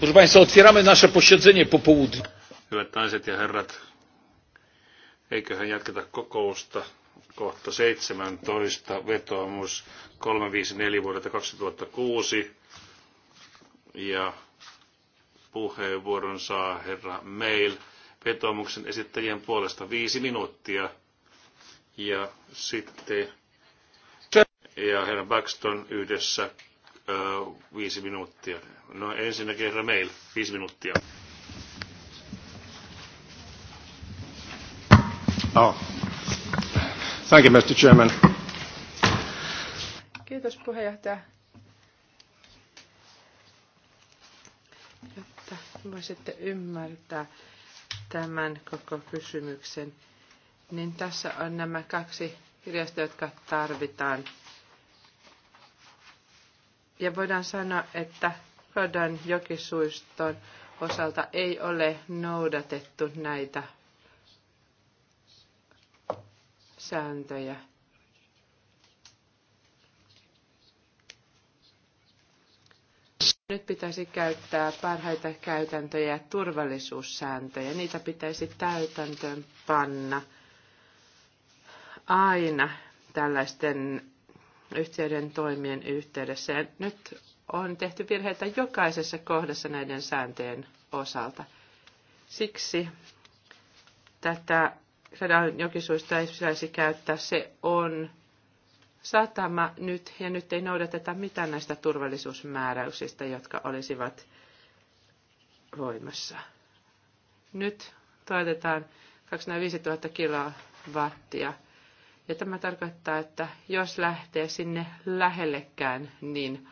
Proszę Państwa, otwieramy nasze posiedzenie po południu. Hyvät naiset ja herrat, eiköhän jatketa kokousta kohta 17, vetoomus 354 vuodelta 2006. Ja puheenvuoron saa herra Meil vetoomuksen esittäjien puolesta viisi minuuttia. Ja sitten ja herra Baxton yhdessä viisi minuuttia. No ensinnäkin herra Meil, viisi minuuttia. Oh. Thank you, Mr. Chairman. Kiitos puheenjohtaja. Jotta voisitte ymmärtää tämän koko kysymyksen, niin tässä on nämä kaksi kirjastoa, jotka tarvitaan ja voidaan sanoa, että Rodan jokisuiston osalta ei ole noudatettu näitä sääntöjä. Nyt pitäisi käyttää parhaita käytäntöjä ja turvallisuussääntöjä. Niitä pitäisi täytäntöön panna aina tällaisten yhtiöiden toimien yhteydessä. Ja nyt on tehty virheitä jokaisessa kohdassa näiden sääntöjen osalta. Siksi tätä Radan jokisuista ei pitäisi käyttää. Se on satama nyt, ja nyt ei noudateta mitään näistä turvallisuusmääräyksistä, jotka olisivat voimassa. Nyt tuotetaan 25 000 kilowattia ja tämä tarkoittaa, että jos lähtee sinne lähellekään, niin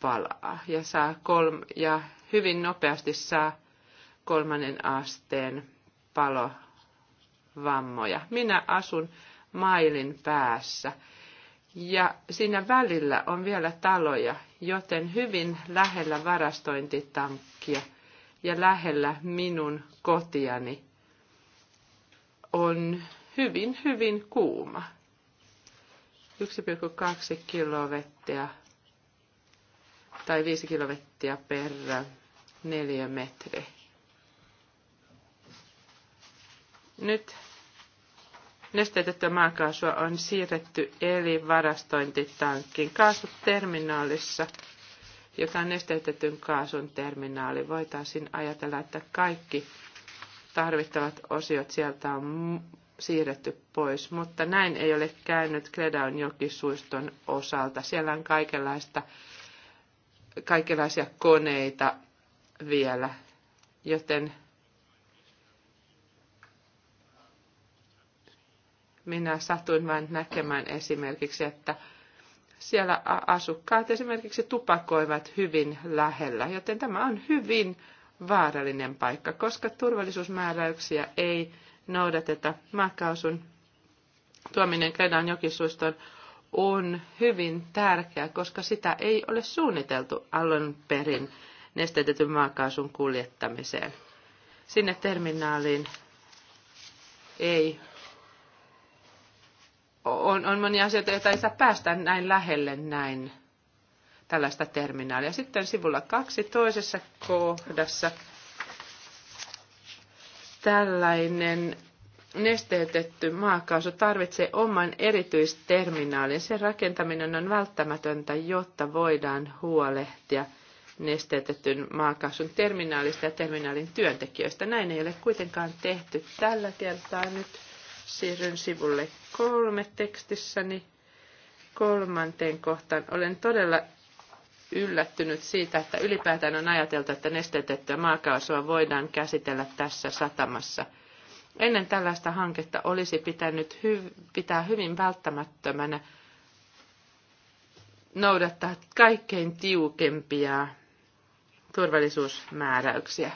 palaa ja, saa kolm- ja hyvin nopeasti saa kolmannen asteen palovammoja. Minä asun mailin päässä ja siinä välillä on vielä taloja, joten hyvin lähellä varastointitankkia ja lähellä minun kotiani on hyvin, hyvin kuuma. 1,2 kilovettia tai 5 kilovettia per metri. Nyt nesteytettyä maakaasua on siirretty eli varastointitankkiin kaasuterminaalissa, joka on nesteytetyn kaasun terminaali. Voitaisiin ajatella, että kaikki tarvittavat osiot sieltä on siirretty pois, mutta näin ei ole käynyt Kredaun jokisuiston osalta. Siellä on kaikenlaista, kaikenlaisia koneita vielä, joten minä satuin vain näkemään esimerkiksi, että siellä asukkaat esimerkiksi tupakoivat hyvin lähellä, joten tämä on hyvin vaarallinen paikka, koska turvallisuusmääräyksiä ei noudateta. Maakaasun tuominen Kredan jokisuistoon on hyvin tärkeä, koska sitä ei ole suunniteltu alun perin nesteytetyn maakaasun kuljettamiseen. Sinne terminaaliin ei on, on monia asioita, joita ei saa päästä näin lähelle näin tällaista terminaalia. Sitten sivulla kaksi toisessa kohdassa tällainen nesteytetty maakaasu tarvitsee oman erityisterminaalin. Sen rakentaminen on välttämätöntä, jotta voidaan huolehtia nesteytetyn maakaasun terminaalista ja terminaalin työntekijöistä. Näin ei ole kuitenkaan tehty tällä kertaa. Nyt siirryn sivulle kolme tekstissäni kolmanteen kohtaan. Olen todella yllättynyt siitä, että ylipäätään on ajateltu, että nesteytettyä maakaasua voidaan käsitellä tässä satamassa. Ennen tällaista hanketta olisi pitänyt pitää hyvin välttämättömänä noudattaa kaikkein tiukempia turvallisuusmääräyksiä.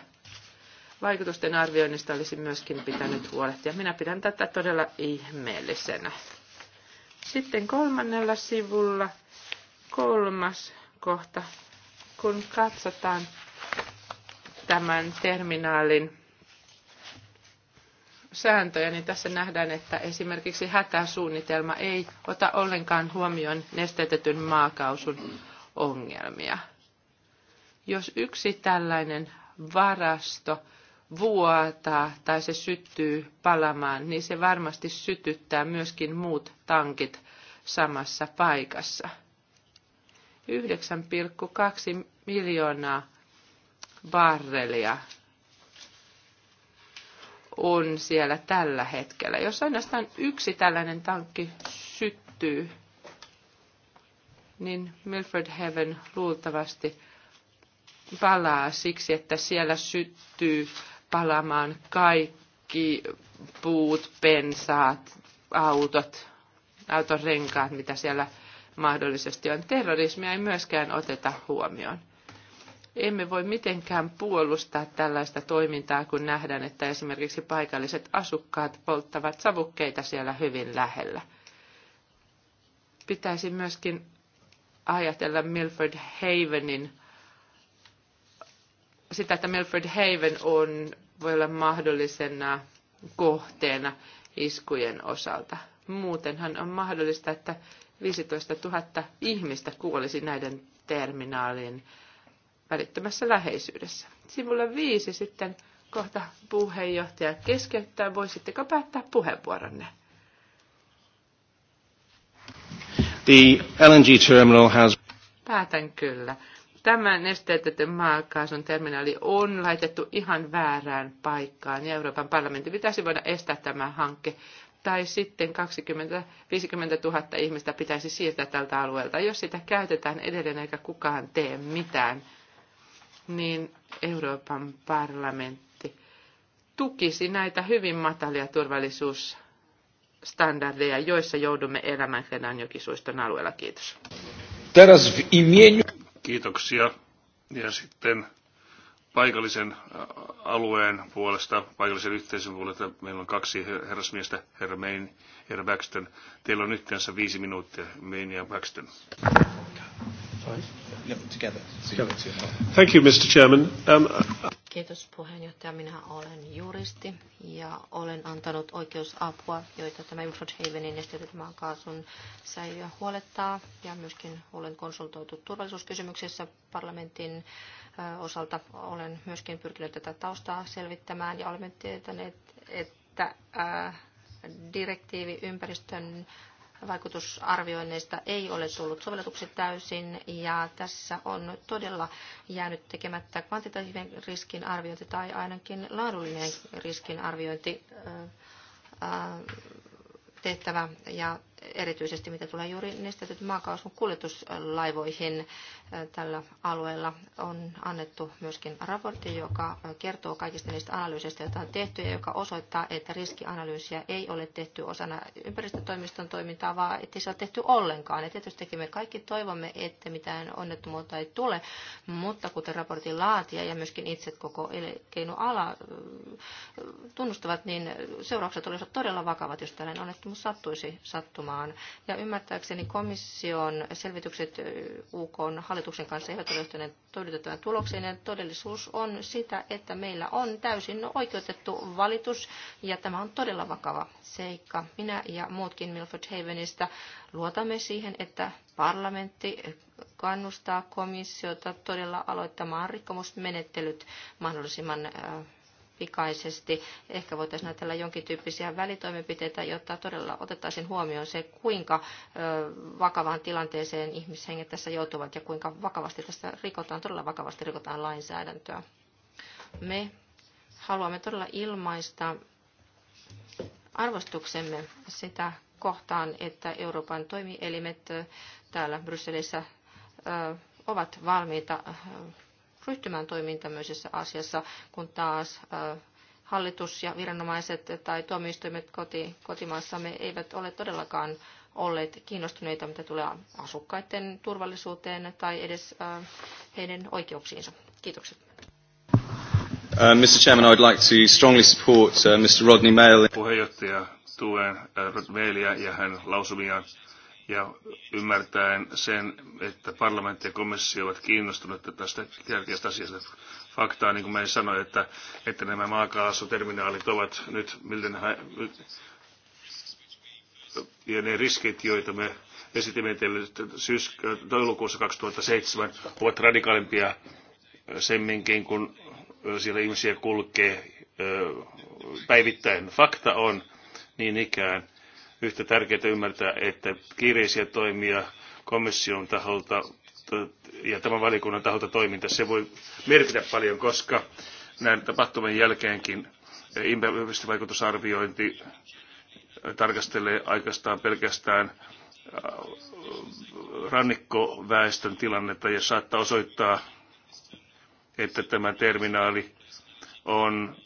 Vaikutusten arvioinnista olisi myöskin pitänyt huolehtia. Minä pidän tätä todella ihmeellisenä. Sitten kolmannella sivulla kolmas kohta. Kun katsotaan tämän terminaalin sääntöjä, niin tässä nähdään, että esimerkiksi hätäsuunnitelma ei ota ollenkaan huomioon nesteytetyn maakausun ongelmia. Jos yksi tällainen varasto vuotaa tai se syttyy palamaan, niin se varmasti sytyttää myöskin muut tankit samassa paikassa – 9,2 miljoonaa barrelia on siellä tällä hetkellä. Jos ainoastaan yksi tällainen tankki syttyy, niin Milford Heaven luultavasti palaa siksi, että siellä syttyy palamaan kaikki puut, pensaat, autot, autorenkaat, mitä siellä mahdollisesti on. Terrorismia ei myöskään oteta huomioon. Emme voi mitenkään puolustaa tällaista toimintaa, kun nähdään, että esimerkiksi paikalliset asukkaat polttavat savukkeita siellä hyvin lähellä. Pitäisi myöskin ajatella Milford Havenin, sitä, että Milford Haven on, voi olla mahdollisena kohteena iskujen osalta. Muutenhan on mahdollista, että 15 000 ihmistä kuolisi näiden terminaalin välittömässä läheisyydessä. Sivulla viisi sitten kohta puheenjohtaja keskeyttää. Voisitteko päättää puheenvuoronne? The LNG terminal has... Päätän kyllä. Tämä nesteetetön maakaasun terminaali on laitettu ihan väärään paikkaan ja Euroopan parlamentti pitäisi voida estää tämä hanke tai sitten 20, 50 000 ihmistä pitäisi siirtää tältä alueelta. Jos sitä käytetään edelleen eikä kukaan tee mitään, niin Euroopan parlamentti tukisi näitä hyvin matalia turvallisuusstandardeja, joissa joudumme elämään Krenanjokisuiston alueella. Kiitos. Kiitoksia. Ja sitten paikallisen alueen puolesta, paikallisen yhteisön puolesta. Meillä on kaksi herrasmiestä, herra Main, herra Baxton. Teillä on yhteensä viisi minuuttia, Main ja Baxton. Thank you, Mr. Chairman. Um, Kiitos puheenjohtaja. Minä olen juristi ja olen antanut oikeusapua, joita tämä Infrared Havenin nesteytetymään kaasun säilyä huolettaa. Ja myöskin olen konsultoitu turvallisuuskysymyksissä parlamentin osalta olen myöskin pyrkinyt tätä taustaa selvittämään ja olemme tietäneet, että direktiivi ympäristön vaikutusarvioinneista ei ole tullut sovellutuksi täysin ja tässä on todella jäänyt tekemättä kvantitatiivinen riskin arviointi tai ainakin laadullinen riskin arviointi tehtävä ja erityisesti mitä tulee juuri nestetyt maakaasun kuljetuslaivoihin äh, tällä alueella. On annettu myöskin raportti, joka äh, kertoo kaikista niistä analyyseistä, joita on tehty ja joka osoittaa, että riskianalyysiä ei ole tehty osana ympäristötoimiston toimintaa, vaan ettei se ole tehty ollenkaan. Ja tietysti me kaikki toivomme, että mitään onnettomuutta ei tule, mutta kuten raportin laatija ja myöskin itse koko elinkeinoala äh, tunnustavat, niin seuraukset olisivat todella vakavat, jos tällainen onnettomuus sattuisi sattumaan toimimaan. Ja ymmärtääkseni komission selvitykset UK hallituksen kanssa eivät ole johtaneet todistettavan tulokseen. Ja todellisuus on sitä, että meillä on täysin oikeutettu valitus ja tämä on todella vakava seikka. Minä ja muutkin Milford Havenista luotamme siihen, että parlamentti kannustaa komissiota todella aloittamaan rikkomusmenettelyt mahdollisimman äh, pikaisesti. Ehkä voitaisiin ajatella jonkin tyyppisiä välitoimenpiteitä, jotta todella otettaisiin huomioon se, kuinka vakavaan tilanteeseen ihmishenget tässä joutuvat ja kuinka vakavasti tässä rikotaan, todella vakavasti rikotaan lainsäädäntöä. Me haluamme todella ilmaista arvostuksemme sitä kohtaan, että Euroopan toimielimet täällä Brysselissä ovat valmiita ryhtymään toimiin tämmöisessä asiassa, kun taas hallitus ja viranomaiset tai tuomioistuimet koti, kotimaassamme eivät ole todellakaan olleet kiinnostuneita, mitä tulee asukkaiden turvallisuuteen tai edes heidän oikeuksiinsa. Kiitokset. Uh, Mr. Chairman, I would like to strongly support uh, Mr. Rodney Mail. Puheenjohtaja tuen uh, äh, Mailia ja hän lausumiaan ja ymmärtäen sen, että parlamentti ja komissio ovat kiinnostuneet tästä tärkeästä asiasta. Faktaa, niin kuin me sanoi, että, että nämä maakaasuterminaalit ovat nyt, miltä ne, ja ne riskit, joita me esitimme teille syys, toilukuussa 2007, ovat radikaalimpia semminkin, kun siellä ihmisiä kulkee päivittäin. Fakta on niin ikään, yhtä tärkeää ymmärtää, että kiireisiä toimia komission taholta ja tämän valikunnan taholta toiminta, se voi merkitä paljon, koska näin tapahtumien jälkeenkin ympäristövaikutusarviointi tarkastelee aikaistaan pelkästään äh, rannikkoväestön tilannetta ja saattaa osoittaa, että tämä terminaali on,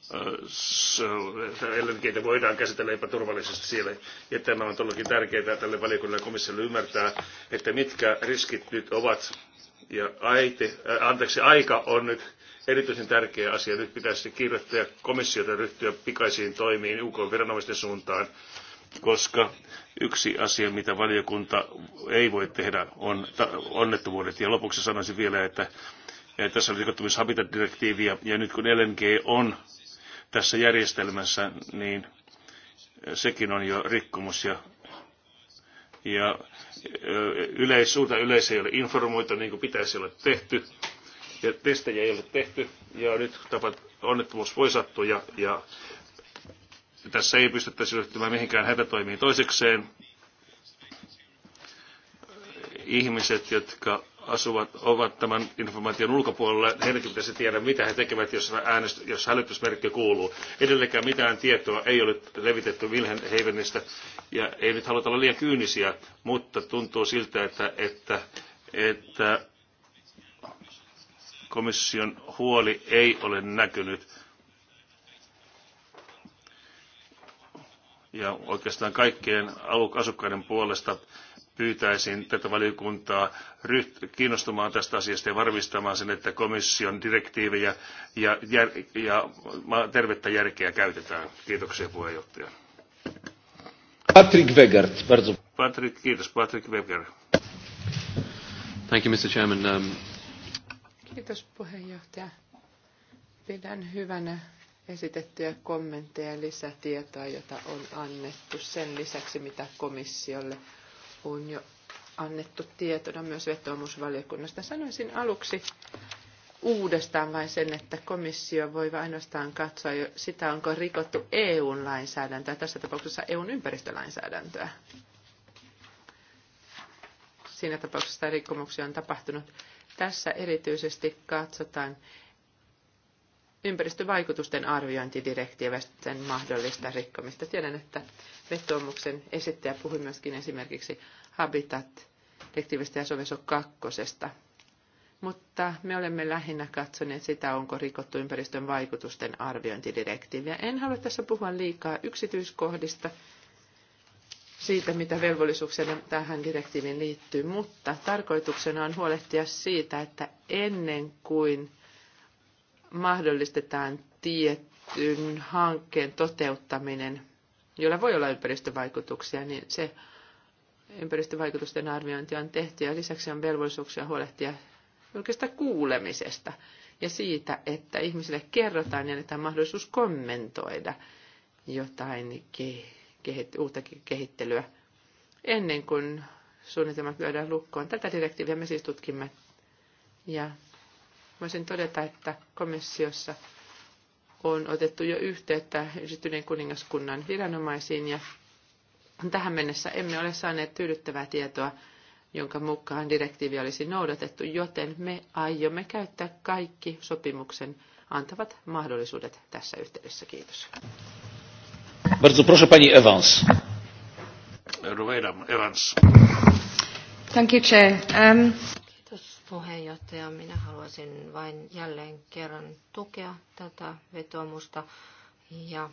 LNGtä voidaan käsitellä epäturvallisesti siellä. Ja tämä on todellakin tärkeää tälle valiokunnalle komissiolle ymmärtää, että mitkä riskit nyt ovat. Ja aite, ää, anteeksi, aika on nyt erityisen tärkeä asia. Nyt pitäisi kirjoittaa komissiota ryhtyä pikaisiin toimiin UK-viranomaisten suuntaan, koska yksi asia, mitä valiokunta ei voi tehdä, on onnettomuudet. Ja lopuksi sanoisin vielä, että tässä on rikottomissa habitat-direktiiviä, ja nyt kun LNG on tässä järjestelmässä, niin sekin on jo rikkomus, ja, ja yleis, suurta yleisö ei ole informoitu niin kuin pitäisi olla tehty, ja testejä ei ole tehty, ja nyt tapat, onnettomuus voi sattua, ja, ja tässä ei pystyttäisi ryhtymään mihinkään hätätoimiin toisekseen. Ihmiset, jotka asuvat ovat tämän informaation ulkopuolella, heidänkin pitäisi tiedä, mitä he tekevät, jos, äänestö, jos hälytysmerkki kuuluu. Edelleenkään mitään tietoa ei ole levitetty Wilhelmhavenista, ja ei nyt haluta olla liian kyynisiä, mutta tuntuu siltä, että, että, että komission huoli ei ole näkynyt. Ja oikeastaan kaikkien asukkaiden puolesta pyytäisin tätä valiokuntaa ryht- kiinnostumaan tästä asiasta ja varmistamaan sen, että komission direktiivejä ja, jär- ja tervettä järkeä käytetään. Kiitoksia puheenjohtaja. Patrick Wegert, bardzo. Patrick, kiitos. Patrick Wegert. Thank you, Mr. Chairman. Um... Kiitos puheenjohtaja. Pidän hyvänä esitettyjä kommentteja ja lisätietoa, jota on annettu sen lisäksi, mitä komissiolle on jo annettu tietona myös vetoomusvaliokunnasta. Sanoisin aluksi uudestaan vain sen, että komissio voi ainoastaan katsoa jo sitä, onko rikottu eu lainsäädäntöä, tässä tapauksessa eu ympäristölainsäädäntöä. Siinä tapauksessa rikkomuksia on tapahtunut. Tässä erityisesti katsotaan ympäristövaikutusten arviointidirektiivisten mahdollista rikkomista. Tiedän, että vetoomuksen esittäjä puhui myöskin esimerkiksi Habitat-direktiivistä ja Soveso kakkosesta. Mutta me olemme lähinnä katsoneet sitä, onko rikottu ympäristön vaikutusten arviointidirektiiviä. En halua tässä puhua liikaa yksityiskohdista siitä, mitä velvollisuuksia tähän direktiiviin liittyy, mutta tarkoituksena on huolehtia siitä, että ennen kuin – mahdollistetaan tietyn hankkeen toteuttaminen, jolla voi olla ympäristövaikutuksia, niin se ympäristövaikutusten arviointi on tehty ja lisäksi on velvollisuuksia huolehtia julkista kuulemisesta ja siitä, että ihmisille kerrotaan ja annetaan mahdollisuus kommentoida jotain kehit- uutta kehittelyä ennen kuin suunnitelmat lyödään lukkoon. Tätä direktiiviä me siis tutkimme ja Voisin todeta, että komissiossa on otettu jo yhteyttä yhdistyneen kuningaskunnan viranomaisiin ja tähän mennessä emme ole saaneet tyydyttävää tietoa, jonka mukaan direktiivi olisi noudatettu, joten me aiomme käyttää kaikki sopimuksen antavat mahdollisuudet tässä yhteydessä. Kiitos. Bardzo proszę pani Evans. Evans. Thank you, Chair. Um puheenjohtaja. Minä haluaisin vain jälleen kerran tukea tätä vetoomusta ja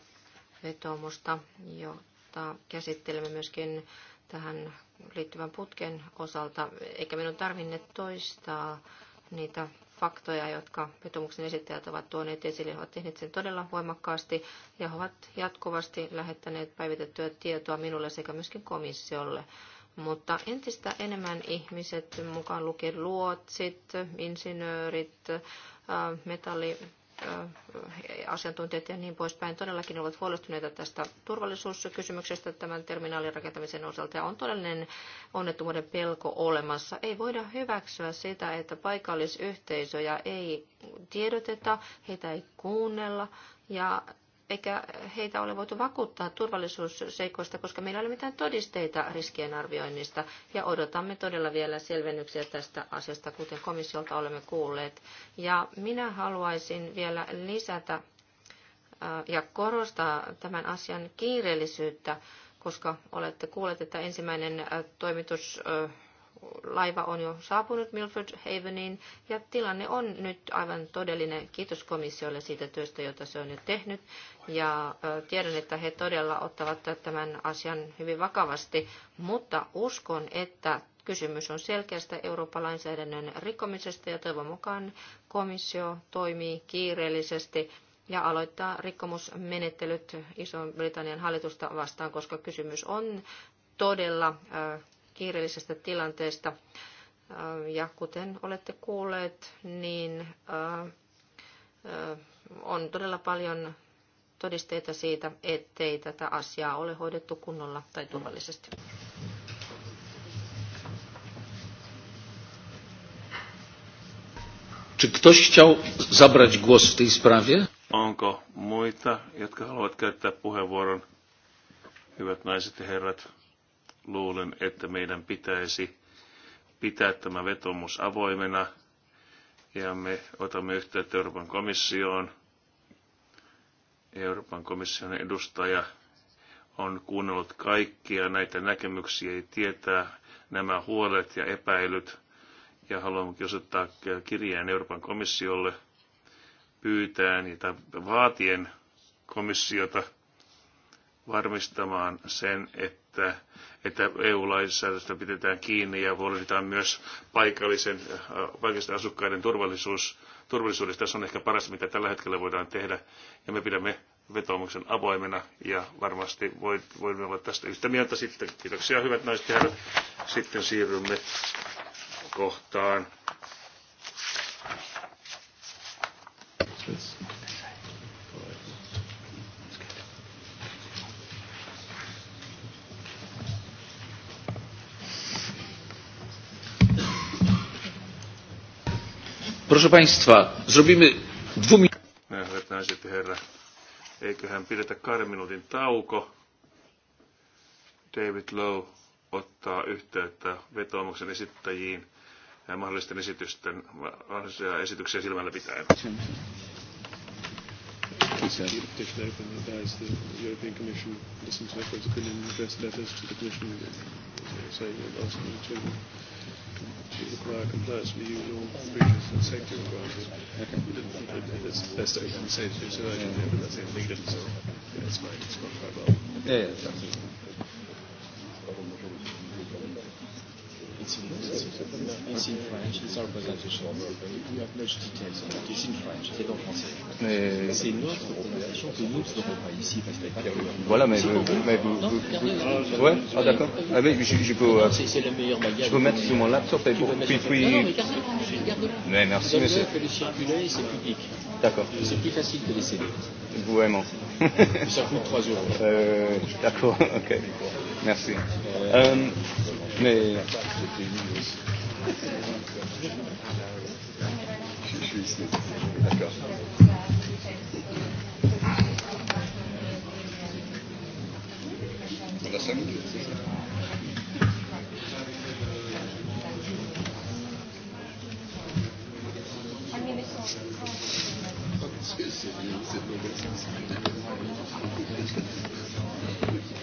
vetoomusta, jota käsittelemme myöskin tähän liittyvän putken osalta, eikä minun tarvinne toistaa niitä faktoja, jotka vetomuksen esittäjät ovat tuoneet esille. He ovat tehneet sen todella voimakkaasti ja he ovat jatkuvasti lähettäneet päivitettyä tietoa minulle sekä myöskin komissiolle mutta entistä enemmän ihmiset, mukaan lukien luotsit, insinöörit, metalli, asiantuntijat ja niin poispäin todellakin ovat huolestuneita tästä turvallisuuskysymyksestä tämän terminaalin rakentamisen osalta ja on todellinen onnettomuuden pelko olemassa. Ei voida hyväksyä sitä, että paikallisyhteisöjä ei tiedoteta, heitä ei kuunnella ja eikä heitä ole voitu vakuuttaa turvallisuusseikoista, koska meillä ei ole mitään todisteita riskien arvioinnista. Ja odotamme todella vielä selvennyksiä tästä asiasta, kuten komissiolta olemme kuulleet. Ja minä haluaisin vielä lisätä äh, ja korostaa tämän asian kiireellisyyttä, koska olette kuulleet, että ensimmäinen äh, toimitus äh, laiva on jo saapunut Milford Haveniin ja tilanne on nyt aivan todellinen. Kiitos komissiolle siitä työstä, jota se on nyt tehnyt. Ja tiedän, että he todella ottavat tämän asian hyvin vakavasti, mutta uskon, että Kysymys on selkeästä Euroopan lainsäädännön rikkomisesta ja toivon mukaan komissio toimii kiireellisesti ja aloittaa rikkomusmenettelyt iso britannian hallitusta vastaan, koska kysymys on todella kiireellisestä tilanteesta. Äh, ja kuten olette kuulleet, niin äh, äh, on todella paljon todisteita siitä, ettei tätä asiaa ole hoidettu kunnolla tai turvallisesti. Czy ktoś chciał zabrać głos w tej sprawie? Onko muita, jotka haluavat käyttää puheenvuoron? Hyvät naiset ja herrat luulen, että meidän pitäisi pitää tämä vetomus avoimena ja me otamme yhteyttä Euroopan komissioon. Euroopan komission edustaja on kuunnellut kaikkia näitä näkemyksiä ja tietää nämä huolet ja epäilyt. Ja haluankin osoittaa kirjeen Euroopan komissiolle pyytään ja vaatien komissiota varmistamaan sen, että, että EU-lainsäädäntö pidetään kiinni ja huolehditaan myös paikallisen, äh, paikallisten asukkaiden turvallisuus, turvallisuudesta. Se on ehkä paras, mitä tällä hetkellä voidaan tehdä. Ja me pidämme vetoomuksen avoimena ja varmasti voimme olla tästä yhtä mieltä sitten. Kiitoksia hyvät naiset ja herrat. Sitten siirrymme kohtaan. Yes. Proszę Państwa, zrobimy dwumi... eiköhän pidetä kahden minuutin tauko. David Lowe ottaa yhteyttä vetoomuksen esittäjiin ja mahdollisten esitysten, mahdollisia esityksiä silmällä pitäen to require compliance with usual breaches and safety requirements. it's best that we didn't say urgently, but that's illegal, so yeah, it's fine. It's gone quite well. Yeah, yeah, absolutely. It's in, it's, it's in French. It's our presentation. We have much details on it. It's in French. C'est en français. Mais... C'est notre présentation que nous pas ici parce pas Voilà, mais, vous, mais vous, non, vous, vous... Euh, ouais, ah d'accord. Ah mais je, je peux. Euh, c'est, Je peux mettre sur mon laptop et pour. Puis, puis... Non, non, mais garde Mais merci, monsieur. Le circuler, c'est public. D'accord. C'est plus facile que les CD. Vraiment. Ça coûte 3 euros. Euh, d'accord, ok. Merci. Euh... euh Yeah, yeah, yeah. Je suis ici. D'accord. On a cinq minutes, c'est ça C'est c'est c'est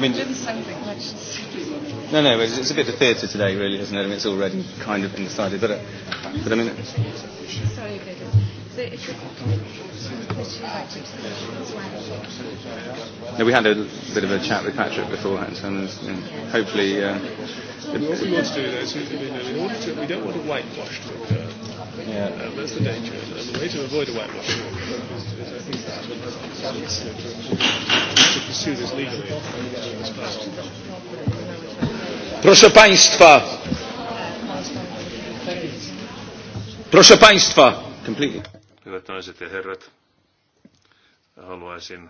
I mean, no, no, it's, it's a bit of theatre today, really, isn't it? I mean, it's already kind of been decided, but, uh, but I mean. Sorry, No, we had a bit of a chat with Patrick beforehand, and, know, hopefully. Uh, what we want to do though is, we don't want to whitewash to occur uh, that's the danger. And the way to avoid a is, to pursue this legally as fast. Proszę Państwa. Proszę Państwa. Hyvät naiset ja herrat, haluaisin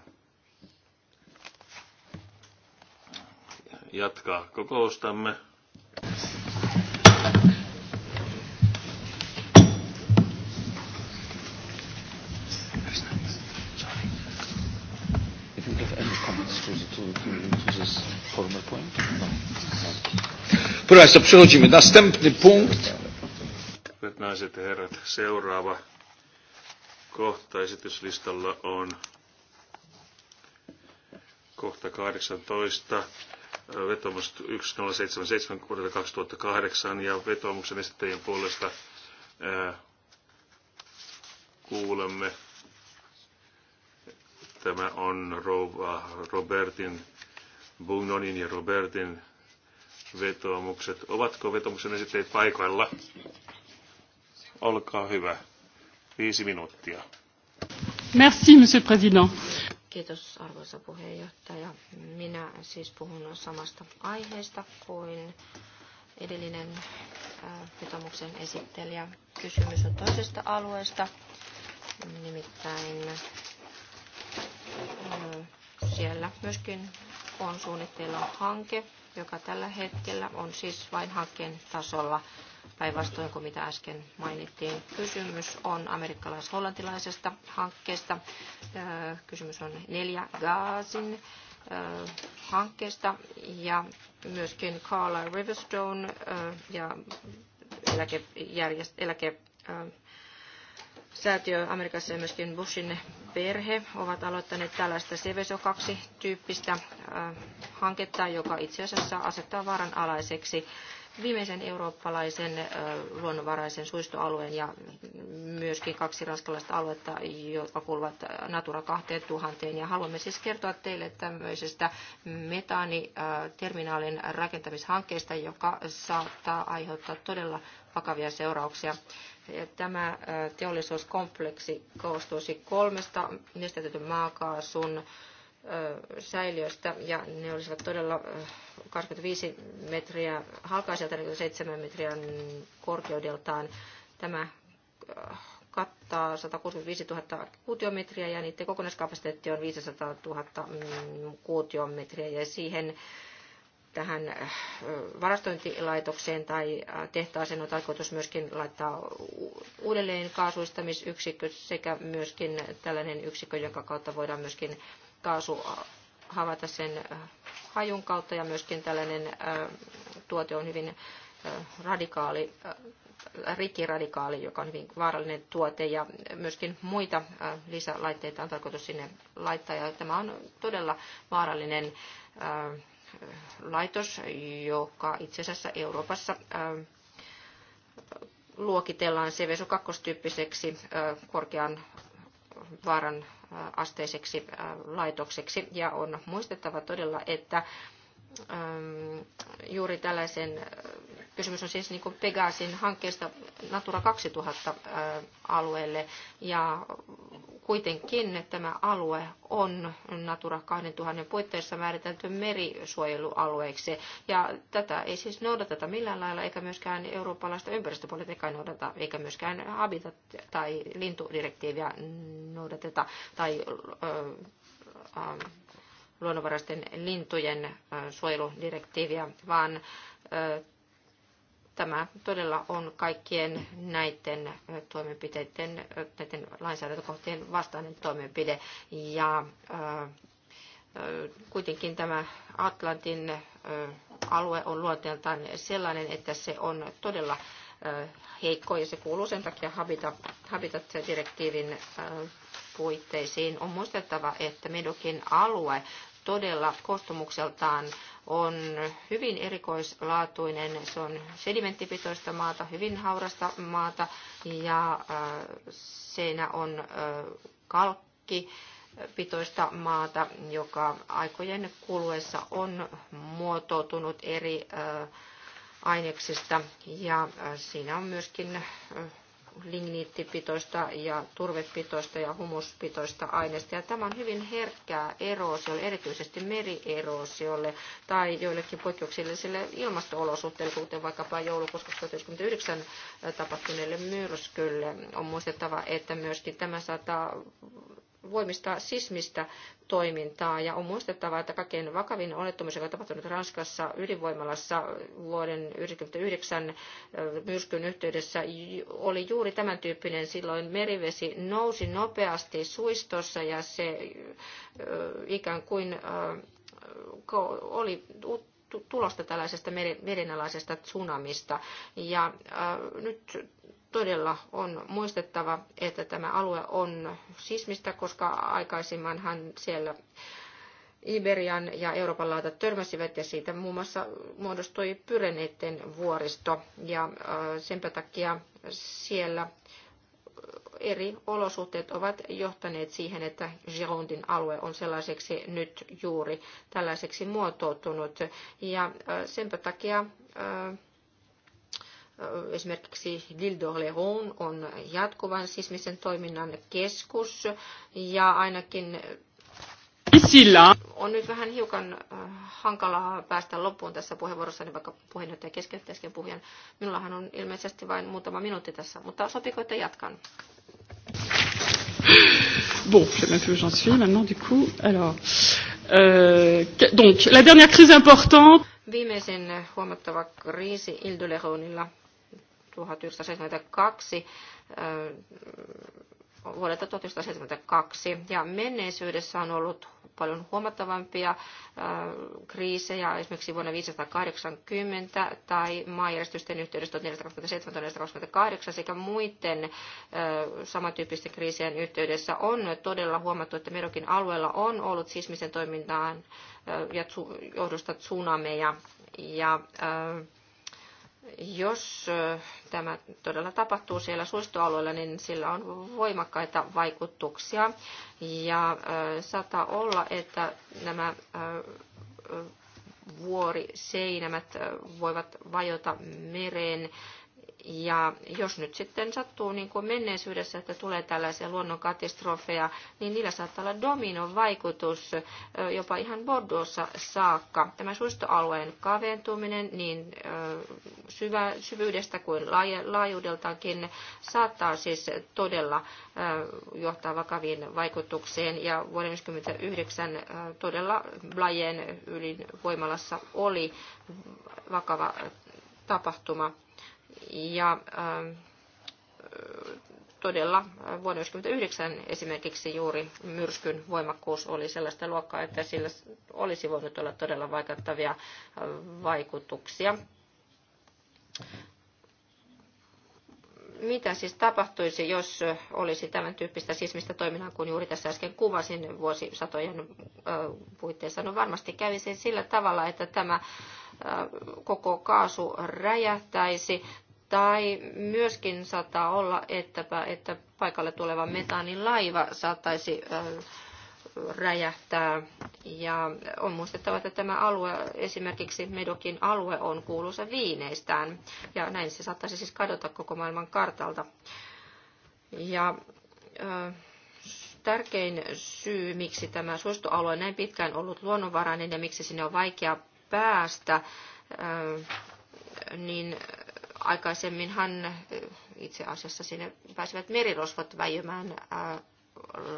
jatkaa kokoustamme. Proszę przechodzimy. Następny punkt. Hyvät naiset ja herrat, seuraava kohta esityslistalla on kohta 18, vetomus 1077 vuodelta 2008 ja vetomuksen esittäjien puolesta ää, kuulemme Tämä on rouva Robertin, Bugnonin ja Robertin vetoomukset. Ovatko vetomuksen esitteet paikalla? Olkaa hyvä. Viisi minuuttia. Merci, monsieur président. Kiitos arvoisa puheenjohtaja. Minä siis puhun samasta aiheesta kuin edellinen äh, vetomuksen esittelijä. Kysymys on toisesta alueesta, nimittäin siellä myöskin on suunnitteilla hanke, joka tällä hetkellä on siis vain hankkeen tasolla. Päinvastoin kuin mitä äsken mainittiin, kysymys on amerikkalais-hollantilaisesta hankkeesta. Kysymys on neljä Gaasin hankkeesta ja myöskin Carla Riverstone ja eläke, järjest, eläke säätiö Amerikassa ja myöskin Bushin perhe ovat aloittaneet tällaista Seveso 2-tyyppistä äh, hanketta, joka itse asiassa asettaa vaaran alaiseksi viimeisen eurooppalaisen äh, luonnonvaraisen suistoalueen ja myöskin kaksi ranskalaista aluetta, jotka kuuluvat äh, Natura 2000. Ja haluamme siis kertoa teille tämmöisestä metaaniterminaalin rakentamishankkeesta, joka saattaa aiheuttaa todella vakavia seurauksia. Tämä äh, teollisuuskompleksi koostuisi kolmesta nestetetyn maakaasun äh, säiliöstä ja ne olisivat todella 25 äh, metriä halkaiselta 7 metriä korkeudeltaan. Tämä kattaa 165 000 kuutiometriä ja niiden kokonaiskapasiteetti on 500 000 kuutiometriä ja siihen tähän äh, varastointilaitokseen tai äh, tehtaaseen on tarkoitus myöskin laittaa uudelleen kaasuistamisyksikkö sekä myöskin tällainen yksikkö, jonka kautta voidaan myöskin kaasu äh, havaita sen hajun kautta ja myöskin tällainen tuote on hyvin radikaali, rikiradikaali, joka on hyvin vaarallinen tuote ja myöskin muita lisälaitteita on tarkoitus sinne laittaa ja tämä on todella vaarallinen laitos, joka itse asiassa Euroopassa ähm, luokitellaan Seveso 2-tyyppiseksi äh, korkean vaaran äh, asteiseksi äh, laitokseksi. Ja on muistettava todella, että ähm, juuri tällaisen, kysymys on siis niin Pegasin hankkeesta Natura 2000 alueelle ja Kuitenkin tämä alue on Natura 2000 puitteissa määritelty merisuojelualueeksi. Ja tätä ei siis noudateta millään lailla, eikä myöskään eurooppalaista ympäristöpolitiikkaa noudata, eikä myöskään habitat- tai lintudirektiiviä noudateta, tai ö, ö, luonnonvaraisten lintujen suojeludirektiiviä, vaan tämä todella on kaikkien näiden toimenpiteiden, näiden lainsäädäntökohtien vastainen toimenpide. Ja kuitenkin tämä Atlantin alue on luonteeltaan sellainen, että se on todella heikko ja se kuuluu sen takia Habitat-direktiivin puitteisiin. On muistettava, että Medokin alue todella koostumukseltaan on hyvin erikoislaatuinen. Se on sedimenttipitoista maata, hyvin haurasta maata ja äh, seinä on äh, kalkkipitoista maata, joka aikojen kuluessa on muotoutunut eri äh, aineksista ja siinä on myöskin ligniittipitoista ja turvepitoista ja humuspitoista aineista. Ja tämä on hyvin herkkää eroosiolle, erityisesti merieroosiolle tai joillekin poikkeuksellisille ilmastoolosuhteille, kuten vaikkapa joulukuussa 2019 tapahtuneelle myrskylle. On muistettava, että myöskin tämä saattaa voimistaa sismistä toimintaa. Ja on muistettava, että kaikkein vakavin onnettomuus, joka on tapahtunut Ranskassa ydinvoimalassa vuoden 1999 myrskyn yhteydessä, oli juuri tämän tyyppinen. Silloin merivesi nousi nopeasti suistossa ja se ikään kuin oli tulosta tällaisesta merenalaisesta tsunamista. Ja nyt todella on muistettava, että tämä alue on sismistä, koska aikaisemmanhan siellä Iberian ja Euroopan laatat törmäsivät ja siitä muun muassa muodostui Pyreneiden vuoristo. Ja sen takia siellä eri olosuhteet ovat johtaneet siihen, että Girondin alue on sellaiseksi nyt juuri tällaiseksi muotoutunut. Ja senpä takia Esimerkiksi Ville d'Orléans on jatkuvan sismisen toiminnan keskus ja ainakin sillä on nyt vähän hiukan äh, hankalaa päästä loppuun tässä puheenvuorossa, niin vaikka puheenjohtaja keskeytti äsken puhujan. Minullahan on ilmeisesti vain muutama minuutti tässä, mutta sopiko, että jatkan? Bon, je sais même où j'en suis maintenant du coup. Alors, euh, donc, la dernière crise importante. Viimeisin huomattava kriisi Ilduleronilla 1972 vuodelta 1972. Ja menneisyydessä on ollut paljon huomattavampia kriisejä, esimerkiksi vuonna 580 tai maanjärjestysten yhteydessä 1427-1428 sekä muiden samantyyppisten kriisien yhteydessä on todella huomattu, että Merokin alueella on ollut sismisen toimintaan ja johdosta tsunameja. Ja, äh, jos tämä todella tapahtuu siellä suistoalueella, niin sillä on voimakkaita vaikutuksia. Ja saattaa olla, että nämä vuoriseinämät voivat vajota mereen ja jos nyt sitten sattuu niin kuin menneisyydessä, että tulee tällaisia luonnonkatastrofeja, niin niillä saattaa olla vaikutus jopa ihan Bordeauxssa saakka. Tämä suistoalueen kaventuminen niin syvä, syvyydestä kuin laajuudeltakin saattaa siis todella johtaa vakaviin vaikutuksiin. Ja vuoden 1999 todella Blajen voimalassa oli vakava tapahtuma. Ja ähm, todella äh, vuonna 1999 esimerkiksi juuri myrskyn voimakkuus oli sellaista luokkaa, että sillä olisi voinut olla todella vaikuttavia äh, vaikutuksia. Mitä siis tapahtuisi, jos äh, olisi tämän tyyppistä sismistä toiminnan, kun juuri tässä äsken kuvasin vuosisatojen puitteissa? No varmasti kävisi sillä tavalla, että tämä koko kaasu räjähtäisi tai myöskin saattaa olla, ettäpä, että paikalle tuleva laiva saattaisi räjähtää. Ja on muistettava, että tämä alue, esimerkiksi Medokin alue, on kuuluisa viineistään. Ja näin se saattaisi siis kadota koko maailman kartalta. Ja tärkein syy, miksi tämä suostoalue on näin pitkään ollut luonnonvarainen ja miksi sinne on vaikea päästä, niin Aikaisemminhan äh, itse asiassa sinne pääsivät merirosvot väijymään äh,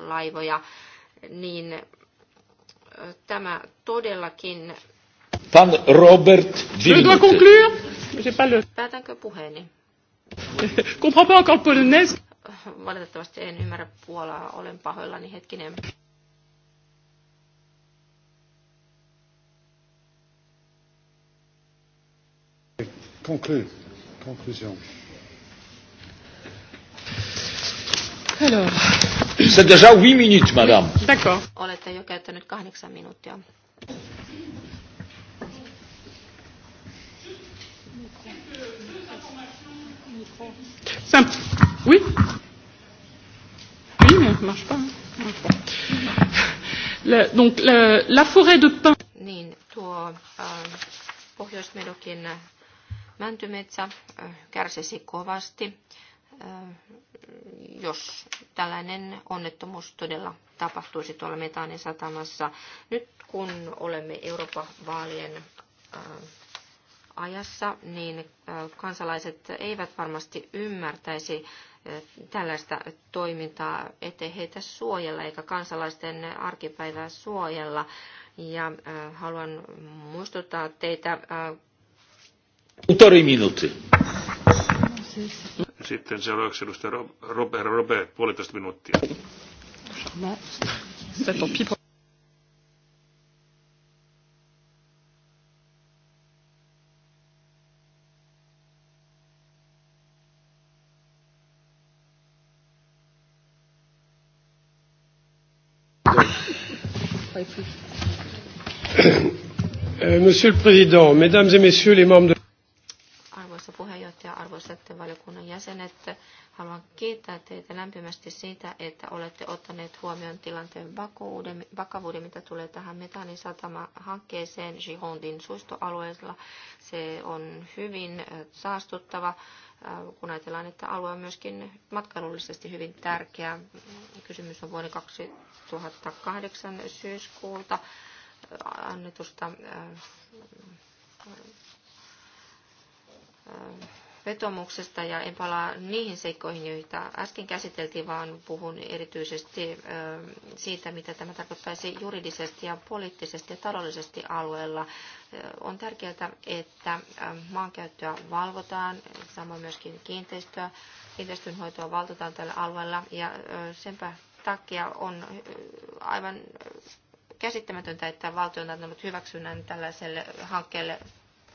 laivoja, niin äh, tämä todellakin... Van Robert Wilmot. Päätänkö puheeni? Valitettavasti en ymmärrä puolaa, olen pahoillani hetkinen. Conclude. Conclusion. Alors. C'est déjà 8 minutes, madame. D'accord. On Olette jo käyttänyt kahdeksan minutes. Simple. Oui. Oui, mais ça ne marche pas. Hein. Le, donc, le, la forêt de pin. Niin, tuo äh, Pohjoismedokin Mäntymetsä kärsisi kovasti, jos tällainen onnettomuus todella tapahtuisi tuolla Metaanin satamassa. Nyt kun olemme Euroopan vaalien ajassa, niin kansalaiset eivät varmasti ymmärtäisi tällaista toimintaa, ettei heitä suojella eikä kansalaisten arkipäivää suojella. Ja haluan muistuttaa teitä Putori minuutti. Sitten seuraavaksi edustaja Robert, Robert, puolitoista minuuttia. Euh, Monsieur le Président, Mesdames et Messieurs les membres de teitä lämpimästi siitä, että olette ottaneet huomioon tilanteen vakuuden, vakavuuden, mitä tulee tähän Metanin satama-hankkeeseen Gihondin suistoalueella. Se on hyvin saastuttava, kun ajatellaan, että alue on myöskin matkailullisesti hyvin tärkeä. Kysymys on vuoden 2008 syyskuulta annetusta vetomuksesta ja en palaa niihin seikkoihin, joita äsken käsiteltiin, vaan puhun erityisesti siitä, mitä tämä tarkoittaisi juridisesti ja poliittisesti ja taloudellisesti alueella. On tärkeää, että maankäyttöä valvotaan, samoin myöskin kiinteistöä, kiinteistönhoitoa valvotaan tällä alueella ja senpä takia on aivan käsittämätöntä, että valtio on antanut hyväksynnän tällaiselle hankkeelle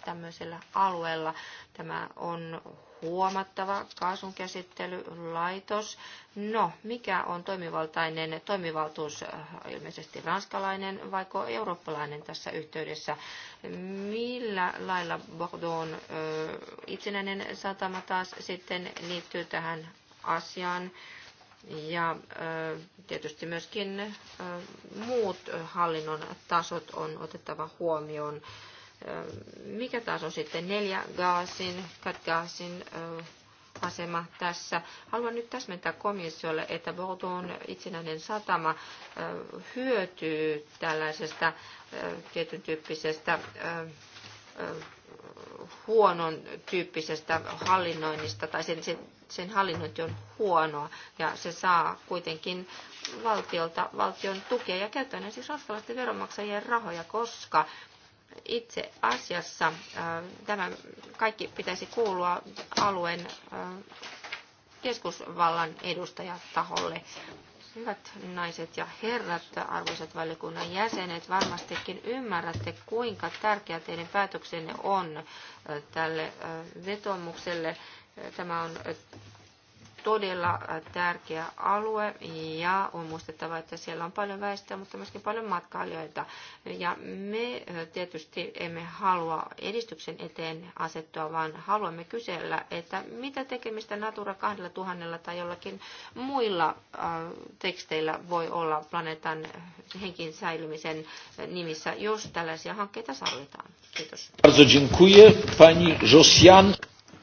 tämmöisellä alueella. Tämä on huomattava kaasunkäsittelylaitos. No, mikä on toimivaltainen toimivaltuus, ilmeisesti ranskalainen vai eurooppalainen tässä yhteydessä? Millä lailla Bordeauxn itsenäinen satama taas sitten liittyy tähän asiaan? Ja tietysti myöskin muut hallinnon tasot on otettava huomioon mikä taas on sitten neljä gaasin, katgaasin asema tässä. Haluan nyt täsmentää komissiolle, että Bordeauxn itsenäinen satama hyötyy tällaisesta tietyn tyyppisestä huonon tyyppisestä hallinnoinnista, tai sen, sen, sen hallinnointi on huonoa, ja se saa kuitenkin valtiolta valtion tukea ja käytännössä siis ranskalaisten veronmaksajien rahoja, koska itse asiassa äh, tämä kaikki pitäisi kuulua alueen äh, keskusvallan edustajataholle. Hyvät naiset ja herrat, arvoisat valiokunnan jäsenet, varmastikin ymmärrätte, kuinka tärkeä teidän päätöksenne on äh, tälle vetomukselle. Tämä on todella äh, tärkeä alue ja on muistettava, että siellä on paljon väestöä, mutta myöskin paljon matkailijoita. Ja me äh, tietysti emme halua edistyksen eteen asettua, vaan haluamme kysellä, että mitä tekemistä Natura 2000 tai jollakin muilla äh, teksteillä voi olla planeetan henkin säilymisen nimissä, jos tällaisia hankkeita sallitaan. Kiitos.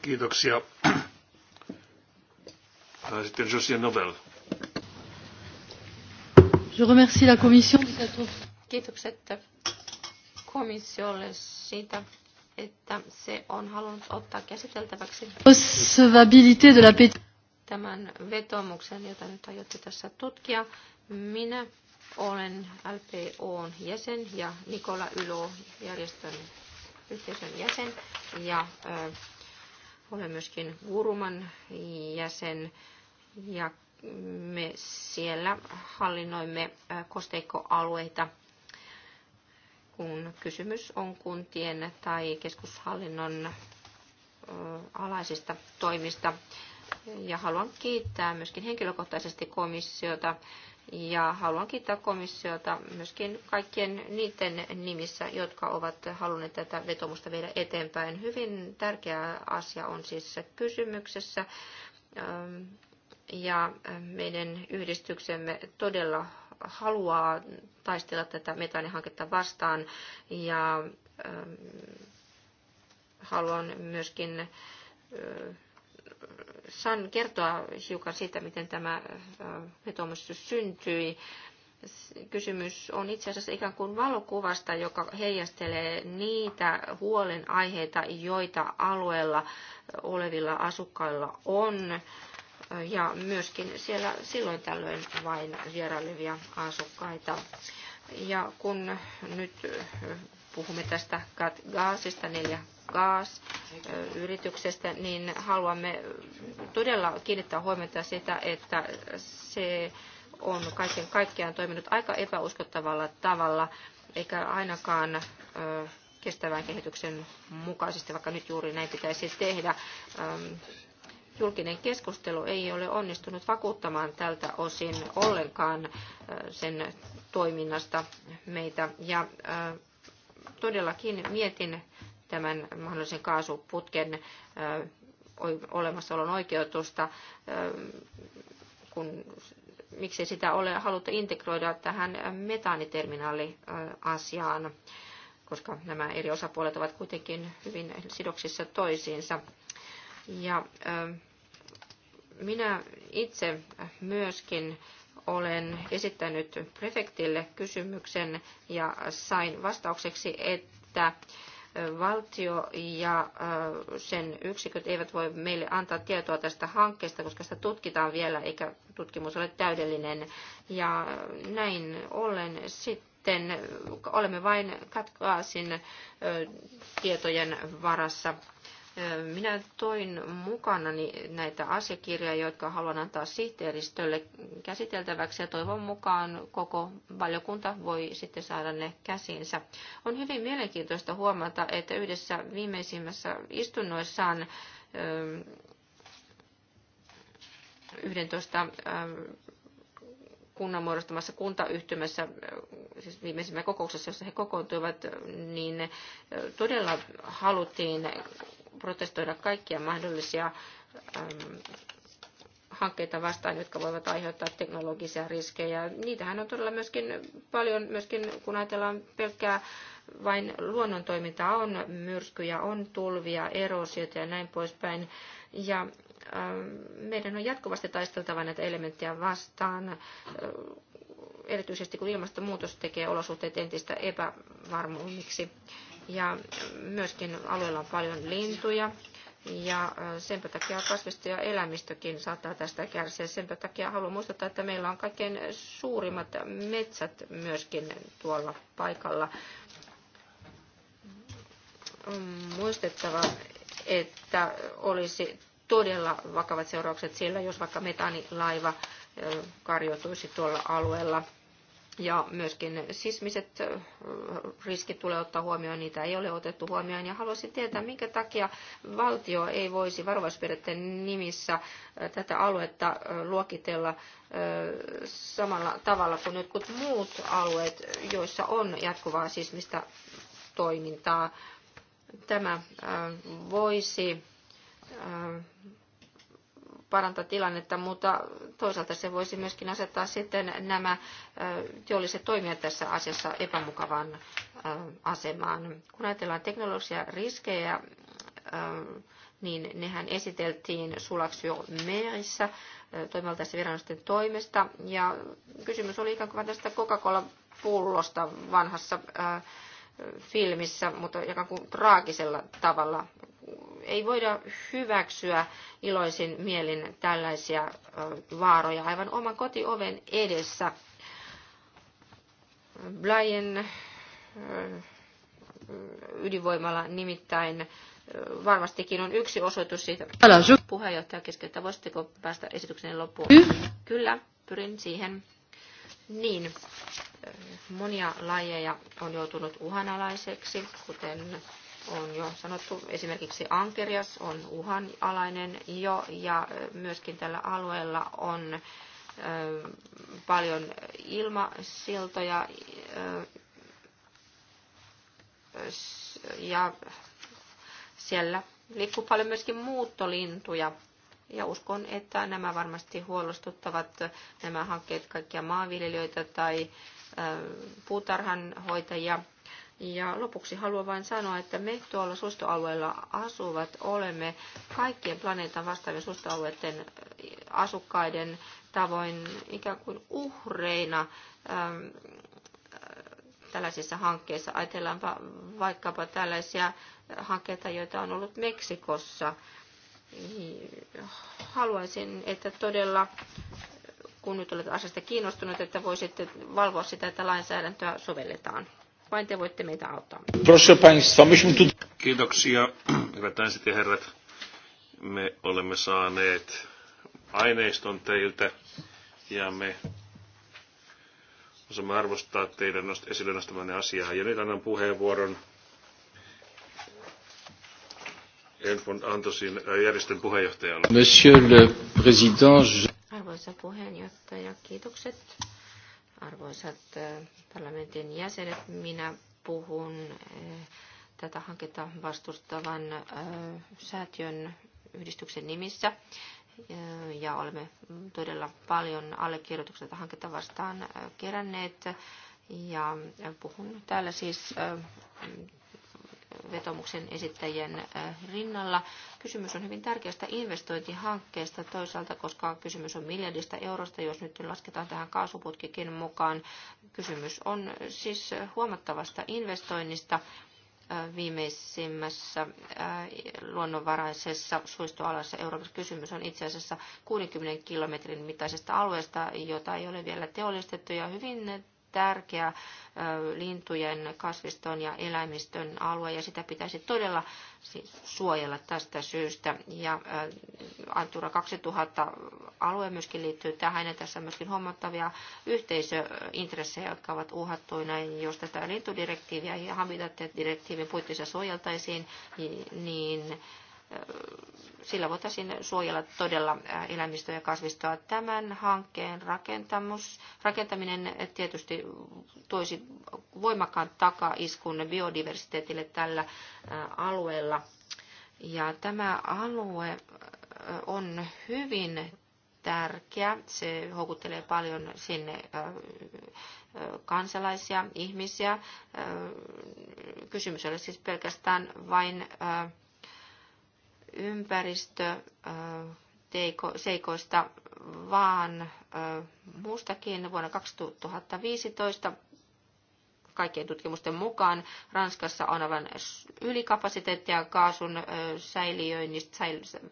Kiitoksia sitten Josia Nobel. Je remercie la commission Kiitokset komissiolle siitä, että se on halunnut ottaa käsiteltäväksi de la tämän vetomuksen, jota nyt aiotte tässä tutkia. Minä olen LPOn jäsen ja Nikola Ylo järjestön yhteisön jäsen ja äh, olen myöskin Guruman jäsen ja me siellä hallinnoimme kosteikkoalueita, kun kysymys on kuntien tai keskushallinnon alaisista toimista. Ja haluan kiittää myöskin henkilökohtaisesti komissiota ja haluan kiittää komissiota myöskin kaikkien niiden nimissä, jotka ovat halunneet tätä vetomusta viedä eteenpäin. Hyvin tärkeä asia on siis kysymyksessä ja meidän yhdistyksemme todella haluaa taistella tätä metaanihanketta vastaan ja haluan myöskin saan kertoa hiukan siitä, miten tämä vetomistus syntyi kysymys on itse asiassa ikään kuin valokuvasta, joka heijastelee niitä huolenaiheita, joita alueella olevilla asukkailla on ja myöskin siellä silloin tällöin vain vierailevia asukkaita. Ja kun nyt puhumme tästä Gaasista, neljä Gaas-yrityksestä, niin haluamme todella kiinnittää huomiota sitä, että se on kaiken kaikkiaan toiminut aika epäuskottavalla tavalla, eikä ainakaan kestävän kehityksen mukaisesti, vaikka nyt juuri näin pitäisi tehdä julkinen keskustelu ei ole onnistunut vakuuttamaan tältä osin ollenkaan sen toiminnasta meitä. Ja todellakin mietin tämän mahdollisen kaasuputken olemassaolon oikeutusta, kun miksi sitä ole haluttu integroida tähän metaaniterminaaliasiaan, koska nämä eri osapuolet ovat kuitenkin hyvin sidoksissa toisiinsa. Ja minä itse myöskin olen esittänyt prefektille kysymyksen ja sain vastaukseksi, että valtio ja sen yksiköt eivät voi meille antaa tietoa tästä hankkeesta, koska sitä tutkitaan vielä eikä tutkimus ole täydellinen. Ja näin ollen sitten olemme vain katkaasin tietojen varassa minä toin mukanani näitä asiakirjoja, jotka haluan antaa sihteeristölle käsiteltäväksi ja toivon mukaan koko valiokunta voi sitten saada ne käsinsä. On hyvin mielenkiintoista huomata, että yhdessä viimeisimmässä istunnoissaan 11 ähm, ähm, kunnan muodostamassa kuntayhtymässä, äh, siis viimeisimmässä kokouksessa, jossa he kokoontuivat, niin äh, todella haluttiin protestoida kaikkia mahdollisia ähm, hankkeita vastaan, jotka voivat aiheuttaa teknologisia riskejä. Niitähän on todella myöskin paljon, myöskin kun ajatellaan pelkkää vain toimintaa, on myrskyjä, on tulvia, erosioita ja näin poispäin. Ja ähm, meidän on jatkuvasti taisteltava näitä elementtejä vastaan, äh, erityisesti kun ilmastonmuutos tekee olosuhteet entistä epävarmuummiksi. Ja myöskin alueella on paljon lintuja. Ja sen takia kasvisto ja elämistökin saattaa tästä kärsiä. Sen takia haluan muistuttaa, että meillä on kaikkein suurimmat metsät myöskin tuolla paikalla. On muistettava, että olisi todella vakavat seuraukset sillä, jos vaikka metanilaiva karjoituisi tuolla alueella. Ja myöskin sismiset riskit tulee ottaa huomioon, niitä ei ole otettu huomioon. Ja haluaisin tietää, minkä takia valtio ei voisi varovaisperiaatteen nimissä tätä aluetta luokitella samalla tavalla kuin jotkut muut alueet, joissa on jatkuvaa sismistä toimintaa. Tämä voisi parantaa tilannetta, mutta toisaalta se voisi myöskin asettaa sitten nämä teolliset toimijat tässä asiassa epämukavan asemaan. Kun ajatellaan teknologisia riskejä, niin nehän esiteltiin Sulaksio Merissä toimivaltaisten viranomaisten toimesta. Ja kysymys oli ikään kuin tästä Coca-Cola-pullosta vanhassa filmissä, mutta ikään kuin traagisella tavalla ei voida hyväksyä iloisin mielin tällaisia vaaroja aivan oman kotioven edessä. Blaien ydinvoimalla nimittäin varmastikin on yksi osoitus siitä. Puheenjohtaja keskeyttää, voisitteko päästä esityksen loppuun? Kyllä, pyrin siihen. Niin, monia lajeja on joutunut uhanalaiseksi, kuten on jo sanottu, esimerkiksi Ankerias on uhanalainen jo ja myöskin tällä alueella on paljon ilmasiltoja ja siellä liikkuu paljon myöskin muuttolintuja. Ja uskon, että nämä varmasti huolestuttavat nämä hankkeet kaikkia maanviljelijöitä tai puutarhanhoitajia – ja lopuksi haluan vain sanoa, että me tuolla suostoalueella asuvat olemme kaikkien planeetan vastaavien suostoalueiden äh, asukkaiden tavoin ikään kuin uhreina ähm, äh, tällaisissa hankkeissa. Ajatellaanpa vaikkapa tällaisia hankkeita, joita on ollut Meksikossa. Haluaisin, että todella kun nyt olet asiasta kiinnostunut, että voisitte valvoa sitä, että lainsäädäntöä sovelletaan vain te voitte meitä auttaa. Kiitoksia, hyvät ensit ja herrat. Me olemme saaneet aineiston teiltä ja me osaamme arvostaa teidän esille nostamanne asiaa. Ja nyt annan puheenvuoron Enfon Antosin äh, järjestön puheenjohtajalle. Monsieur le Président, je... Arvoisa puheenjohtaja, kiitokset. Arvoisat eh, parlamentin jäsenet, minä puhun eh, tätä hanketta vastustavan eh, säätiön yhdistyksen nimissä ja olemme todella paljon allekirjoituksia tätä hanketta vastaan keränneet. Ja puhun täällä siis vetomuksen esittäjien rinnalla. Kysymys on hyvin tärkeästä investointihankkeesta toisaalta, koska kysymys on miljardista eurosta, jos nyt lasketaan tähän kaasuputkikin mukaan. Kysymys on siis huomattavasta investoinnista viimeisimmässä luonnonvaraisessa suistoalassa Euroopassa kysymys on itse asiassa 60 kilometrin mittaisesta alueesta, jota ei ole vielä teollistettu ja hyvin tärkeä lintujen, kasviston ja eläimistön alue ja sitä pitäisi todella suojella tästä syystä. Ja Antura 2000 alue myöskin liittyy tähän ja tässä on myöskin huomattavia yhteisöintressejä, jotka ovat uhattuina. Jos tätä lintudirektiiviä ja habitat-direktiivin puitteissa suojeltaisiin, niin sillä voitaisiin suojella todella eläimistöä ja kasvistoa. Tämän hankkeen rakentamus, rakentaminen tietysti toisi voimakkaan takaiskun biodiversiteetille tällä alueella. Ja tämä alue on hyvin tärkeä. Se houkuttelee paljon sinne kansalaisia, ihmisiä. Kysymys ei ole siis pelkästään vain ympäristöseikoista, vaan muustakin vuonna 2015 kaikkien tutkimusten mukaan Ranskassa on aivan ylikapasiteettia kaasun säiliöinnistä, säil-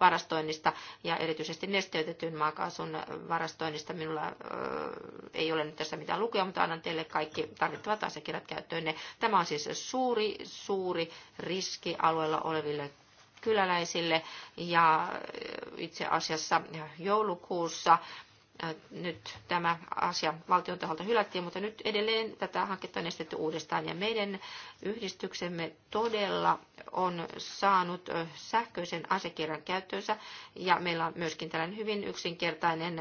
varastoinnista ja erityisesti nesteytetyn maakaasun varastoinnista. Minulla äh, ei ole nyt tässä mitään lukea, mutta annan teille kaikki tarvittavat asiakirjat käyttöön. Tämä on siis suuri, suuri riski alueella oleville kyläläisille ja äh, itse asiassa joulukuussa äh, nyt tämä asia valtion taholta hylättiin, mutta nyt edelleen tätä hanketta on estetty uudestaan. Ja meidän yhdistyksemme todella on saanut äh, sähköisen asiakirjan käyttöönsä ja meillä on myöskin tällainen hyvin yksinkertainen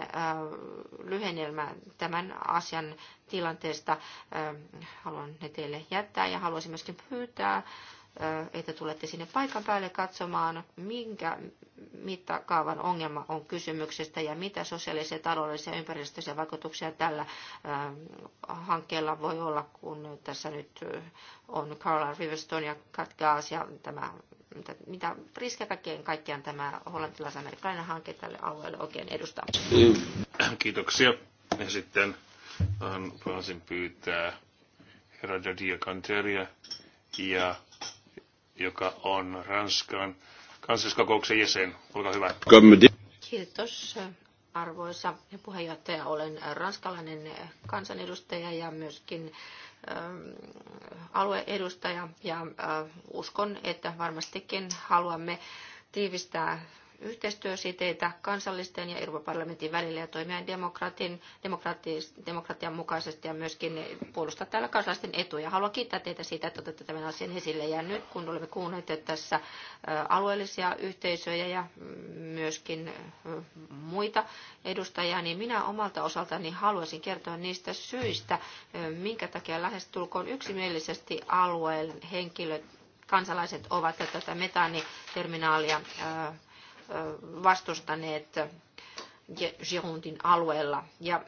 lyhennelmä tämän asian tilanteesta. Haluan ne teille jättää ja haluaisin myöskin pyytää että tulette sinne paikan päälle katsomaan, minkä mittakaavan ongelma on kysymyksestä ja mitä sosiaalisia, taloudellisia ja ympäristöisiä vaikutuksia tällä hankkeella voi olla, kun tässä nyt on Carla Riverstone ja Kat Gaas ja tämä, mitä, mitä riskejä kaikkeen kaikkiaan tämä hollantilais-amerikkalainen hanke tälle alueelle oikein edustaa. Kiitoksia. Ja sitten pääsin pyytää herra Dadia Kanteria ja joka on Ranskan kansalliskokouksen jäsen. Olkaa hyvä. Kiitos arvoisa puheenjohtaja. Olen ranskalainen kansanedustaja ja myöskin ähm, alueedustaja ja äh, uskon, että varmastikin haluamme tiivistää yhteistyösiteitä kansallisten ja Euroopan parlamentin välillä ja toimia demokratin, demokratian mukaisesti ja myöskin puolustaa täällä kansalaisten etuja. Haluan kiittää teitä siitä, että otatte tämän asian esille. Ja nyt kun olemme kuulleet tässä alueellisia yhteisöjä ja myöskin muita edustajia, niin minä omalta osaltani haluaisin kertoa niistä syistä, minkä takia lähestulkoon yksimielisesti alueen henkilöt kansalaiset ovat tätä metaaniterminaalia vastustaneet Girondin alueella. Ja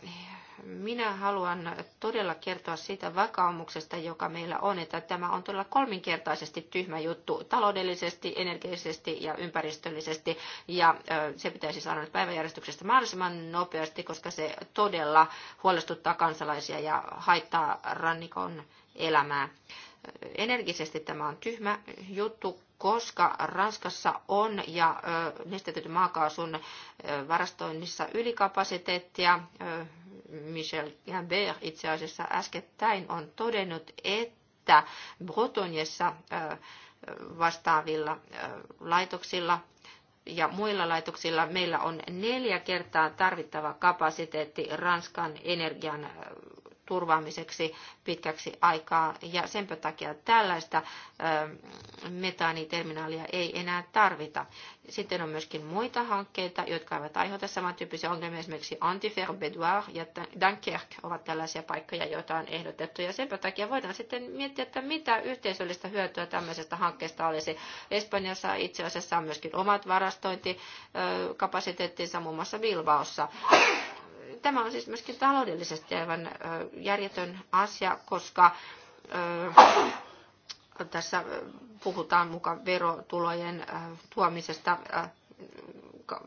minä haluan todella kertoa siitä vakaumuksesta, joka meillä on, että tämä on todella kolminkertaisesti tyhmä juttu taloudellisesti, energisesti ja ympäristöllisesti. Ja se pitäisi saada nyt päiväjärjestyksestä mahdollisimman nopeasti, koska se todella huolestuttaa kansalaisia ja haittaa rannikon elämää. Energisesti tämä on tyhmä juttu, koska Ranskassa on ja nestetetyn maakaasun varastoinnissa ylikapasiteettia. Michel Gambert itse asiassa äskettäin on todennut, että Bretonjessa vastaavilla laitoksilla ja muilla laitoksilla meillä on neljä kertaa tarvittava kapasiteetti Ranskan energian turvaamiseksi pitkäksi aikaa. Ja sen takia tällaista metaaniterminaalia ei enää tarvita. Sitten on myöskin muita hankkeita, jotka eivät aiheuta samantyyppisiä ongelmia. Esimerkiksi Antifer, Bedouard ja Dunkerque ovat tällaisia paikkoja, joita on ehdotettu. Ja sen takia voidaan sitten miettiä, että mitä yhteisöllistä hyötyä tämmöisestä hankkeesta olisi. Espanjassa itse asiassa on myöskin omat varastointikapasiteettinsa muun muassa Bilbaossa. Tämä on siis myöskin taloudellisesti aivan järjetön asia, koska tässä puhutaan mukaan verotulojen tuomisesta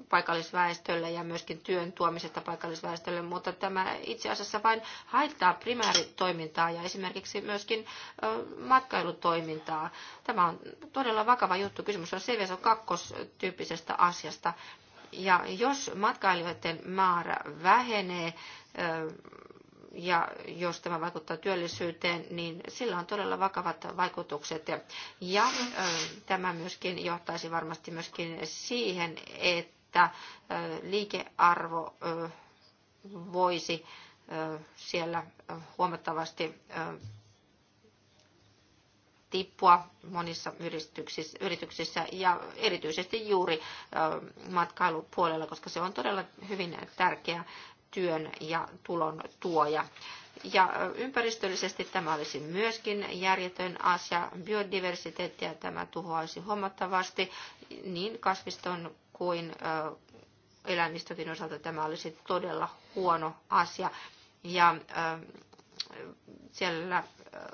paikallisväestölle ja myöskin työn tuomisesta paikallisväestölle, mutta tämä itse asiassa vain haittaa primääritoimintaa ja esimerkiksi myöskin matkailutoimintaa. Tämä on todella vakava juttu. Kysymys on CVS on tyyppisestä asiasta ja jos matkailijoiden määrä vähenee, ja jos tämä vaikuttaa työllisyyteen, niin sillä on todella vakavat vaikutukset. Ja tämä myöskin johtaisi varmasti myöskin siihen, että liikearvo voisi siellä huomattavasti tippua monissa yrityksissä, yrityksissä ja erityisesti juuri matkailupuolella, koska se on todella hyvin tärkeä työn ja tulon tuoja. Ja ympäristöllisesti tämä olisi myöskin järjetön asia. Biodiversiteettiä tämä tuhoaisi huomattavasti niin kasviston kuin eläimistökin osalta tämä olisi todella huono asia. Ja siellä äh,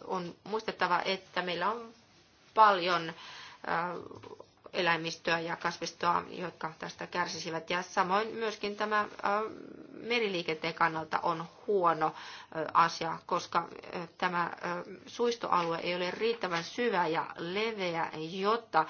on muistettava, että meillä on paljon äh, eläimistöä ja kasvistoa, jotka tästä kärsisivät. Ja samoin myöskin tämä äh, meriliikenteen kannalta on huono asia, koska tämä suistoalue ei ole riittävän syvä ja leveä, jotta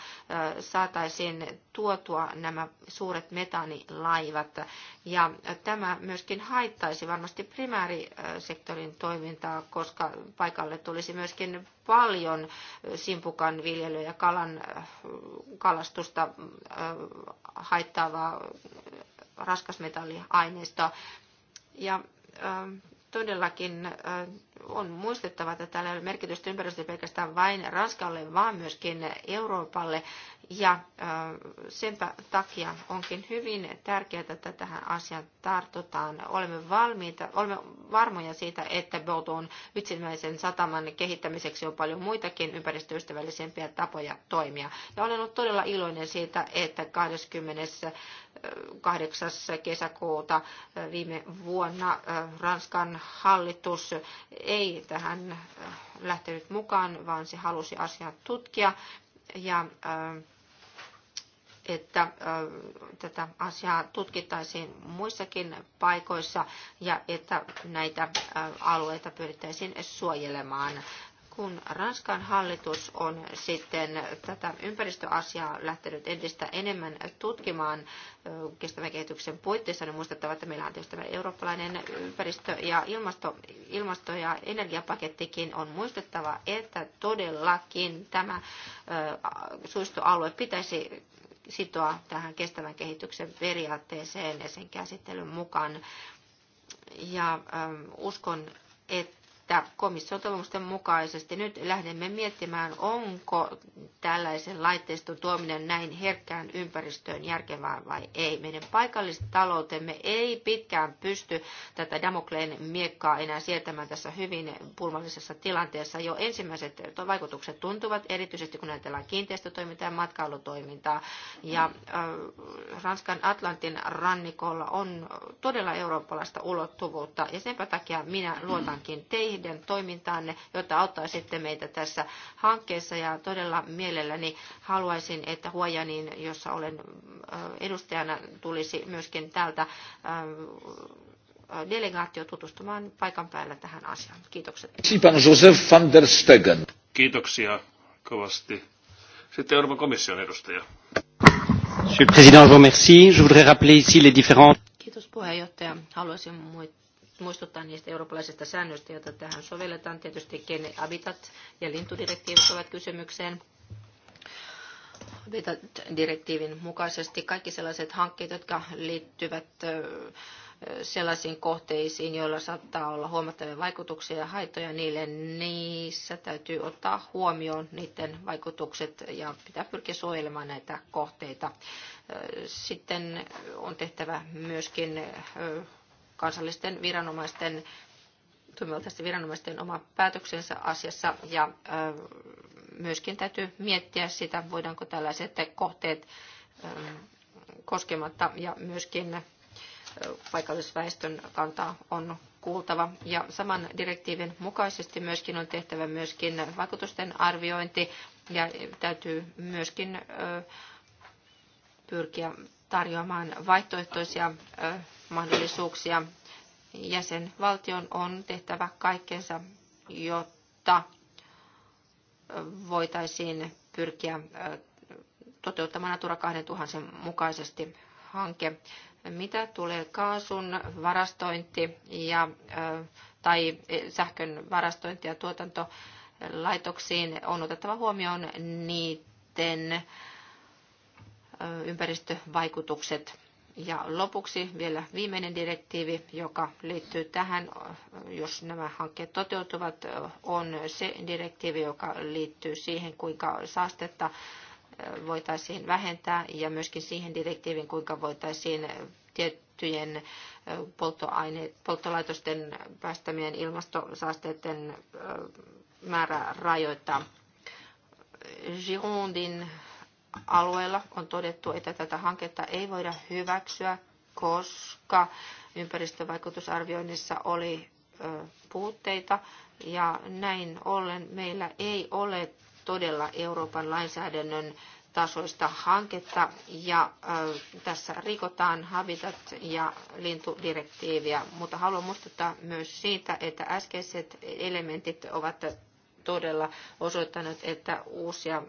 saataisiin tuotua nämä suuret metaanilaivat. Ja tämä myöskin haittaisi varmasti primäärisektorin toimintaa, koska paikalle tulisi myöskin paljon simpukan viljelyä ja kalan, kalastusta haittaavaa raskasmetalliaineistoa. Ja Ähm, todellakin äh, on muistettava, että tällä ei ole merkitystä ympäristölle pelkästään vain Ranskalle, vaan myöskin Euroopalle. Ja äh, senpä takia onkin hyvin tärkeää, että tähän asiaan tartutaan. Olemme valmiita, olemme varmoja siitä, että Boutun itsenäisen sataman kehittämiseksi on paljon muitakin ympäristöystävällisempiä tapoja toimia. Ja olen ollut todella iloinen siitä, että 20. 8. kesäkuuta viime vuonna Ranskan hallitus ei tähän lähtenyt mukaan, vaan se halusi asiaa tutkia ja äh, että äh, tätä asiaa tutkittaisiin muissakin paikoissa ja että näitä äh, alueita pyrittäisiin suojelemaan kun Ranskan hallitus on sitten tätä ympäristöasiaa lähtenyt entistä enemmän tutkimaan kestävän kehityksen puitteissa, niin muistettava, että meillä on tietysti tämä eurooppalainen ympäristö- ja ilmasto, ilmasto- ja energiapakettikin on muistettava, että todellakin tämä suistoalue pitäisi sitoa tähän kestävän kehityksen periaatteeseen ja sen käsittelyn mukaan. Ja uskon, että että komission toivomusten mukaisesti nyt lähdemme miettimään, onko tällaisen laitteiston tuominen näin herkkään ympäristöön järkevää vai ei. Meidän taloutemme ei pitkään pysty tätä Damokleen miekkaa enää sietämään tässä hyvin pulmallisessa tilanteessa. Jo ensimmäiset vaikutukset tuntuvat, erityisesti kun ajatellaan kiinteistötoimintaa ja matkailutoimintaa. Ja äh, Ranskan Atlantin rannikolla on todella eurooppalaista ulottuvuutta ja senpä takia minä luotankin teihin teidän toimintaanne, jotta auttaisitte meitä tässä hankkeessa. Ja todella mielelläni haluaisin, että Huojanin, jossa olen edustajana, tulisi myöskin täältä delegaatio tutustumaan paikan päällä tähän asiaan. Kiitokset. Kiitoksia kovasti. Sitten Euroopan komission edustaja. Monsieur le Président, je vous remercie. Je voudrais rappeler ici les différents... Kiitos puheenjohtaja. Haluaisin muistuttaa niistä eurooppalaisista säännöistä, joita tähän sovelletaan. Tietysti gene habitat ja lintudirektiivit ovat kysymykseen. Habitat-direktiivin mukaisesti kaikki sellaiset hankkeet, jotka liittyvät sellaisiin kohteisiin, joilla saattaa olla huomattavia vaikutuksia ja haittoja niille, niissä täytyy ottaa huomioon niiden vaikutukset ja pitää pyrkiä suojelemaan näitä kohteita. Sitten on tehtävä myöskin kansallisten viranomaisten toimivaltaisten viranomaisten oma päätöksensä asiassa ja myöskin täytyy miettiä sitä, voidaanko tällaiset kohteet koskematta ja myöskin paikallisväestön kantaa on kuultava. Ja saman direktiivin mukaisesti myöskin on tehtävä myöskin vaikutusten arviointi ja täytyy myöskin pyrkiä tarjoamaan vaihtoehtoisia mahdollisuuksia. Jäsenvaltion on tehtävä kaikkensa, jotta voitaisiin pyrkiä toteuttamaan Natura 2000 mukaisesti hanke. Mitä tulee kaasun varastointi ja, tai e, sähkön varastointi ja tuotantolaitoksiin, on otettava huomioon niiden ympäristövaikutukset. Ja lopuksi vielä viimeinen direktiivi, joka liittyy tähän, jos nämä hankkeet toteutuvat, on se direktiivi, joka liittyy siihen, kuinka saastetta voitaisiin vähentää ja myöskin siihen direktiivin, kuinka voitaisiin tiettyjen polttoaine, polttolaitosten päästämien ilmastosaasteiden määrä rajoittaa. Girondin alueella on todettu, että tätä hanketta ei voida hyväksyä, koska ympäristövaikutusarvioinnissa oli puutteita ja näin ollen meillä ei ole todella Euroopan lainsäädännön tasoista hanketta ja tässä rikotaan habitat- ja lintudirektiiviä, mutta haluan muistuttaa myös siitä, että äskeiset elementit ovat todella osoittaneet, että uusia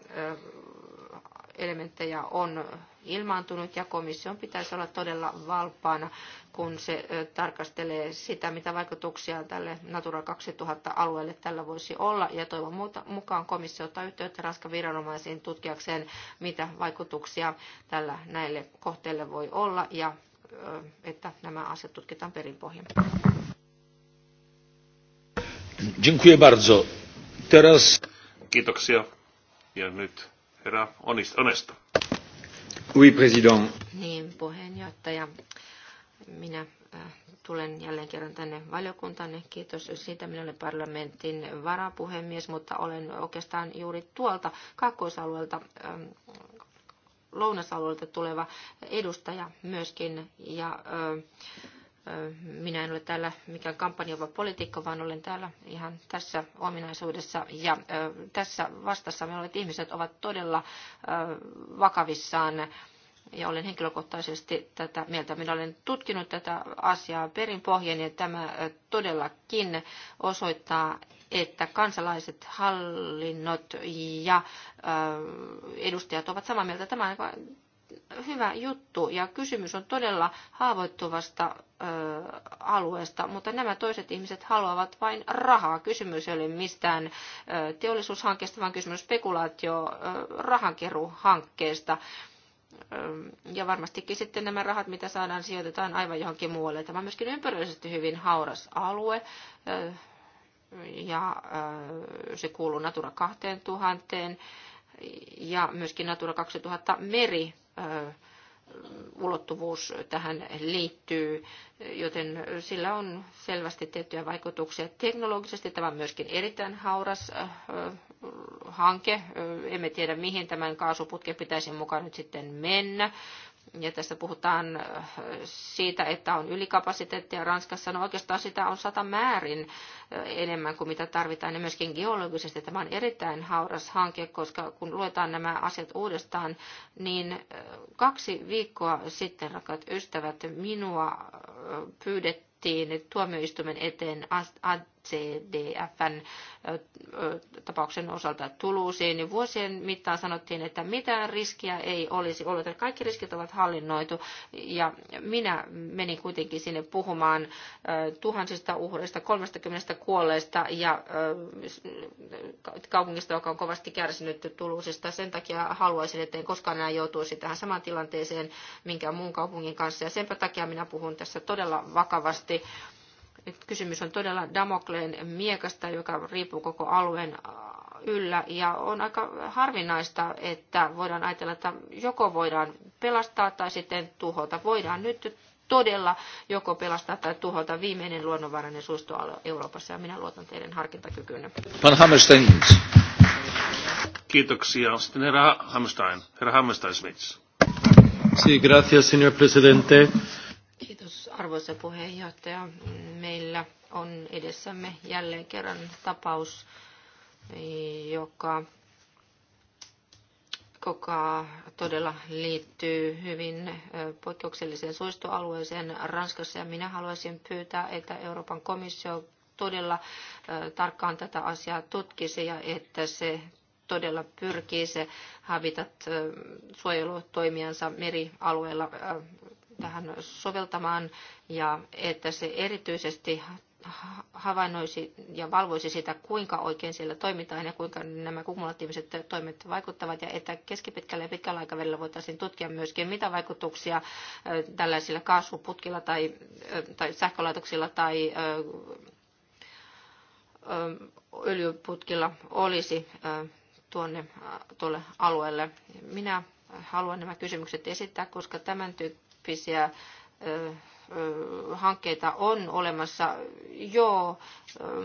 elementtejä on ilmaantunut ja komission pitäisi olla todella valppaana, kun se tarkastelee sitä, mitä vaikutuksia tälle Natura 2000-alueelle tällä voisi olla. Ja toivon mukaan komissio ottaa yhteyttä Ranskan viranomaisiin tutkiakseen, mitä vaikutuksia tällä näille kohteille voi olla ja että nämä asiat tutkitaan perinpohjan. Dziękuję bardzo. Teraz... Kiitoksia. Ja nyt herra Onesta. Oui, president. Niin, puheenjohtaja. Minä äh, tulen jälleen kerran tänne valiokuntaan. Kiitos siitä. Minä olen parlamentin varapuhemies, mutta olen oikeastaan juuri tuolta kaakkoisalueelta ähm, lounasalueelta tuleva edustaja myöskin. Ja, ö, äh, minä en ole täällä mikään kampanjoiva poliitikko, vaan olen täällä ihan tässä ominaisuudessa. Ja tässä vastassa me olet ihmiset ovat todella vakavissaan ja olen henkilökohtaisesti tätä mieltä. Minä olen tutkinut tätä asiaa perinpohjien ja tämä todellakin osoittaa, että kansalaiset, hallinnot ja edustajat ovat samaa mieltä. Tämä hyvä juttu ja kysymys on todella haavoittuvasta ö, alueesta, mutta nämä toiset ihmiset haluavat vain rahaa. Kysymys ei ole mistään ö, teollisuushankkeesta, vaan kysymys spekulaatio ö, rahankeruhankkeesta. Ja varmastikin sitten nämä rahat, mitä saadaan, sijoitetaan aivan johonkin muualle. Tämä on myöskin ympärillisesti hyvin hauras alue ja se kuuluu Natura 2000 ja myöskin Natura 2000 meri ulottuvuus tähän liittyy, joten sillä on selvästi tiettyjä vaikutuksia. Teknologisesti tämä on myöskin erittäin hauras hanke. Emme tiedä, mihin tämän kaasuputken pitäisi mukaan nyt sitten mennä. Ja tässä puhutaan äh, siitä, että on ylikapasiteettia Ranskassa. No oikeastaan sitä on sata määrin äh, enemmän kuin mitä tarvitaan. Ja myöskin geologisesti tämä on erittäin hauras hanke, koska kun luetaan nämä asiat uudestaan, niin äh, kaksi viikkoa sitten, rakkaat ystävät, minua pyydettiin tuomioistuimen eteen CDFn tapauksen osalta Tuluusiin, niin vuosien mittaan sanottiin, että mitään riskiä ei olisi ollut. Että kaikki riskit ovat hallinnoitu ja minä menin kuitenkin sinne puhumaan tuhansista uhreista, 30 kuolleista ja kaupungista, joka on kovasti kärsinyt Tuluusista. Sen takia haluaisin, että en koskaan enää joutuisi tähän samaan tilanteeseen minkään muun kaupungin kanssa ja senpä takia minä puhun tässä todella vakavasti nyt kysymys on todella Damokleen miekasta, joka riippuu koko alueen äh, yllä. Ja on aika harvinaista, että voidaan ajatella, että joko voidaan pelastaa tai sitten tuhota. Voidaan nyt todella joko pelastaa tai tuhota viimeinen luonnonvarainen suistoalue Euroopassa. Ja minä luotan teidän harkintakykyynne. Van Hammerstein. Kiitoksia. Sitten herra Hammerstein. Herra Hammerstein-Smith. Sí, gracias, señor presidente arvoisa puheenjohtaja. Meillä on edessämme jälleen kerran tapaus, joka joka todella liittyy hyvin poikkeukselliseen suistoalueeseen Ranskassa. Ja minä haluaisin pyytää, että Euroopan komissio todella tarkkaan tätä asiaa tutkisi ja että se todella pyrkii se habitat suojelutoimijansa merialueella tähän soveltamaan ja että se erityisesti havainnoisi ja valvoisi sitä, kuinka oikein siellä toimitaan ja kuinka nämä kumulatiiviset toimet vaikuttavat ja että keskipitkällä ja pitkällä aikavälillä voitaisiin tutkia myöskin, mitä vaikutuksia tällaisilla kaasuputkilla tai, tai sähkölaitoksilla tai öljyputkilla olisi tuonne tuolle alueelle. Minä haluan nämä kysymykset esittää, koska tämän tyyppisiä hankkeita on olemassa jo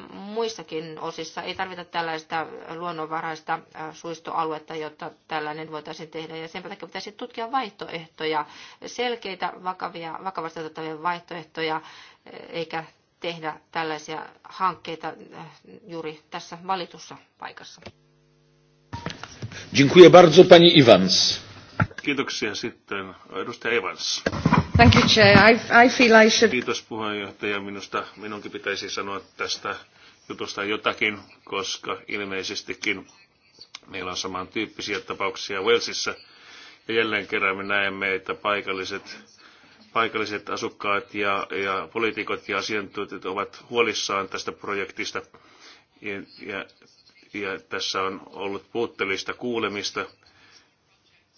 muissakin osissa. Ei tarvita tällaista luonnonvaraista suistoaluetta, jotta tällainen voitaisiin tehdä. Ja sen takia pitäisi tutkia vaihtoehtoja, selkeitä, vakavia, vakavasti otettavia vaihtoehtoja, eikä tehdä tällaisia hankkeita juuri tässä valitussa paikassa. Dziękuję bardzo pani Iwans. Kiitoksia sitten. Edustaja Evans. Thank you, Chair. I, I feel I should... Kiitos puheenjohtaja. Minusta minunkin pitäisi sanoa tästä jutusta jotakin, koska ilmeisestikin meillä on samantyyppisiä tapauksia Walesissa. Ja jälleen kerran me näemme, että paikalliset, paikalliset asukkaat ja, ja poliitikot ja asiantuntijat ovat huolissaan tästä projektista. Ja, ja, ja tässä on ollut puutteellista kuulemista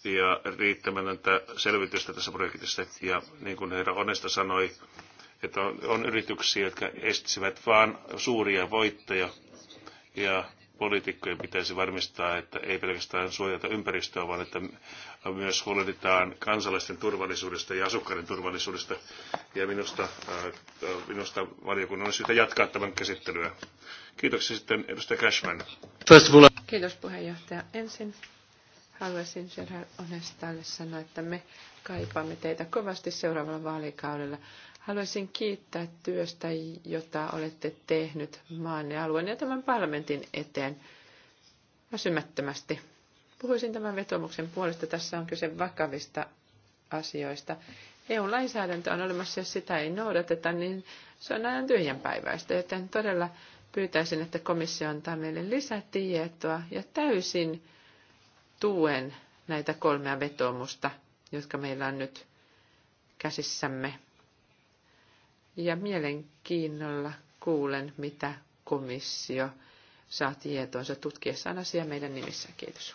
ja riittämätöntä selvitystä tässä projektissa. Ja niin kuin herra Onesta sanoi, että on, on yrityksiä, jotka etsivät vain suuria voittoja ja poliitikkojen pitäisi varmistaa, että ei pelkästään suojata ympäristöä, vaan että myös huolehditaan kansalaisten turvallisuudesta ja asukkaiden turvallisuudesta. Ja minusta, äh, minusta valiokunnan on syytä jatkaa tämän käsittelyä. Kiitoksia sitten edustaja Cashman. Kiitos puheenjohtaja. Ensin Haluaisin Gerard Onestalle sanoa, että me kaipaamme teitä kovasti seuraavalla vaalikaudella. Haluaisin kiittää työstä, jota olette tehnyt maan ja alueen ja tämän parlamentin eteen väsymättömästi. Puhuisin tämän vetomuksen puolesta. Tässä on kyse vakavista asioista. EU-lainsäädäntö on olemassa, jos sitä ei noudateta, niin se on aina tyhjänpäiväistä, joten todella pyytäisin, että komissio antaa meille lisätietoa ja täysin tuen näitä kolmea vetoomusta, jotka meillä on nyt käsissämme. Ja mielenkiinnolla kuulen, mitä komissio saa tietoonsa tutkiessaan asiaa meidän nimissä. Kiitos.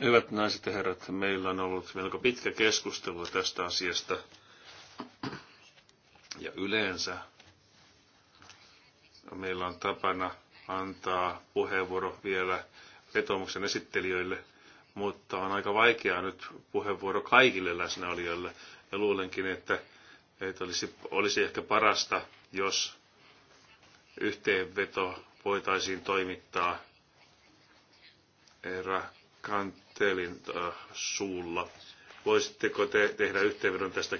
Hyvät naiset ja herrat, meillä on ollut melko pitkä keskustelu tästä asiasta. Ja yleensä meillä on tapana antaa puheenvuoro vielä vetomuksen esittelijöille, mutta on aika vaikeaa nyt puheenvuoro kaikille läsnäolijoille. Ja luulenkin, että, että olisi, olisi ehkä parasta, jos yhteenveto voitaisiin toimittaa Eera Kantelin äh, suulla. Voisitteko te tehdä yhteenvedon tästä,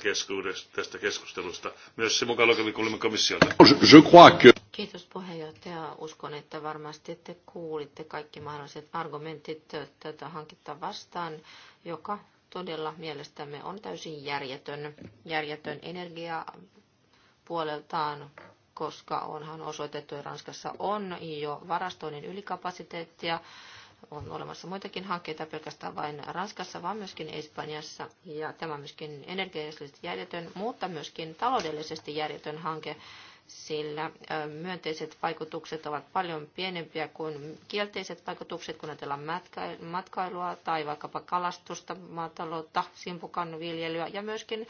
tästä keskustelusta, myös se mukaan lukuvikulman komissiolta? Je crois que... Kiitos puheenjohtaja. Uskon, että varmasti te kuulitte kaikki mahdolliset argumentit tätä hanketta vastaan, joka todella mielestämme on täysin järjetön, järjetön energia puoleltaan, koska onhan osoitettu, että Ranskassa on jo varastoinnin ylikapasiteettia. On olemassa muitakin hankkeita pelkästään vain Ranskassa, vaan myöskin Espanjassa. Ja tämä on myöskin energiallisesti järjetön, mutta myöskin taloudellisesti järjetön hanke sillä myönteiset vaikutukset ovat paljon pienempiä kuin kielteiset vaikutukset, kun ajatellaan matkailua tai vaikkapa kalastusta, maataloutta, simpukanviljelyä ja myöskin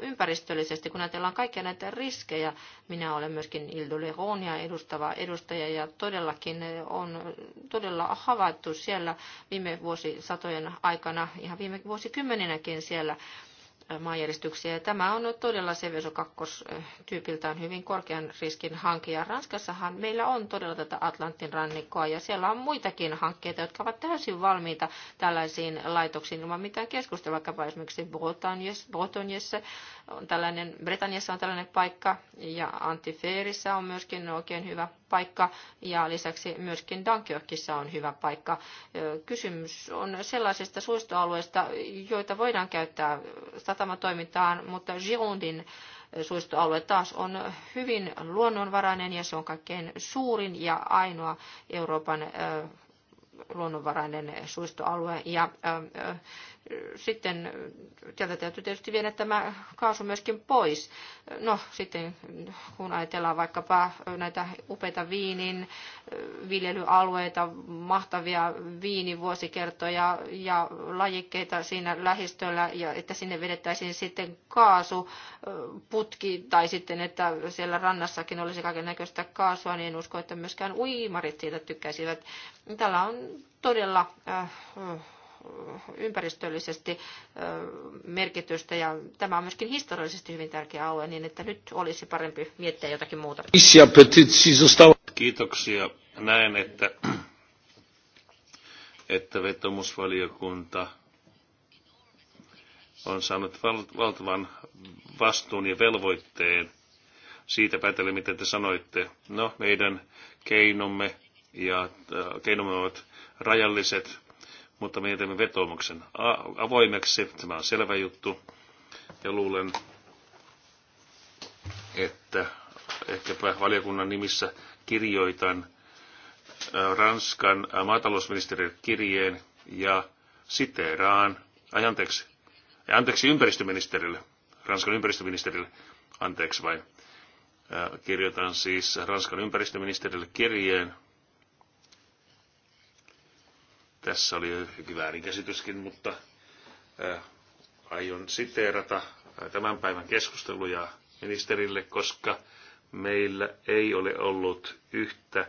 ympäristöllisesti, kun ajatellaan kaikkia näitä riskejä. Minä olen myöskin Ildo Leronia edustava edustaja ja todellakin on todella havaittu siellä viime vuosisatojen aikana, ihan viime vuosikymmeninäkin siellä, maanjäristyksiä. Ja tämä on todella Seveso 2 tyypiltään hyvin korkean riskin hanke. Ja Ranskassahan meillä on todella tätä Atlantin rannikkoa ja siellä on muitakin hankkeita, jotka ovat täysin valmiita tällaisiin laitoksiin ilman mitään keskustelua. Vaikkapa esimerkiksi Bretagnessa on tällainen, Britanniassa on tällainen paikka ja Antifeerissä on myöskin oikein hyvä paikka ja lisäksi myöskin Dunkirkissa on hyvä paikka. Kysymys on sellaisista suistoalueista, joita voidaan käyttää satamatoimintaan, mutta Girondin suistoalue taas on hyvin luonnonvarainen ja se on kaikkein suurin ja ainoa Euroopan luonnonvarainen suistoalue. Ja sitten sieltä täytyy tietysti viedä tämä kaasu myöskin pois. No sitten kun ajatellaan vaikkapa näitä upeita viinin viljelyalueita, mahtavia viinivuosikertoja ja lajikkeita siinä lähistöllä, ja että sinne vedettäisiin sitten kaasuputki tai sitten, että siellä rannassakin olisi kaiken näköistä kaasua, niin en usko, että myöskään uimarit siitä tykkäisivät. Tällä on todella äh, äh, ympäristöllisesti äh, merkitystä ja tämä on myöskin historiallisesti hyvin tärkeä alue, niin että nyt olisi parempi miettiä jotakin muuta. Kiitoksia. Näen, että, että vetomusvaliokunta on saanut val- valtavan vastuun ja velvoitteen siitä päätellen, mitä te sanoitte. No, meidän keinomme ja keinomme ovat rajalliset, mutta me jätämme vetoomuksen avoimeksi. Tämä on selvä juttu. Ja luulen, että ehkäpä valiokunnan nimissä kirjoitan Ranskan maatalousministeriön kirjeen ja siteeraan, ai anteeksi, anteeksi ympäristöministerille, Ranskan ympäristöministerille, anteeksi vain, kirjoitan siis Ranskan ympäristöministerille kirjeen tässä oli väärinkäsityskin, mutta aion siteerata tämän päivän keskusteluja ministerille, koska meillä ei ole ollut yhtä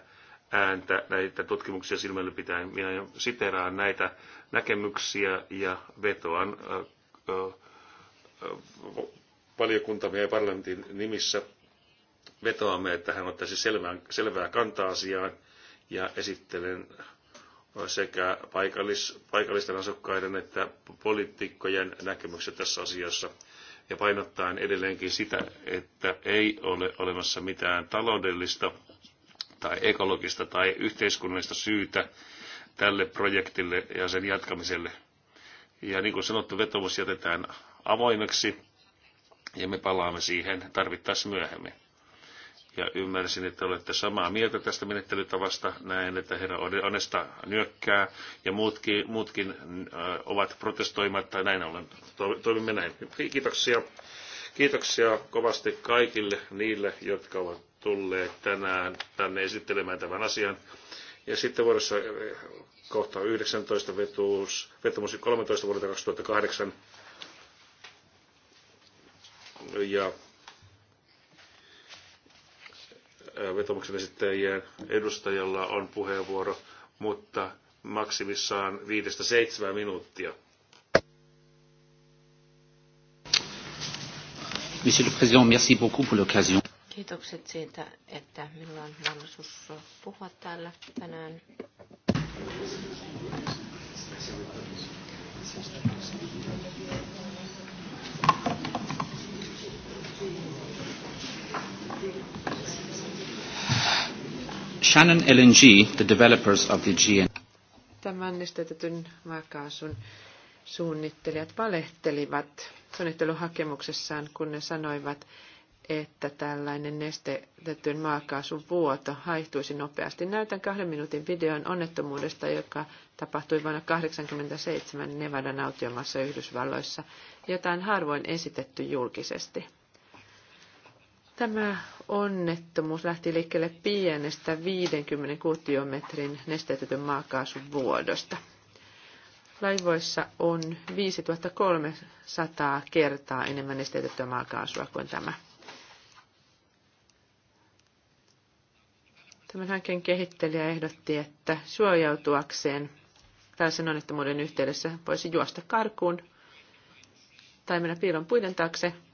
ääntä näitä tutkimuksia silmällä pitäen. Minä siteraan näitä näkemyksiä ja vetoan valiokuntamme ja parlamentin nimissä vetoamme, että hän ottaisi selvää, selvää kantaa asiaan ja esittelen sekä paikallis, paikallisten asukkaiden että poliitikkojen näkemykset tässä asiassa. Ja painottaen edelleenkin sitä, että ei ole olemassa mitään taloudellista tai ekologista tai yhteiskunnallista syytä tälle projektille ja sen jatkamiselle. Ja niin kuin sanottu, vetomus jätetään avoimeksi ja me palaamme siihen tarvittaessa myöhemmin ja ymmärsin, että olette samaa mieltä tästä menettelytavasta. Näen, että herra Onesta nyökkää ja muutkin, muutkin äh, ovat protestoimatta. Näin ollen toimimme näin. Kiitoksia. Kiitoksia kovasti kaikille niille, jotka ovat tulleet tänään tänne esittelemään tämän asian. Ja sitten vuodessa äh, kohta 19 vetuus, vetumus 13 vuodelta 2008. Ja vetomuksen esittäjien edustajalla on puheenvuoro, mutta maksimissaan 5-7 minuuttia. Monsieur le Président, merci beaucoup pour l'occasion. Kiitokset siitä, että minulla on mahdollisuus puhua täällä tänään. Shannon LNG, the developers of the GN. Tämän nestetetyn maakaasun suunnittelijat valehtelivat suunnitteluhakemuksessaan, kun ne sanoivat, että tällainen nestetetyn maakaasun vuoto haihtuisi nopeasti. Näytän kahden minuutin videon onnettomuudesta, joka tapahtui vuonna 1987 Nevadan autiomassa Yhdysvalloissa, jota on harvoin esitetty julkisesti. Tämä onnettomuus lähti liikkeelle pienestä 50 kuutiometrin nesteytetyn maakaasun vuodosta. Laivoissa on 5300 kertaa enemmän nesteytettyä maakaasua kuin tämä. Tämän hankkeen kehittelijä ehdotti, että suojautuakseen tällaisen onnettomuuden yhteydessä voisi juosta karkuun tai mennä piilon puiden taakse –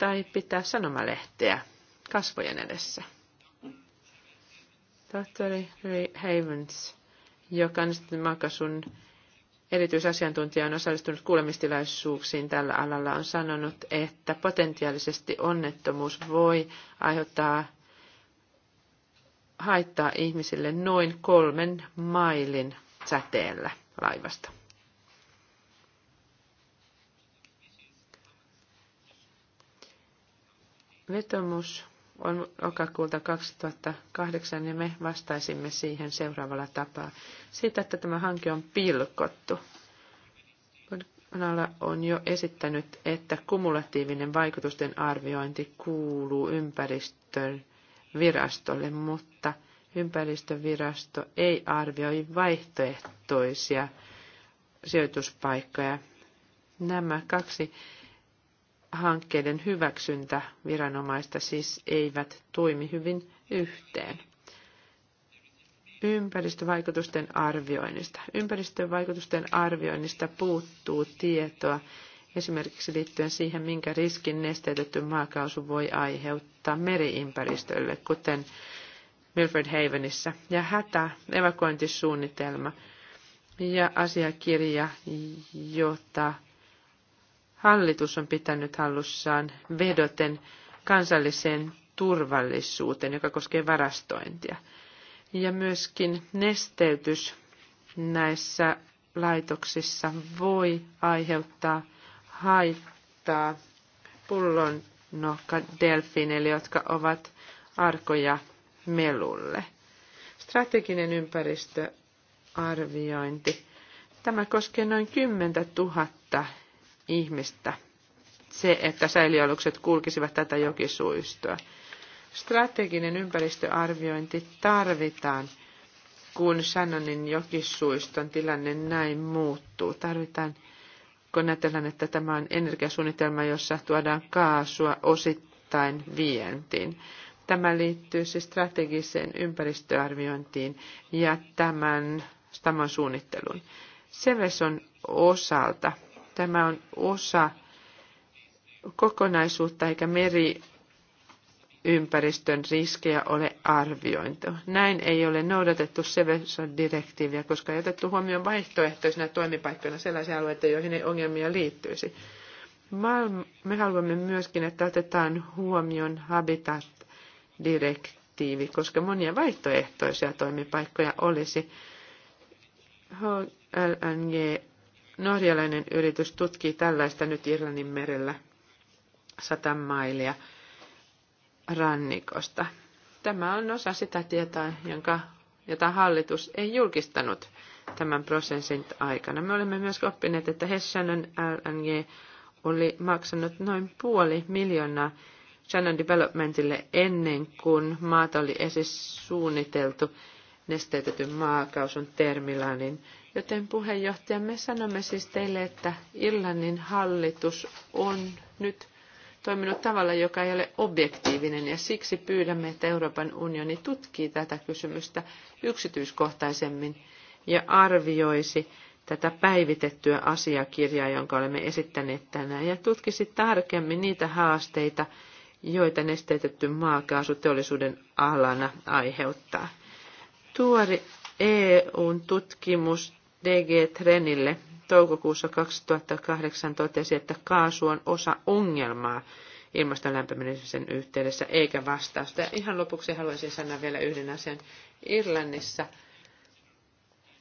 tai pitää sanomalehteä kasvojen edessä. Tohtori Havens, joka on sitten makasun erityisasiantuntija on osallistunut kuulemistilaisuuksiin tällä alalla, on sanonut, että potentiaalisesti onnettomuus voi aiheuttaa haittaa ihmisille noin kolmen mailin säteellä laivasta. Vetomus on lokakuulta 2008 ja me vastaisimme siihen seuraavalla tapaa. Siitä, että tämä hanke on pilkottu. Kanala on jo esittänyt, että kumulatiivinen vaikutusten arviointi kuuluu ympäristön virastolle, mutta ympäristövirasto ei arvioi vaihtoehtoisia sijoituspaikkoja. Nämä kaksi hankkeiden hyväksyntä viranomaista siis eivät toimi hyvin yhteen. Ympäristövaikutusten arvioinnista. Ympäristövaikutusten arvioinnista puuttuu tietoa esimerkiksi liittyen siihen, minkä riskin nesteytetty maakaasu voi aiheuttaa meriympäristölle, kuten Milford Havenissa, ja hätä, evakuointisuunnitelma ja asiakirja, jota hallitus on pitänyt hallussaan vedoten kansalliseen turvallisuuteen, joka koskee varastointia. Ja myöskin nesteytys näissä laitoksissa voi aiheuttaa haittaa pullon delfiineille, jotka ovat arkoja melulle. Strateginen ympäristöarviointi. Tämä koskee noin 10 000 ihmistä se, että säiliöalukset kulkisivat tätä jokisuistoa. Strateginen ympäristöarviointi tarvitaan, kun Shannonin jokisuiston tilanne näin muuttuu. Tarvitaan, kun ajatellaan, että tämä on energiasuunnitelma, jossa tuodaan kaasua osittain vientiin. Tämä liittyy siis strategiseen ympäristöarviointiin ja tämän tämän suunnitteluun. Seveson osalta tämä on osa kokonaisuutta eikä meriympäristön riskejä ole arviointu. Näin ei ole noudatettu Seveso-direktiiviä, koska ei otettu huomioon vaihtoehtoisena toimipaikkana sellaisia alueita, joihin ei ongelmia liittyisi. Me haluamme myöskin, että otetaan huomioon Habitat-direktiivi, koska monia vaihtoehtoisia toimipaikkoja olisi. HLNG norjalainen yritys tutkii tällaista nyt Irlannin merellä 100 mailia rannikosta. Tämä on osa sitä tietoa, jonka, jota hallitus ei julkistanut tämän prosessin aikana. Me olemme myös oppineet, että Heshanen LNG oli maksanut noin puoli miljoonaa Shannon Developmentille ennen kuin maata oli esisuunniteltu suunniteltu nesteytetyn maakausun terminaalin Joten puheenjohtaja, me sanomme siis teille, että Irlannin hallitus on nyt toiminut tavalla, joka ei ole objektiivinen, ja siksi pyydämme, että Euroopan unioni tutkii tätä kysymystä yksityiskohtaisemmin ja arvioisi tätä päivitettyä asiakirjaa, jonka olemme esittäneet tänään, ja tutkisi tarkemmin niitä haasteita, joita nesteytetty maakaasu teollisuuden alana aiheuttaa. Tuori EUn tutkimus DG Trenille toukokuussa 2008 totesi, että kaasu on osa ongelmaa ilmaston lämpenemisen yhteydessä, eikä vastausta. Ja ihan lopuksi haluaisin sanoa vielä yhden asian. Irlannissa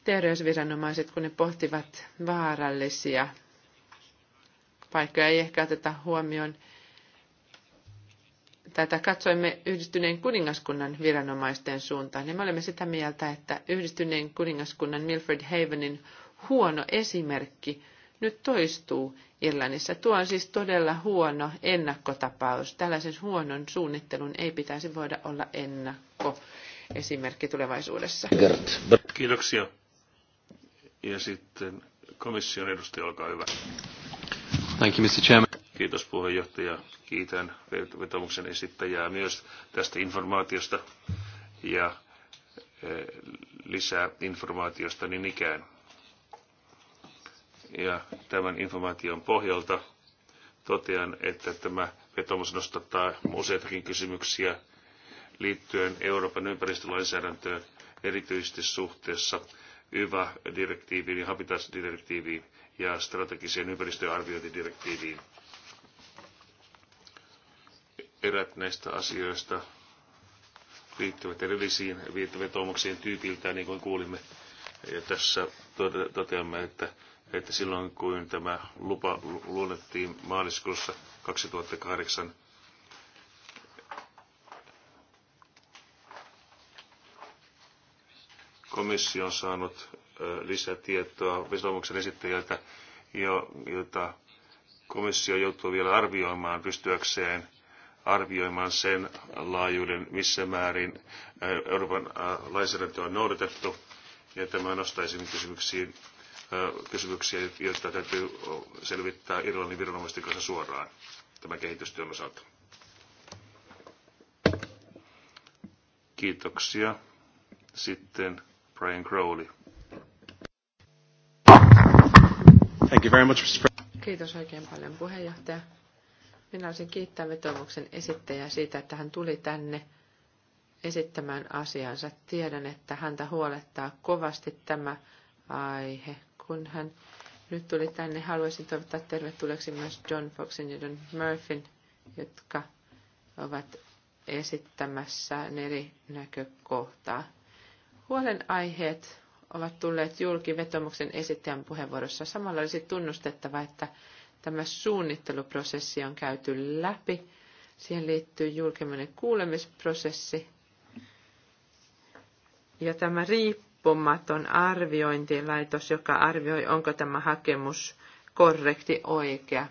terveysviranomaiset, kun ne pohtivat vaarallisia paikkoja, ei ehkä oteta huomioon tätä katsoimme yhdistyneen kuningaskunnan viranomaisten suuntaan. Ja me olemme sitä mieltä, että yhdistyneen kuningaskunnan Milford Havenin huono esimerkki nyt toistuu Irlannissa. Tuo on siis todella huono ennakkotapaus. Tällaisen huonon suunnittelun ei pitäisi voida olla ennakko esimerkki tulevaisuudessa. Kiitoksia. Ja sitten komission edustaja, olkaa hyvä. Thank you, Mr. Chairman. Kiitos puheenjohtaja. Kiitän vetomuksen esittäjää myös tästä informaatiosta ja eh, lisää informaatiosta niin ikään. Ja tämän informaation pohjalta totean, että tämä vetomus nostattaa useitakin kysymyksiä liittyen Euroopan ympäristölainsäädäntöön, erityisesti suhteessa YVA-direktiiviin ja Habitat-direktiiviin ja strategiseen ympäristöarviointidirektiiviin. Erät näistä asioista liittyvät erillisiin viittavetomuksiin tyypiltään, niin kuin kuulimme. Ja tässä toteamme, että, että silloin kun tämä lupa luonnettiin maaliskuussa 2008, komissio on saanut lisätietoa vesilomuksen esittäjältä, jota komissio joutuu vielä arvioimaan pystyäkseen arvioimaan sen laajuuden, missä määrin äh, Euroopan äh, lainsäädäntöä on noudatettu. Ja tämä nostaisin kysymyksiin, äh, kysymyksiä, joita täytyy selvittää Irlannin viranomaisten kanssa suoraan tämän kehitystyön osalta. Kiitoksia. Sitten Brian Crowley. Thank you very much. Kiitos oikein paljon puheenjohtaja. Minä olisin kiittää vetomuksen esittäjää siitä, että hän tuli tänne esittämään asiansa. Tiedän, että häntä huolettaa kovasti tämä aihe. Kun hän nyt tuli tänne, haluaisin toivottaa tervetulleeksi myös John Foxin ja John Murphyn, jotka ovat esittämässä eri näkökohtaa. Huolenaiheet ovat tulleet julki vetomuksen esittäjän puheenvuorossa. Samalla olisi tunnustettava, että tämä suunnitteluprosessi on käyty läpi. Siihen liittyy julkinen kuulemisprosessi. Ja tämä riippumaton arviointilaitos, joka arvioi, onko tämä hakemus korrekti, oikea.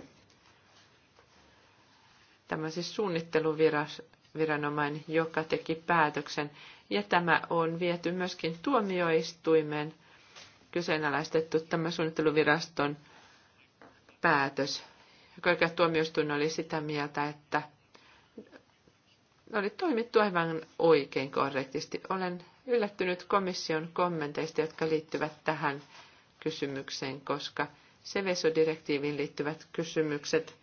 Tämä siis suunnitteluviranomainen, joka teki päätöksen. Ja tämä on viety myöskin tuomioistuimen kyseenalaistettu tämä suunnitteluviraston päätös. Korkea tuomioistuin oli sitä mieltä, että oli toimittu aivan oikein korrektisti. Olen yllättynyt komission kommenteista, jotka liittyvät tähän kysymykseen, koska Seveso-direktiiviin liittyvät kysymykset,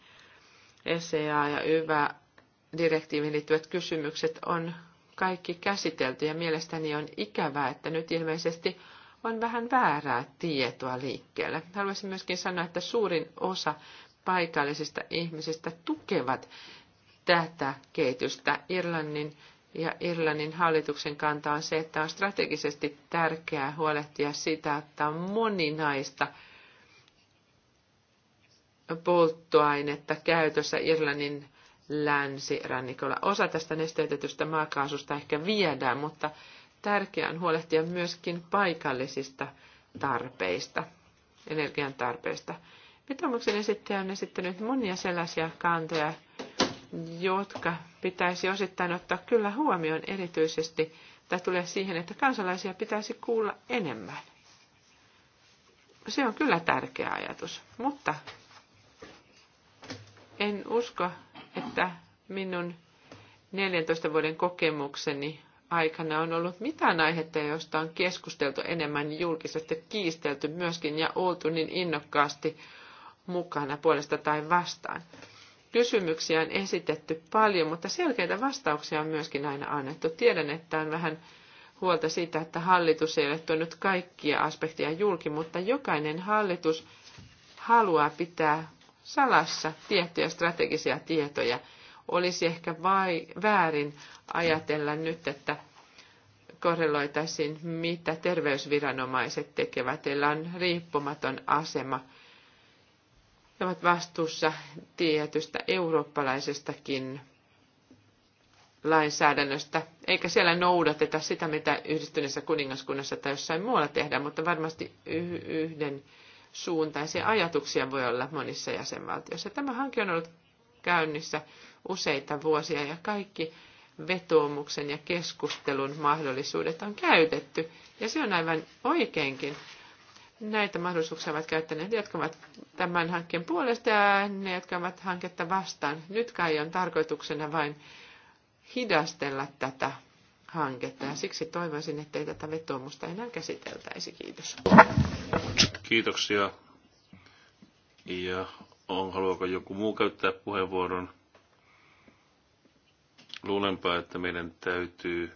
ECA ja YVA-direktiiviin liittyvät kysymykset on kaikki käsitelty ja mielestäni on ikävää, että nyt ilmeisesti on vähän väärää tietoa liikkeellä. Haluaisin myöskin sanoa, että suurin osa paikallisista ihmisistä tukevat tätä kehitystä. Irlannin ja Irlannin hallituksen kanta on se, että on strategisesti tärkeää huolehtia sitä, että on moninaista polttoainetta käytössä Irlannin länsirannikolla. Osa tästä nesteytetystä maakaasusta ehkä viedään, mutta tärkeää on huolehtia myöskin paikallisista tarpeista, energian tarpeista. Vetomuksen esittäjä on esittänyt monia sellaisia kantoja, jotka pitäisi osittain ottaa kyllä huomioon erityisesti, tai tulee siihen, että kansalaisia pitäisi kuulla enemmän. Se on kyllä tärkeä ajatus, mutta en usko, että minun 14 vuoden kokemukseni aikana on ollut mitään aihetta, josta on keskusteltu enemmän julkisesti, kiistelty myöskin ja oltu niin innokkaasti mukana puolesta tai vastaan. Kysymyksiä on esitetty paljon, mutta selkeitä vastauksia on myöskin aina annettu. Tiedän, että on vähän huolta siitä, että hallitus ei ole tuonut kaikkia aspekteja julki, mutta jokainen hallitus haluaa pitää salassa tiettyjä strategisia tietoja – olisi ehkä vai, väärin ajatella nyt, että korreloitaisiin, mitä terveysviranomaiset tekevät. Heillä on riippumaton asema. He ovat vastuussa tietystä eurooppalaisestakin lainsäädännöstä, eikä siellä noudateta sitä, mitä yhdistyneessä kuningaskunnassa tai jossain muualla tehdään, mutta varmasti yhden suuntaisia ajatuksia voi olla monissa jäsenvaltioissa. Tämä hanke on ollut käynnissä useita vuosia ja kaikki vetoomuksen ja keskustelun mahdollisuudet on käytetty. Ja se on aivan oikeinkin. Näitä mahdollisuuksia ovat käyttäneet, jotka ovat tämän hankkeen puolesta ja ne, jotka ovat hanketta vastaan. Nyt kai on tarkoituksena vain hidastella tätä hanketta ja siksi toivoisin, että ei tätä vetoomusta enää käsiteltäisi. Kiitos. Kiitoksia. Ja on, haluaako joku muu käyttää puheenvuoron? Luulenpa, että meidän täytyy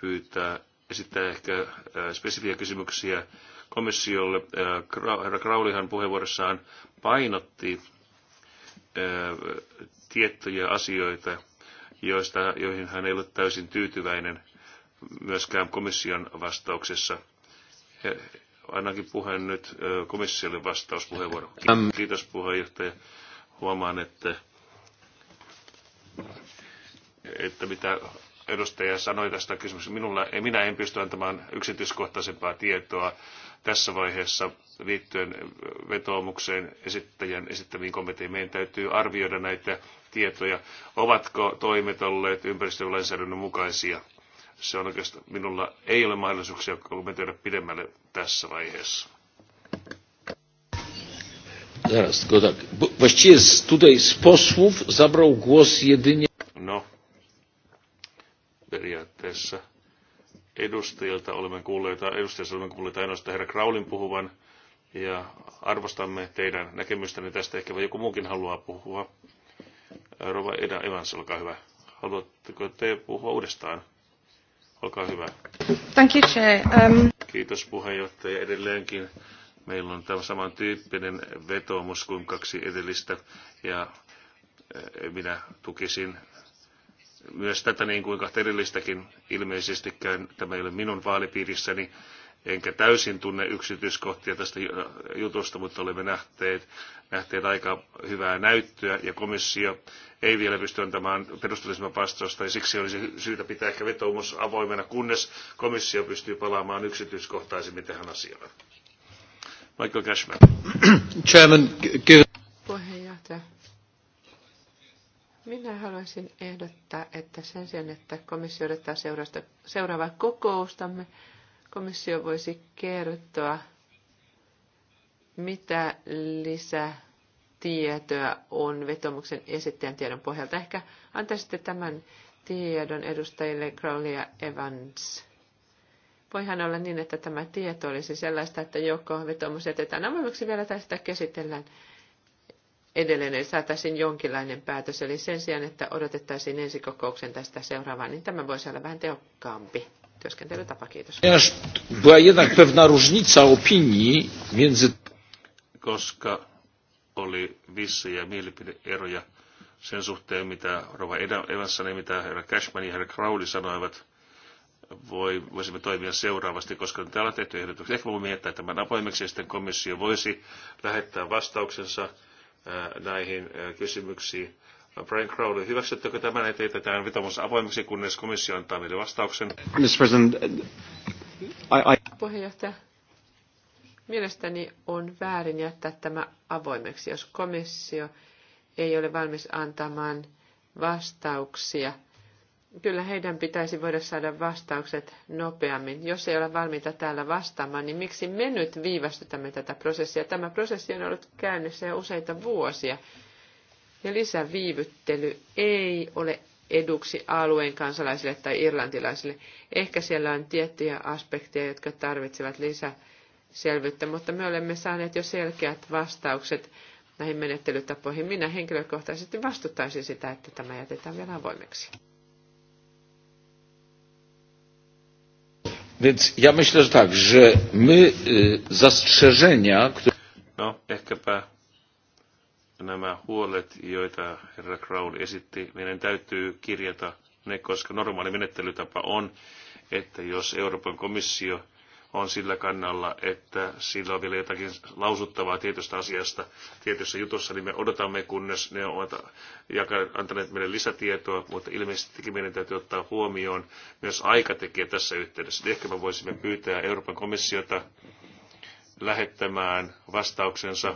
pyytää esittää ehkä äh, spesifiä kysymyksiä komissiolle. Äh, herra Kraulihan puheenvuorossaan painotti äh, tiettyjä asioita, joista, joihin hän ei ollut täysin tyytyväinen myöskään komission vastauksessa. Ainakin puheen nyt komissiolle vastauspuheenvuoro. Ähm. Kiitos puheenjohtaja. Huomaan, että että mitä edustaja sanoi tästä kysymyksestä. Minulla, minä en pysty antamaan yksityiskohtaisempaa tietoa tässä vaiheessa liittyen vetoomukseen esittäjän esittämiin kommentteihin. Meidän täytyy arvioida näitä tietoja. Ovatko toimet olleet ympäristölainsäädännön mukaisia? Se on oikeastaan, minulla ei ole mahdollisuuksia kommentoida pidemmälle tässä vaiheessa. Zaraz, tylko tak. Właściwie z, tutaj z posłów zabrał głos jedynie... No, periaatteessa edustajilta olemme kuulleet, edustajilta olemme kuulleet ainoastaan herra Kraulin puhuvan, ja arvostamme teidän näkemystänne tästä. Ehkä joku muukin haluaa puhua. Rova Eda Evans, olkaa hyvä. Haluatteko te puhua uudestaan? Olkaa hyvä. Thank you, Chair. Um... Kiitos puheenjohtaja edelleenkin. Meillä on tämä samantyyppinen vetoomus kuin kaksi edellistä ja eh, minä tukisin myös tätä niin kuin kahta erillistäkin ilmeisestikään. Tämä ei ole minun vaalipiirissäni, enkä täysin tunne yksityiskohtia tästä jutusta, mutta olemme nähteet, nähteet aika hyvää näyttöä, ja komissio ei vielä pysty antamaan perusteellisemman vastausta, ja siksi olisi syytä pitää ehkä vetoumus avoimena, kunnes komissio pystyy palaamaan yksityiskohtaisemmin tähän asiaan. Michael Cashman. Chairman, Minä haluaisin ehdottaa, että sen sijaan, että komissio odottaa seuraavaa kokoustamme, komissio voisi kertoa, mitä lisätietoa on vetomuksen esittäjän tiedon pohjalta. Ehkä antaisitte tämän tiedon edustajille Crowley ja Evans. Voihan olla niin, että tämä tieto olisi sellaista, että joko vetomus jätetään avoimeksi vielä tai sitä käsitellään edelleen saataisiin jonkinlainen päätös. Eli sen sijaan, että odotettaisiin ensi ensikokoukseen tästä seuraavaan, niin tämä voisi olla vähän tehokkaampi työskentelytapa. Kiitos. Koska oli vissejä mielipideeroja sen suhteen, mitä Rova Evansson ja mitä herra Cashman ja herra Crowley sanoivat, voi, voisimme toimia seuraavasti, koska täällä on tehty ehdotuksia. Ehkä voimme miettää tämän avoimeksi ja sitten komissio voisi lähettää vastauksensa näihin kysymyksiin. Brian Crowley, hyväksyttekö tämän ja teetetään vetomus avoimeksi, kunnes komissio antaa meille vastauksen? Mr. President, I, I... Puheenjohtaja, mielestäni on väärin jättää tämä avoimeksi, jos komissio ei ole valmis antamaan vastauksia – kyllä heidän pitäisi voida saada vastaukset nopeammin. Jos ei ole valmiita täällä vastaamaan, niin miksi me nyt viivästytämme tätä prosessia? Tämä prosessi on ollut käynnissä jo useita vuosia. Ja lisäviivyttely ei ole eduksi alueen kansalaisille tai irlantilaisille. Ehkä siellä on tiettyjä aspekteja, jotka tarvitsevat lisäselvyyttä, mutta me olemme saaneet jo selkeät vastaukset näihin menettelytapoihin. Minä henkilökohtaisesti vastuttaisin sitä, että tämä jätetään vielä avoimeksi. Więc ja myślę, że tak, że my zastrzeżenia, które... No, ehkäpä nämä huolet, joita herra Crown esitti, meidän täytyy kirjata ne, koska normaali menettelytapa on, että jos Euroopan komissio on sillä kannalla, että sillä on vielä jotakin lausuttavaa tietystä asiasta tietyssä jutussa, niin me odotamme, kunnes ne ovat antaneet meille lisätietoa, mutta ilmeisestikin meidän täytyy ottaa huomioon myös aikatekijä tässä yhteydessä. Niin ehkä me voisimme pyytää Euroopan komissiota lähettämään vastauksensa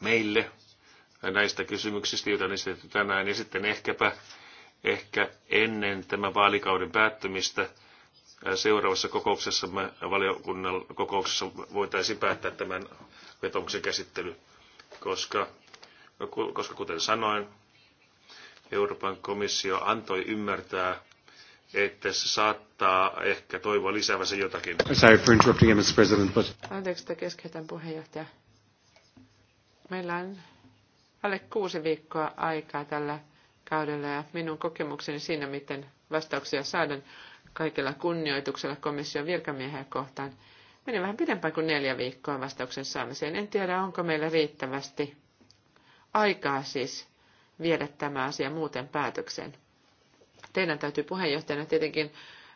meille näistä kysymyksistä, joita on esitetty tänään, ja sitten ehkäpä ehkä ennen tämän vaalikauden päättymistä – seuraavassa kokouksessa, valiokunnan kokouksessa voitaisiin päättää tämän vetomuksen käsittely, koska, koska kuten sanoin, Euroopan komissio antoi ymmärtää, että se saattaa ehkä toivoa lisäävänsä jotakin. Sorry for interrupting you, Mr. President, but... Anteeksi, että keskeytän puheenjohtaja. Meillä on alle kuusi viikkoa aikaa tällä kaudella ja minun kokemukseni siinä, miten vastauksia saadaan, kaikella kunnioituksella komission virkamiehiä kohtaan. Meni vähän pidempään kuin neljä viikkoa vastauksen saamiseen. En tiedä, onko meillä riittävästi aikaa siis viedä tämä asia muuten päätökseen. Teidän täytyy puheenjohtajana tietenkin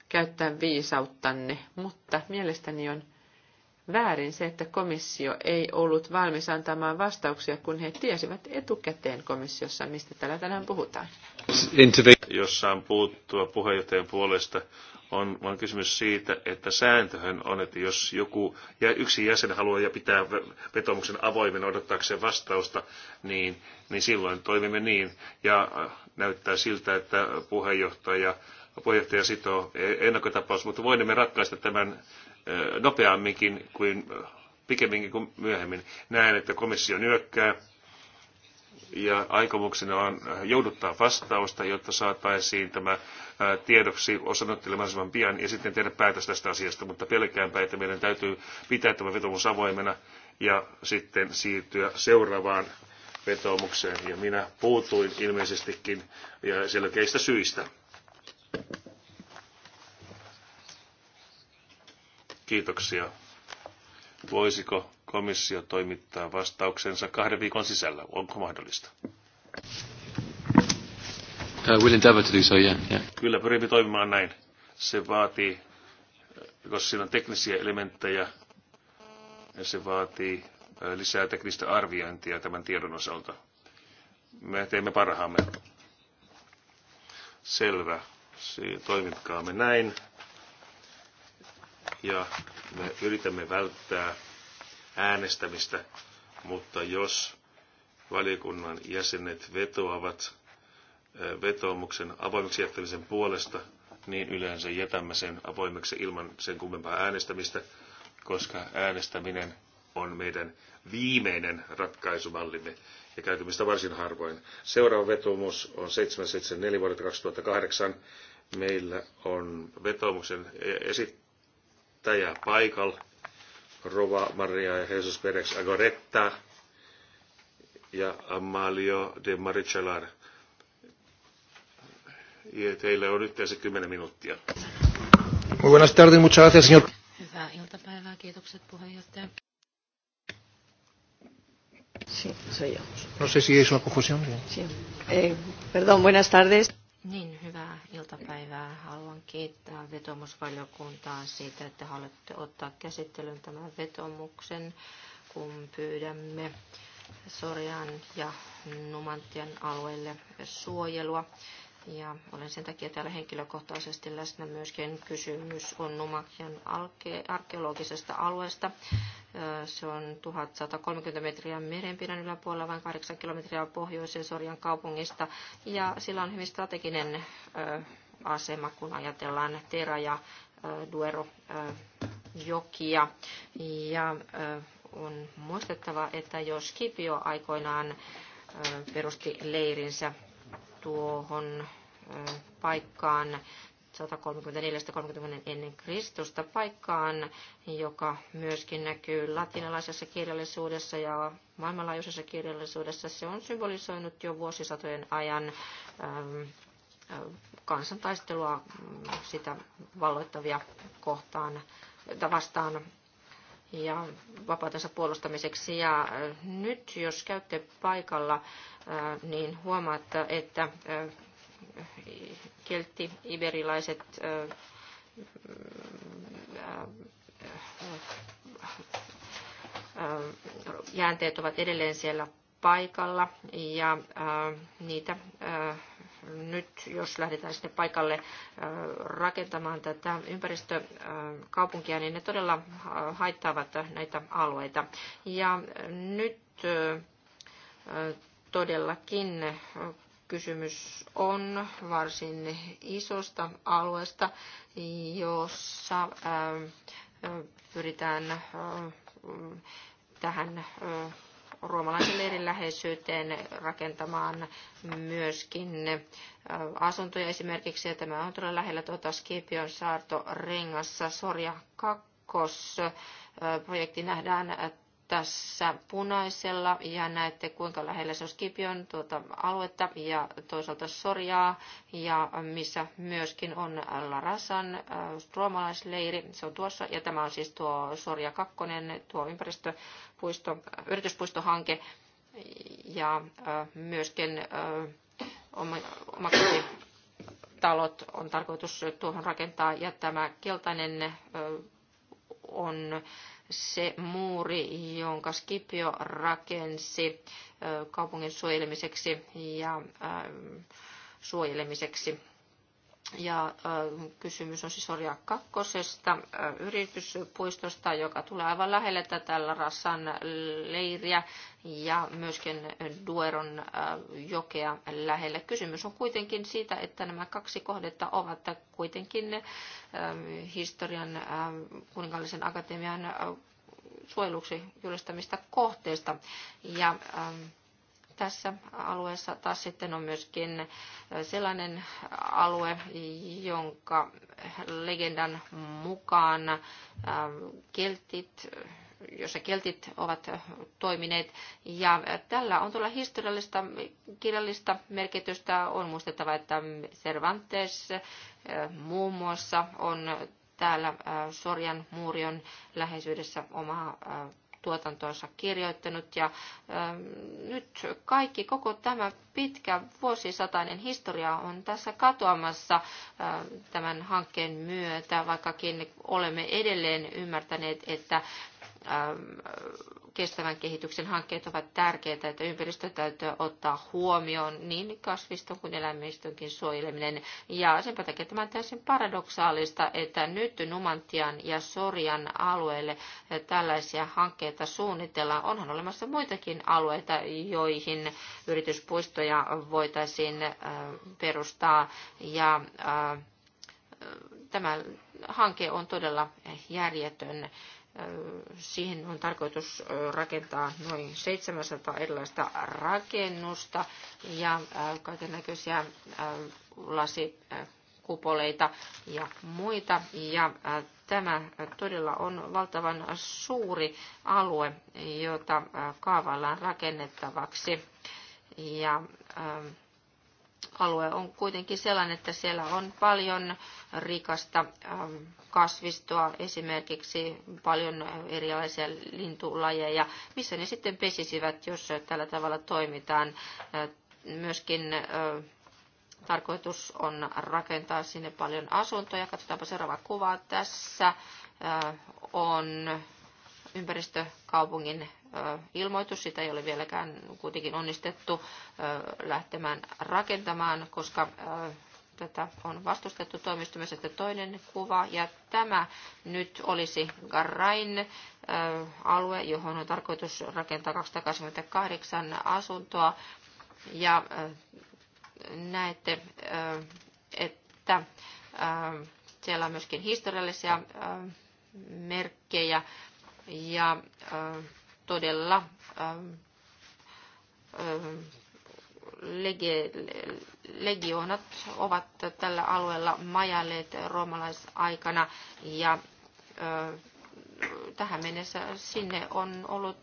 käyttää viisauttanne, mutta mielestäni on väärin se, että komissio ei ollut valmis antamaan vastauksia, kun he tiesivät etukäteen komissiossa, mistä täällä tänään puhutaan. Jos saan puuttua puheenjohtajan puolesta, on, on kysymys siitä, että sääntöhän on, että jos joku ja yksi jäsen haluaa ja pitää vetomuksen avoimen odottaakseen vastausta, niin, niin silloin toimimme niin. Ja äh, näyttää siltä, että puheenjohtaja puheenjohtaja sitoo e-, ennakkotapaus, mutta voimme ratkaista tämän nopeamminkin kuin pikemminkin kuin myöhemmin. Näen, että komissio nyökkää ja aikomuksena on jouduttaa vastausta, jotta saataisiin tämä tiedoksi osanottelemaan pian ja sitten tehdä päätös tästä asiasta, mutta pelkäänpä, että meidän täytyy pitää tämä vetomus avoimena ja sitten siirtyä seuraavaan vetoomukseen. Ja minä puutuin ilmeisestikin ja selkeistä syistä. Kiitoksia. Voisiko komissio toimittaa vastauksensa kahden viikon sisällä? Onko mahdollista? Uh, Kyllä pyrimme toimimaan näin. Se vaatii, koska siinä on teknisiä elementtejä, ja se vaatii uh, lisää teknistä arviointia tämän tiedon osalta. Me teemme parhaamme. Selvä. Toimitkaamme näin ja me yritämme välttää äänestämistä, mutta jos valiokunnan jäsenet vetoavat vetoomuksen avoimeksi jättämisen puolesta, niin yleensä jätämme sen avoimeksi ilman sen kummempaa äänestämistä, koska äänestäminen on meidän viimeinen ratkaisumallimme ja käytymistä varsin harvoin. Seuraava vetomus on 774 vuodelta 2008. Meillä on vetomuksen esit- esittäjä paikalla, Rova Maria ja Jesus Perex Agoretta ja Amalio de Marichalar. Ja teillä on yhteensä 10 minuuttia. Muy buenas tardes, muchas gracias, señor. Hyvää iltapäivää, kiitokset puheenjohtaja. Sí, soy yo. No sé si es una confusión. Sí. Eh, perdón, buenas tardes. Niin, hyvää iltapäivää. Haluan kiittää vetomusvaliokuntaa siitä, että haluatte ottaa käsittelyn tämän vetomuksen, kun pyydämme Sorjan ja Numantian alueelle suojelua. Ja olen sen takia täällä henkilökohtaisesti läsnä myöskin. Kysymys on Numakian arkeologisesta alueesta. Se on 1130 metriä merenpinnan yläpuolella, vain 8 kilometriä pohjoiseen Sorjan kaupungista. Ja sillä on hyvin strateginen asema, kun ajatellaan Tera ja Duero jokia. Ja on muistettava, että jos Kipio aikoinaan perusti leirinsä tuohon paikkaan 134 30 ennen Kristusta paikkaan, joka myöskin näkyy latinalaisessa kirjallisuudessa ja maailmanlaajuisessa kirjallisuudessa. Se on symbolisoinut jo vuosisatojen ajan ähm, äh, kansantaistelua mm, sitä valloittavia kohtaan äh, vastaan ja vapautensa puolustamiseksi. Ja äh, nyt, jos käytte paikalla, niin huomaatte, että keltti iberilaiset jäänteet ovat edelleen siellä paikalla ja niitä nyt, jos lähdetään sitten paikalle rakentamaan tätä ympäristökaupunkia, niin ne todella haittaavat näitä alueita. Ja nyt todellakin Kysymys on varsin isosta alueesta, jossa pyritään tähän ruomalaisen leirin läheisyyteen rakentamaan myöskin asuntoja esimerkiksi. Ja tämä on todella lähellä tuota Skipion saarto Rengassa Sorja 2. Projekti nähdään tässä punaisella ja näette kuinka lähellä se on Skipion tuota aluetta ja toisaalta Sorjaa ja missä myöskin on Larasan äh, suomalaisleiri. Se on tuossa ja tämä on siis tuo Sorja 2, tuo ympäristöpuisto, äh, yrityspuistohanke ja äh, myöskin omaksi talot on tarkoitus tuohon rakentaa ja tämä keltainen on se muuri, jonka Skipio rakensi kaupungin suojelemiseksi ja suojelemiseksi ja kysymys on siis Orja kakkosesta yrityspuistosta, joka tulee aivan lähelle tätä Larassan leiriä ja myöskin Dueron jokea lähelle. Kysymys on kuitenkin siitä, että nämä kaksi kohdetta ovat kuitenkin historian kuninkaallisen akatemian suojeluksi julistamista kohteista. Ja tässä alueessa. Taas sitten on myöskin sellainen alue, jonka legendan mukaan keltit jossa keltit ovat toimineet. Ja tällä on tuolla historiallista kirjallista merkitystä. On muistettava, että Cervantes muun muassa on täällä Sorjan muurion läheisyydessä omaa tuotantonsa kirjoittanut. Ja ähm, nyt kaikki, koko tämä pitkä vuosisatainen historia on tässä katoamassa ähm, tämän hankkeen myötä, vaikkakin olemme edelleen ymmärtäneet, että ähm, kestävän kehityksen hankkeet ovat tärkeitä, että ympäristö täytyy ottaa huomioon niin kasviston kuin eläimistönkin suojeleminen. Ja sen takia tämä on täysin paradoksaalista, että nyt Numantian ja Sorjan alueelle tällaisia hankkeita suunnitellaan. Onhan olemassa muitakin alueita, joihin yrityspuistoja voitaisiin äh, perustaa. Ja äh, tämä hanke on todella järjetön Siihen on tarkoitus rakentaa noin 700 erilaista rakennusta ja kaiken näköisiä lasikupoleita ja muita. Ja tämä todella on valtavan suuri alue, jota kaavaillaan rakennettavaksi. Ja alue on kuitenkin sellainen, että siellä on paljon rikasta ähm, kasvistoa, esimerkiksi paljon erilaisia lintulajeja, missä ne sitten pesisivät, jos tällä tavalla toimitaan. Äh, myöskin äh, tarkoitus on rakentaa sinne paljon asuntoja. Katsotaanpa seuraava kuva. Tässä äh, on ympäristökaupungin ilmoitus, sitä ei ole vieläkään kuitenkin onnistettu lähtemään rakentamaan, koska tätä on vastustettu toimistumisesta toinen kuva. Ja tämä nyt olisi Garrain alue, johon on tarkoitus rakentaa 228 asuntoa. Ja näette, että siellä on myöskin historiallisia merkkejä ja todella ähm, ähm, legioonat ovat tällä alueella majalleet roomalaisaikana ja äh, tähän mennessä sinne on ollut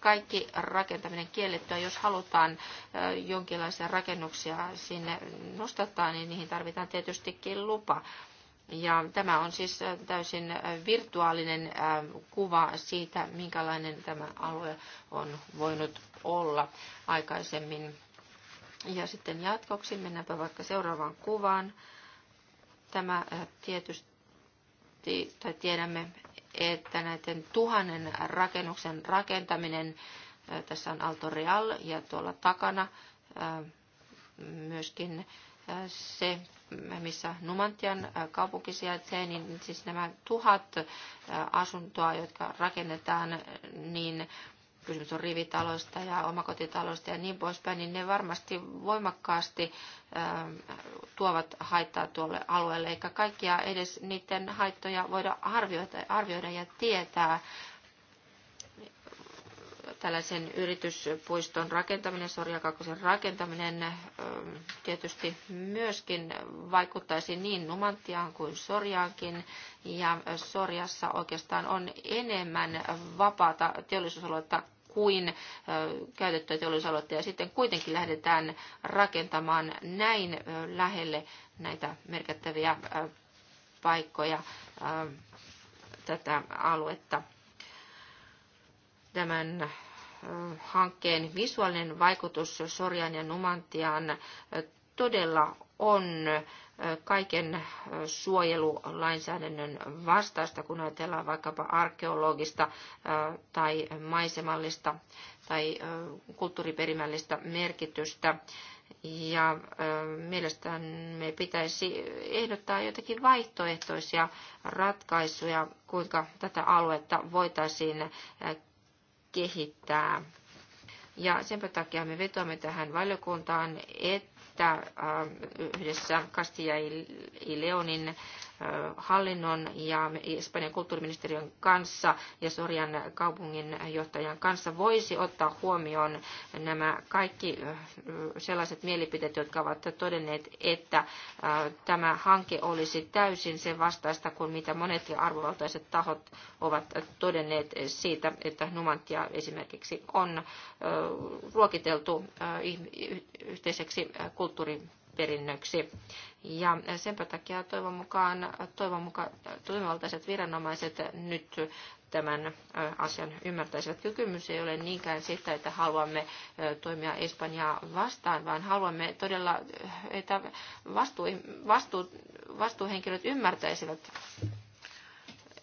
kaikki rakentaminen kiellettyä. Jos halutaan äh, jonkinlaisia rakennuksia sinne nostattaa, niin niihin tarvitaan tietystikin lupa. Ja tämä on siis äh, täysin äh, virtuaalinen äh, kuva siitä, minkälainen tämä alue on voinut olla aikaisemmin. Ja sitten jatkoksi mennäänpä vaikka seuraavaan kuvaan. Tämä tietysti, tai tiedämme, että näiden tuhannen rakennuksen rakentaminen, tässä on Alto Real ja tuolla takana myöskin se missä Numantian äh, kaupunki sijaitsee, niin siis nämä tuhat äh, asuntoa, jotka rakennetaan, niin kysymys on rivitaloista ja omakotitaloista ja niin poispäin, niin ne varmasti voimakkaasti äh, tuovat haittaa tuolle alueelle, eikä kaikkia edes niiden haittoja voida arvioida, arvioida ja tietää tällaisen yrityspuiston rakentaminen, Sorja kakkosen rakentaminen tietysti myöskin vaikuttaisi niin Numantiaan kuin Sorjaankin. Ja Sorjassa oikeastaan on enemmän vapaata teollisuusaluetta kuin käytettyä teollisuusaluetta ja sitten kuitenkin lähdetään rakentamaan näin lähelle näitä merkittäviä paikkoja tätä aluetta. Tämän hankkeen visuaalinen vaikutus Sorjan ja Numantian todella on kaiken suojelulainsäädännön vastaista, kun ajatellaan vaikkapa arkeologista tai maisemallista tai kulttuuriperimällistä merkitystä. Ja mielestämme pitäisi ehdottaa jotakin vaihtoehtoisia ratkaisuja, kuinka tätä aluetta voitaisiin kehittää. Ja sen takia me vetoamme tähän valiokuntaan, että ähm, yhdessä Kastija Leonin hallinnon ja Espanjan kulttuuriministeriön kanssa ja Sorjan johtajan kanssa voisi ottaa huomioon nämä kaikki sellaiset mielipiteet, jotka ovat todenneet, että tämä hanke olisi täysin sen vastaista kuin mitä monet arvovaltaiset tahot ovat todenneet siitä, että Numantia esimerkiksi on ruokiteltu yhteiseksi kulttuuri perinnöksi. Ja sen takia toivon mukaan, toivon mukaan toimivaltaiset viranomaiset nyt tämän asian ymmärtäisivät. Kykymys ei ole niinkään sitä, että haluamme toimia Espanjaa vastaan, vaan haluamme todella, että vastuu, vastuu, vastuuhenkilöt ymmärtäisivät,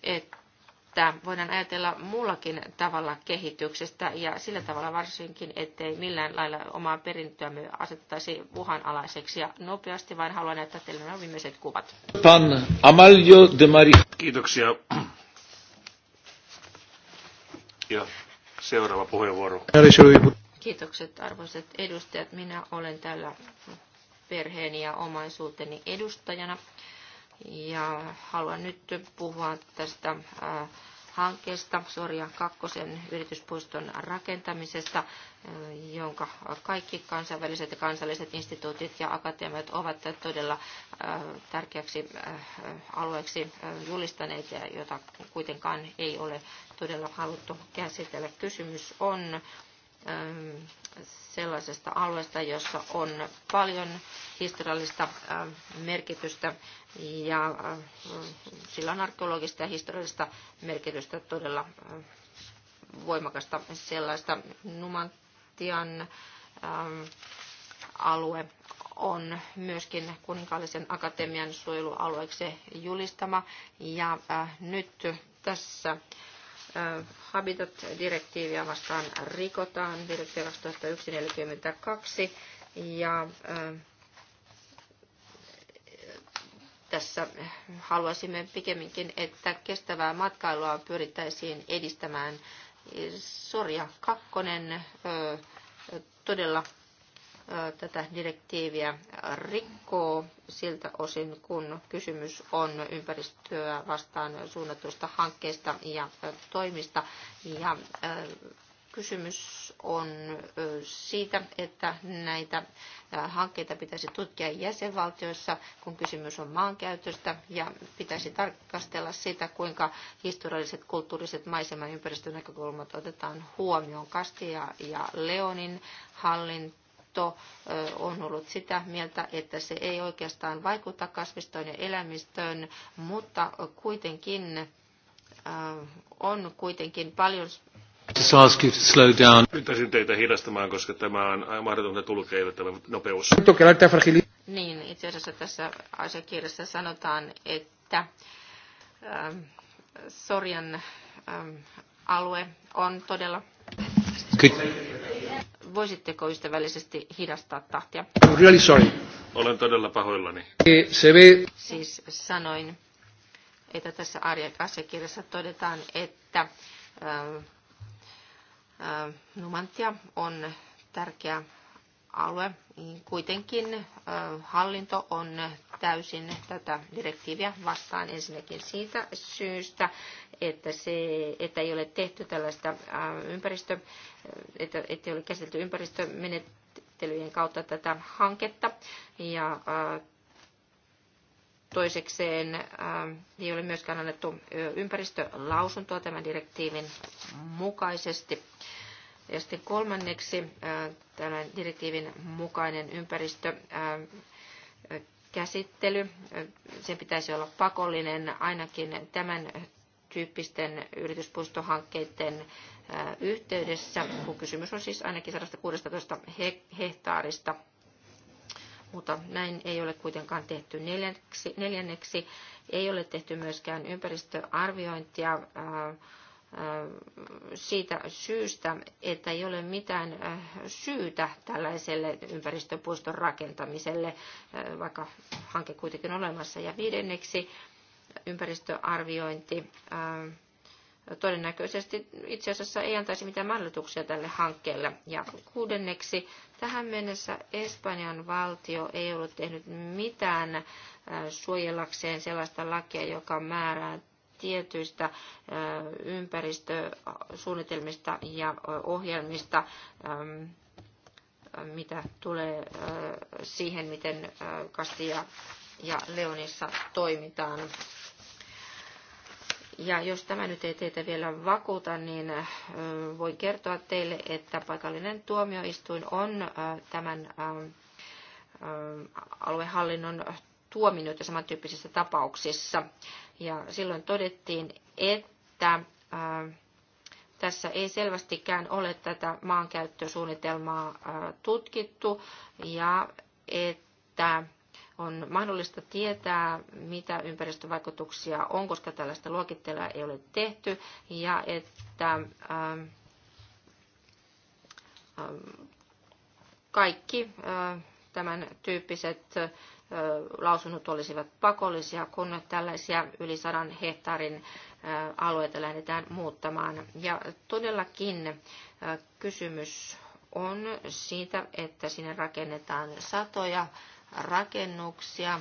että että voidaan ajatella muullakin tavalla kehityksestä ja sillä tavalla varsinkin, ettei millään lailla omaa perintöämme asettaisi uhanalaiseksi. Ja nopeasti vain haluan näyttää teille nämä viimeiset kuvat. Pan Amalio de Maria. Kiitoksia. Ja seuraava puheenvuoro. Kiitokset arvoisat edustajat. Minä olen täällä perheeni ja omaisuuteni edustajana. Ja haluan nyt puhua tästä hankkeesta, suoria kakkosen yrityspuiston rakentamisesta, jonka kaikki kansainväliset ja kansalliset instituutit ja akatemiat ovat todella tärkeäksi alueeksi julistaneet jota kuitenkaan ei ole todella haluttu käsitellä. Kysymys on Ähm, sellaisesta alueesta, jossa on paljon historiallista ähm, merkitystä ja äh, sillä on arkeologista ja historiallista merkitystä todella ähm, voimakasta sellaista. Numantian alue on myöskin kuninkaallisen akatemian suojelualueeksi julistama ja äh, nyt tässä Habitat-direktiiviä vastaan rikotaan, direktiivi 2001-42, ja tässä haluaisimme pikemminkin, että kestävää matkailua pyrittäisiin edistämään. Sorja kakkonen todella tätä direktiiviä rikkoo siltä osin, kun kysymys on ympäristöä vastaan suunnatuista hankkeista ja toimista. Ja kysymys on siitä, että näitä hankkeita pitäisi tutkia jäsenvaltioissa, kun kysymys on maankäytöstä, ja pitäisi tarkastella sitä, kuinka historialliset, kulttuuriset maisema- ja ympäristönäkökulmat otetaan huomioon. Kastia ja Leonin hallinto neuvosto on ollut sitä mieltä, että se ei oikeastaan vaikuta kasvistoon ja elämistöön, mutta kuitenkin on kuitenkin paljon Pyytäisin teitä hidastamaan, koska tämä on mahdotonta tulkeilla tämä nopeus. Niin, itse asiassa tässä asiakirjassa sanotaan, että ähm, Sorjan ähm, alue on todella... Voisitteko ystävällisesti hidastaa tahtia? really sorry. Olen todella pahoillani. E, se ve... Siis sanoin, että tässä asiakirjassa todetaan, että äh, äh, Numantia on tärkeä alue. Kuitenkin hallinto on täysin tätä direktiiviä vastaan ensinnäkin siitä syystä, että, se, että ei ole tehty tällaista ympäristö, että, että ei ole käsitelty ympäristömenettelyjen kautta tätä hanketta. Ja toisekseen ei ole myöskään annettu ympäristölausuntoa tämän direktiivin mukaisesti. Ja sitten kolmanneksi tämän direktiivin mukainen ympäristö käsittely. Sen pitäisi olla pakollinen ainakin tämän tyyppisten yrityspuistohankkeiden yhteydessä, kun kysymys on siis ainakin 116 hehtaarista. Mutta näin ei ole kuitenkaan tehty neljänneksi. neljänneksi ei ole tehty myöskään ympäristöarviointia Äh, siitä syystä, että ei ole mitään äh, syytä tällaiselle ympäristöpuiston rakentamiselle, äh, vaikka hanke kuitenkin on olemassa. Ja viidenneksi ympäristöarviointi todennäköisesti itse asiassa ei antaisi mitään mahdollisuuksia tälle hankkeelle. Ja kuudenneksi, tähän mennessä Espanjan valtio ei ollut tehnyt mitään suojellakseen sellaista lakia, joka määrää tietyistä ympäristösuunnitelmista ja ohjelmista, mitä tulee siihen, miten Kastia ja Leonissa toimitaan. Ja jos tämä nyt ei teitä vielä vakuuta, niin voin kertoa teille, että paikallinen tuomioistuin on tämän aluehallinnon tuominnut jo samantyyppisissä tapauksissa. Ja silloin todettiin, että äh, tässä ei selvästikään ole tätä maankäyttösuunnitelmaa äh, tutkittu ja että on mahdollista tietää, mitä ympäristövaikutuksia on, koska tällaista luokittelua ei ole tehty, ja että ähm, ähm, kaikki äh, tämän tyyppiset lausunnot olisivat pakollisia, kun tällaisia yli sadan hehtaarin alueita lähdetään muuttamaan. Ja todellakin kysymys on siitä, että sinne rakennetaan satoja rakennuksia.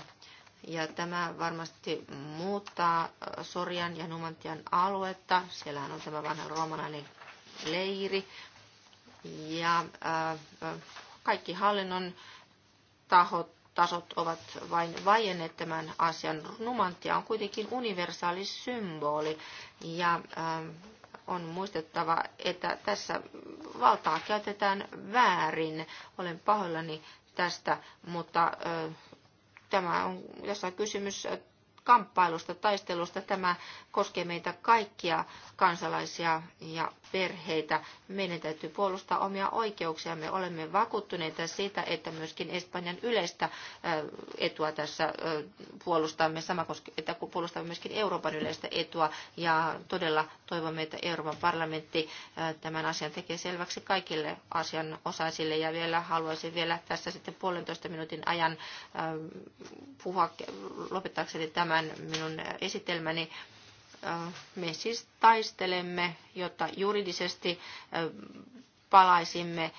Ja tämä varmasti muuttaa Sorjan ja Numantian aluetta. Siellähän on tämä vanha roomalainen leiri. Ja kaikki hallinnon tahot tasot ovat vain vaienneet tämän asian. Numantia on kuitenkin universaali symboli ja ähm, on muistettava, että tässä valtaa käytetään väärin. Olen pahoillani tästä, mutta äh, tämä on, tässä on kysymys kamppailusta, taistelusta. Tämä koskee meitä kaikkia kansalaisia ja perheitä. Meidän täytyy puolustaa omia oikeuksia. Me olemme vakuuttuneita siitä, että myöskin Espanjan yleistä etua tässä puolustamme, sama koskee, että puolustamme myöskin Euroopan yleistä etua. Ja todella toivomme, että Euroopan parlamentti tämän asian tekee selväksi kaikille asianosaisille. Ja vielä haluaisin vielä tässä sitten puolentoista minuutin ajan puhua lopettaakseni tämän tämän minun esitelmäni. Me siis taistelemme, jotta juridisesti palaisimme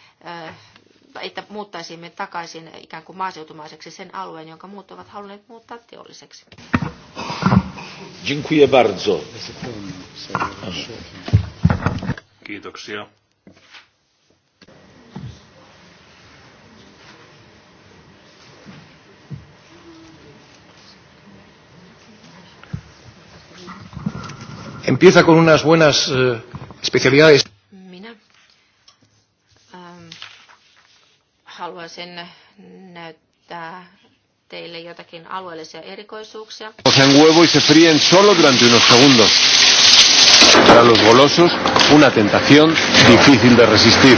että muuttaisimme takaisin ikään kuin maaseutumaiseksi sen alueen, jonka muut ovat halunneet muuttaa teolliseksi. Dziękuję bardzo. Kiitoksia. Empieza con unas buenas eh, especialidades. Minä ähm, haluaisin näyttää teille jotakin alueellisia erikoisuuksia. Cocen huevo y se fríen solo durante unos segundos. Para los golosos, una tentación difícil de resistir.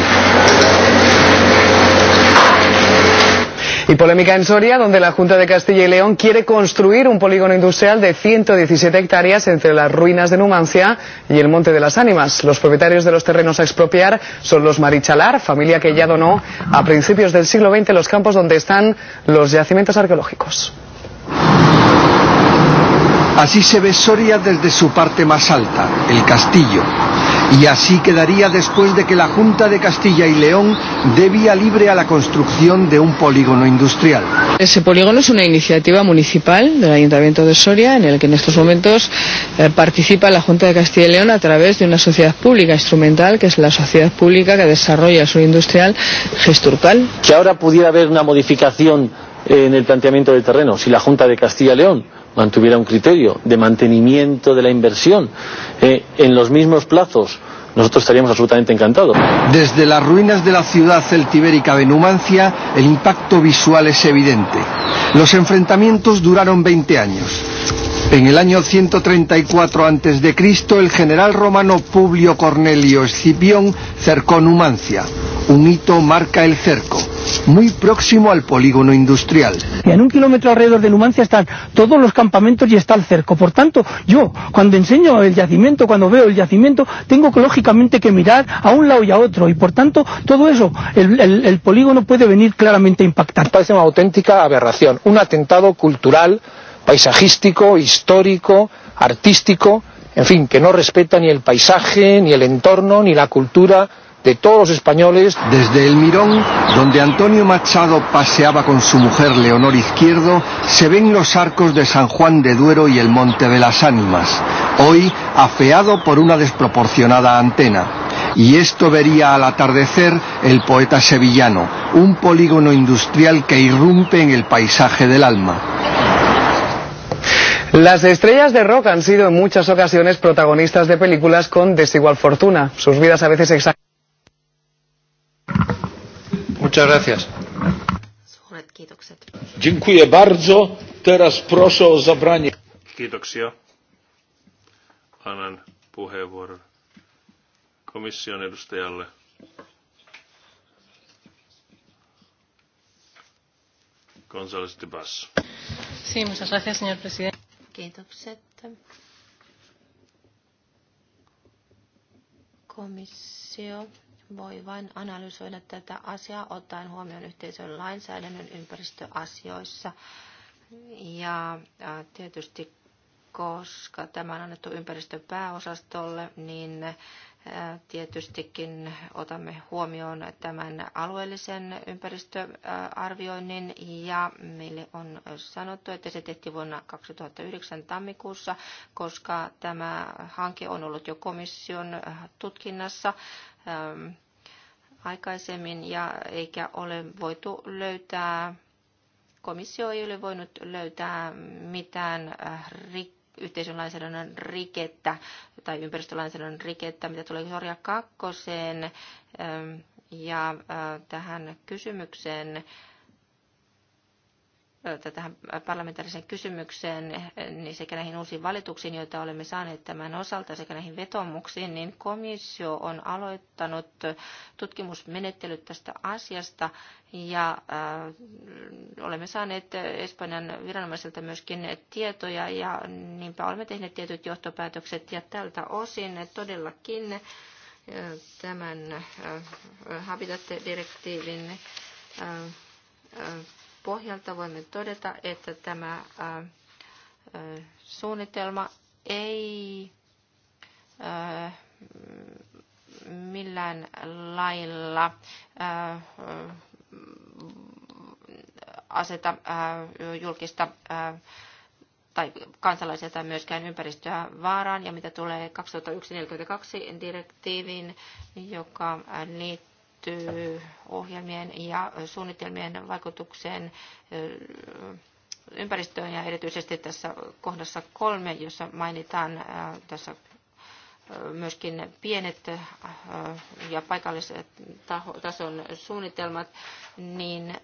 Y polémica en Soria, donde la Junta de Castilla y León quiere construir un polígono industrial de 117 hectáreas entre las ruinas de Numancia y el Monte de las Ánimas. Los propietarios de los terrenos a expropiar son los Marichalar, familia que ya donó a principios del siglo XX los campos donde están los yacimientos arqueológicos. Así se ve Soria desde su parte más alta, el castillo y así quedaría después de que la Junta de Castilla y León dé vía libre a la construcción de un polígono industrial. Ese polígono es una iniciativa municipal del Ayuntamiento de Soria en el que en estos momentos eh, participa la Junta de Castilla y León a través de una sociedad pública instrumental que es la sociedad pública que desarrolla su industrial Gesturcal. Que ahora pudiera haber una modificación en el planteamiento del terreno si la Junta de Castilla y León mantuviera un criterio de mantenimiento de la inversión eh, en los mismos plazos, nosotros estaríamos absolutamente encantados. Desde las ruinas de la ciudad celtibérica de Numancia, el impacto visual es evidente. Los enfrentamientos duraron 20 años. En el año 134 a.C., el general romano Publio Cornelio Escipión cercó Numancia. Un hito marca el cerco muy próximo al polígono industrial. Y En un kilómetro alrededor de Numancia están todos los campamentos y está el cerco. Por tanto, yo, cuando enseño el yacimiento, cuando veo el yacimiento, tengo que, lógicamente que mirar a un lado y a otro. Y por tanto, todo eso, el, el, el polígono puede venir claramente impactado. Parece una auténtica aberración, un atentado cultural, paisajístico, histórico, artístico, en fin, que no respeta ni el paisaje, ni el entorno, ni la cultura de todos los españoles. Desde el Mirón, donde Antonio Machado paseaba con su mujer Leonor Izquierdo, se ven los arcos de San Juan de Duero y el Monte de las Ánimas, hoy afeado por una desproporcionada antena. Y esto vería al atardecer el poeta sevillano, un polígono industrial que irrumpe en el paisaje del alma. Las estrellas de rock han sido en muchas ocasiones protagonistas de películas con desigual fortuna, sus vidas a veces exactas. Muchas gracias. Suuret kiitokset. Dziękuję bardzo. Teraz proszę o zabranie. Kiitoksia. Annan puheenvuoron komission edustajalle. González de Basso. Sí, muchas gracias, señor presidente. Kiitokset. Komissio voi vain analysoida tätä asiaa ottaen huomioon yhteisön lainsäädännön ympäristöasioissa. Ja tietysti koska tämä on annettu ympäristöpääosastolle, niin Tietystikin otamme huomioon tämän alueellisen ympäristöarvioinnin ja meille on sanottu, että se tehtiin vuonna 2009 tammikuussa, koska tämä hanke on ollut jo komission tutkinnassa aikaisemmin ja eikä ole voitu löytää, komissio ei ole voinut löytää mitään rikkoa yhteisölainsäädännön rikettä tai ympäristölainsäädännön rikettä, mitä tulee Sorja kakkoseen ja tähän kysymykseen tähän parlamentaariseen kysymykseen, niin sekä näihin uusiin valituksiin, joita olemme saaneet tämän osalta, sekä näihin vetomuksiin, niin komissio on aloittanut tutkimusmenettelyt tästä asiasta, ja olemme saaneet Espanjan viranomaisilta myöskin tietoja, ja niinpä olemme tehneet tietyt johtopäätökset, ja tältä osin todellakin tämän Habitat-direktiivin pohjalta voimme todeta, että tämä suunnitelma ei millään lailla aseta julkista tai kansalaisia tai myöskään ympäristöä vaaraan. Ja mitä tulee 2001-42 direktiiviin, joka liittyy liittyy ohjelmien ja suunnitelmien vaikutukseen ympäristöön ja erityisesti tässä kohdassa kolme, jossa mainitaan tässä myöskin pienet ja paikalliset tason suunnitelmat, niin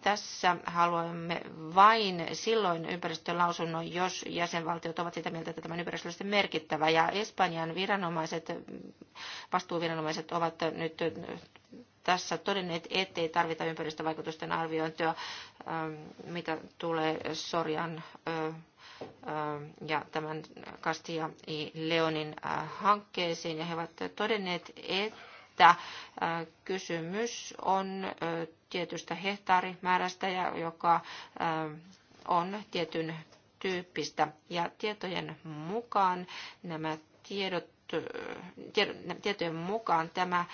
tässä haluamme vain silloin ympäristölausunnon, jos jäsenvaltiot ovat sitä mieltä, että tämä on ympäristöllisesti merkittävä. Ja Espanjan viranomaiset, vastuuviranomaiset ovat nyt tässä todenneet, ettei tarvita ympäristövaikutusten arviointia, ähm, mitä tulee Sorjan ja tämän Kastia Leonin äh, hankkeisiin. Ja he ovat todenneet, että äh, kysymys on tietystä hehtaarimäärästä, joka äh, on tietyn tyyppistä. Ja tietojen mukaan nämä tiedot tietojen mukaan tämä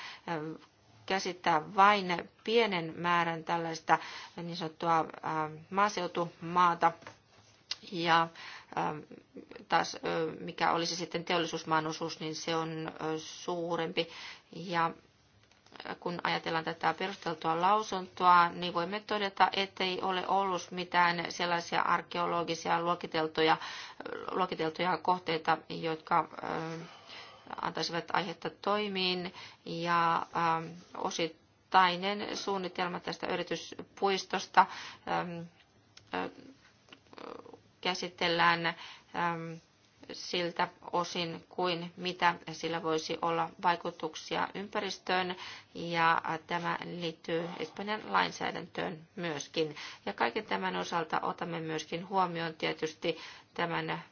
käsittää vain pienen määrän tällaista niin sanottua maaseutumaata ja taas mikä olisi sitten teollisuusmaan osuus, niin se on suurempi. Ja kun ajatellaan tätä perusteltua lausuntoa, niin voimme todeta, ettei ole ollut mitään sellaisia arkeologisia luokiteltuja, luokiteltuja kohteita, jotka antaisivat aihetta toimiin ja ähm, osittainen suunnitelma tästä yrityspuistosta ähm, äh, käsitellään ähm, siltä osin kuin mitä sillä voisi olla vaikutuksia ympäristöön ja äh, tämä liittyy Espanjan lainsäädäntöön myöskin. Ja kaiken tämän osalta otamme myöskin huomioon tietysti tämän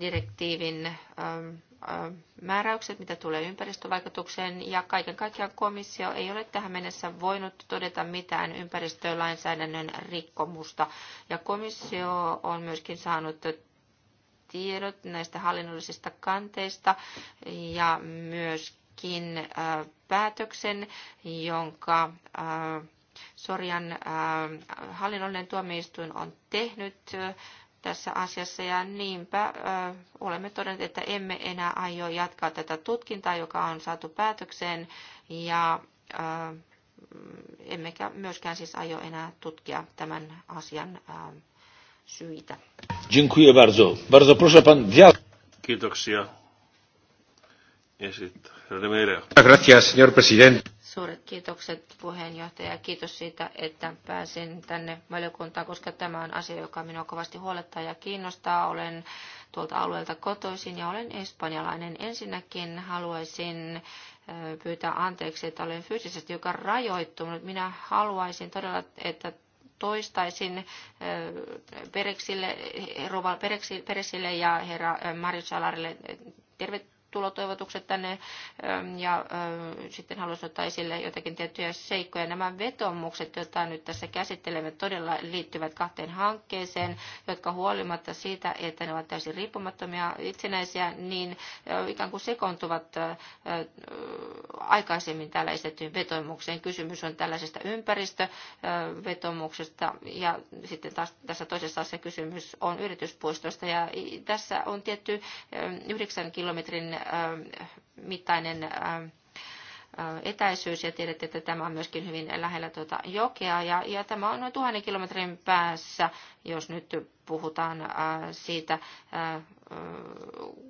direktiivin ähm, ähm, määräykset, mitä tulee ympäristövaikutukseen, ja kaiken kaikkiaan komissio ei ole tähän mennessä voinut todeta mitään ympäristölainsäädännön rikkomusta. Ja komissio on myöskin saanut tiedot näistä hallinnollisista kanteista ja myöskin äh, päätöksen, jonka äh, Sorjan äh, hallinnollinen tuomioistuin on tehnyt tässä asiassa ja niinpä ö, olemme todenneet, että emme enää aio jatkaa tätä tutkintaa, joka on saatu päätökseen ja ö, emmekä myöskään siis aio enää tutkia tämän asian ö, syitä. bardzo. Bardzo proszę pan Kiitoksia. Ja sitten, Gracias, señor presidente. Suuret kiitokset puheenjohtaja. Kiitos siitä, että pääsin tänne valiokuntaan, koska tämä on asia, joka minua kovasti huolettaa ja kiinnostaa. Olen tuolta alueelta kotoisin ja olen espanjalainen. Ensinnäkin haluaisin pyytää anteeksi, että olen fyysisesti joka rajoittunut. Minä haluaisin todella, että toistaisin Pereksille, Pereksille ja herra Marjo Salarille tervetuloa tervetulotoivotukset tänne ähm, ja äh, sitten haluaisin ottaa esille jotakin tiettyjä seikkoja. Nämä vetomukset, joita nyt tässä käsittelemme, todella liittyvät kahteen hankkeeseen, jotka huolimatta siitä, että ne ovat täysin riippumattomia itsenäisiä, niin äh, ikään kuin sekoontuvat äh, aikaisemmin täällä esitettyyn vetomukseen. Kysymys on tällaisesta ympäristövetomuksesta ja sitten taas tässä toisessa asiassa kysymys on yrityspuistosta ja tässä on tietty yhdeksän kilometrin mittainen etäisyys ja tiedätte, että tämä on myöskin hyvin lähellä tuota jokea ja, ja tämä on noin tuhannen kilometrin päässä, jos nyt puhutaan siitä,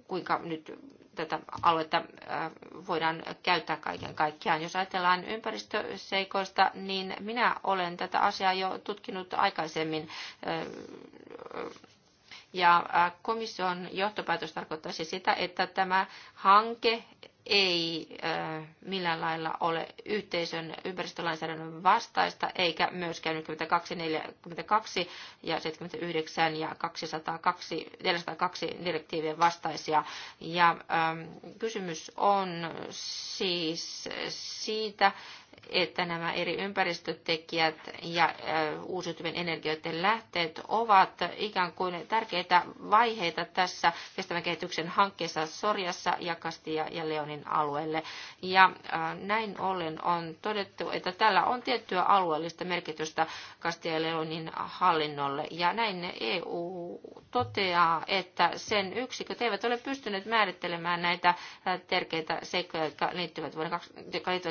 kuinka nyt tätä aluetta voidaan käyttää kaiken kaikkiaan. Jos ajatellaan ympäristöseikoista, niin minä olen tätä asiaa jo tutkinut aikaisemmin. Ja komission johtopäätös tarkoittaisi sitä, että tämä hanke ei millään lailla ole yhteisön ympäristölainsäädännön vastaista, eikä myöskään 42, 42 ja 79 ja 202, 402 direktiivien vastaisia. Ja ähm, kysymys on siis siitä, että nämä eri ympäristötekijät ja uusiutuvien energioiden lähteet ovat ikään kuin tärkeitä vaiheita tässä kestävän kehityksen hankkeessa Sorjassa ja Kastia ja Leonin alueelle. Ja näin ollen on todettu, että tällä on tiettyä alueellista merkitystä Kastia ja Leonin hallinnolle. Ja näin EU toteaa, että sen yksiköt eivät ole pystyneet määrittelemään näitä tärkeitä seikkoja, jotka liittyvät vuoden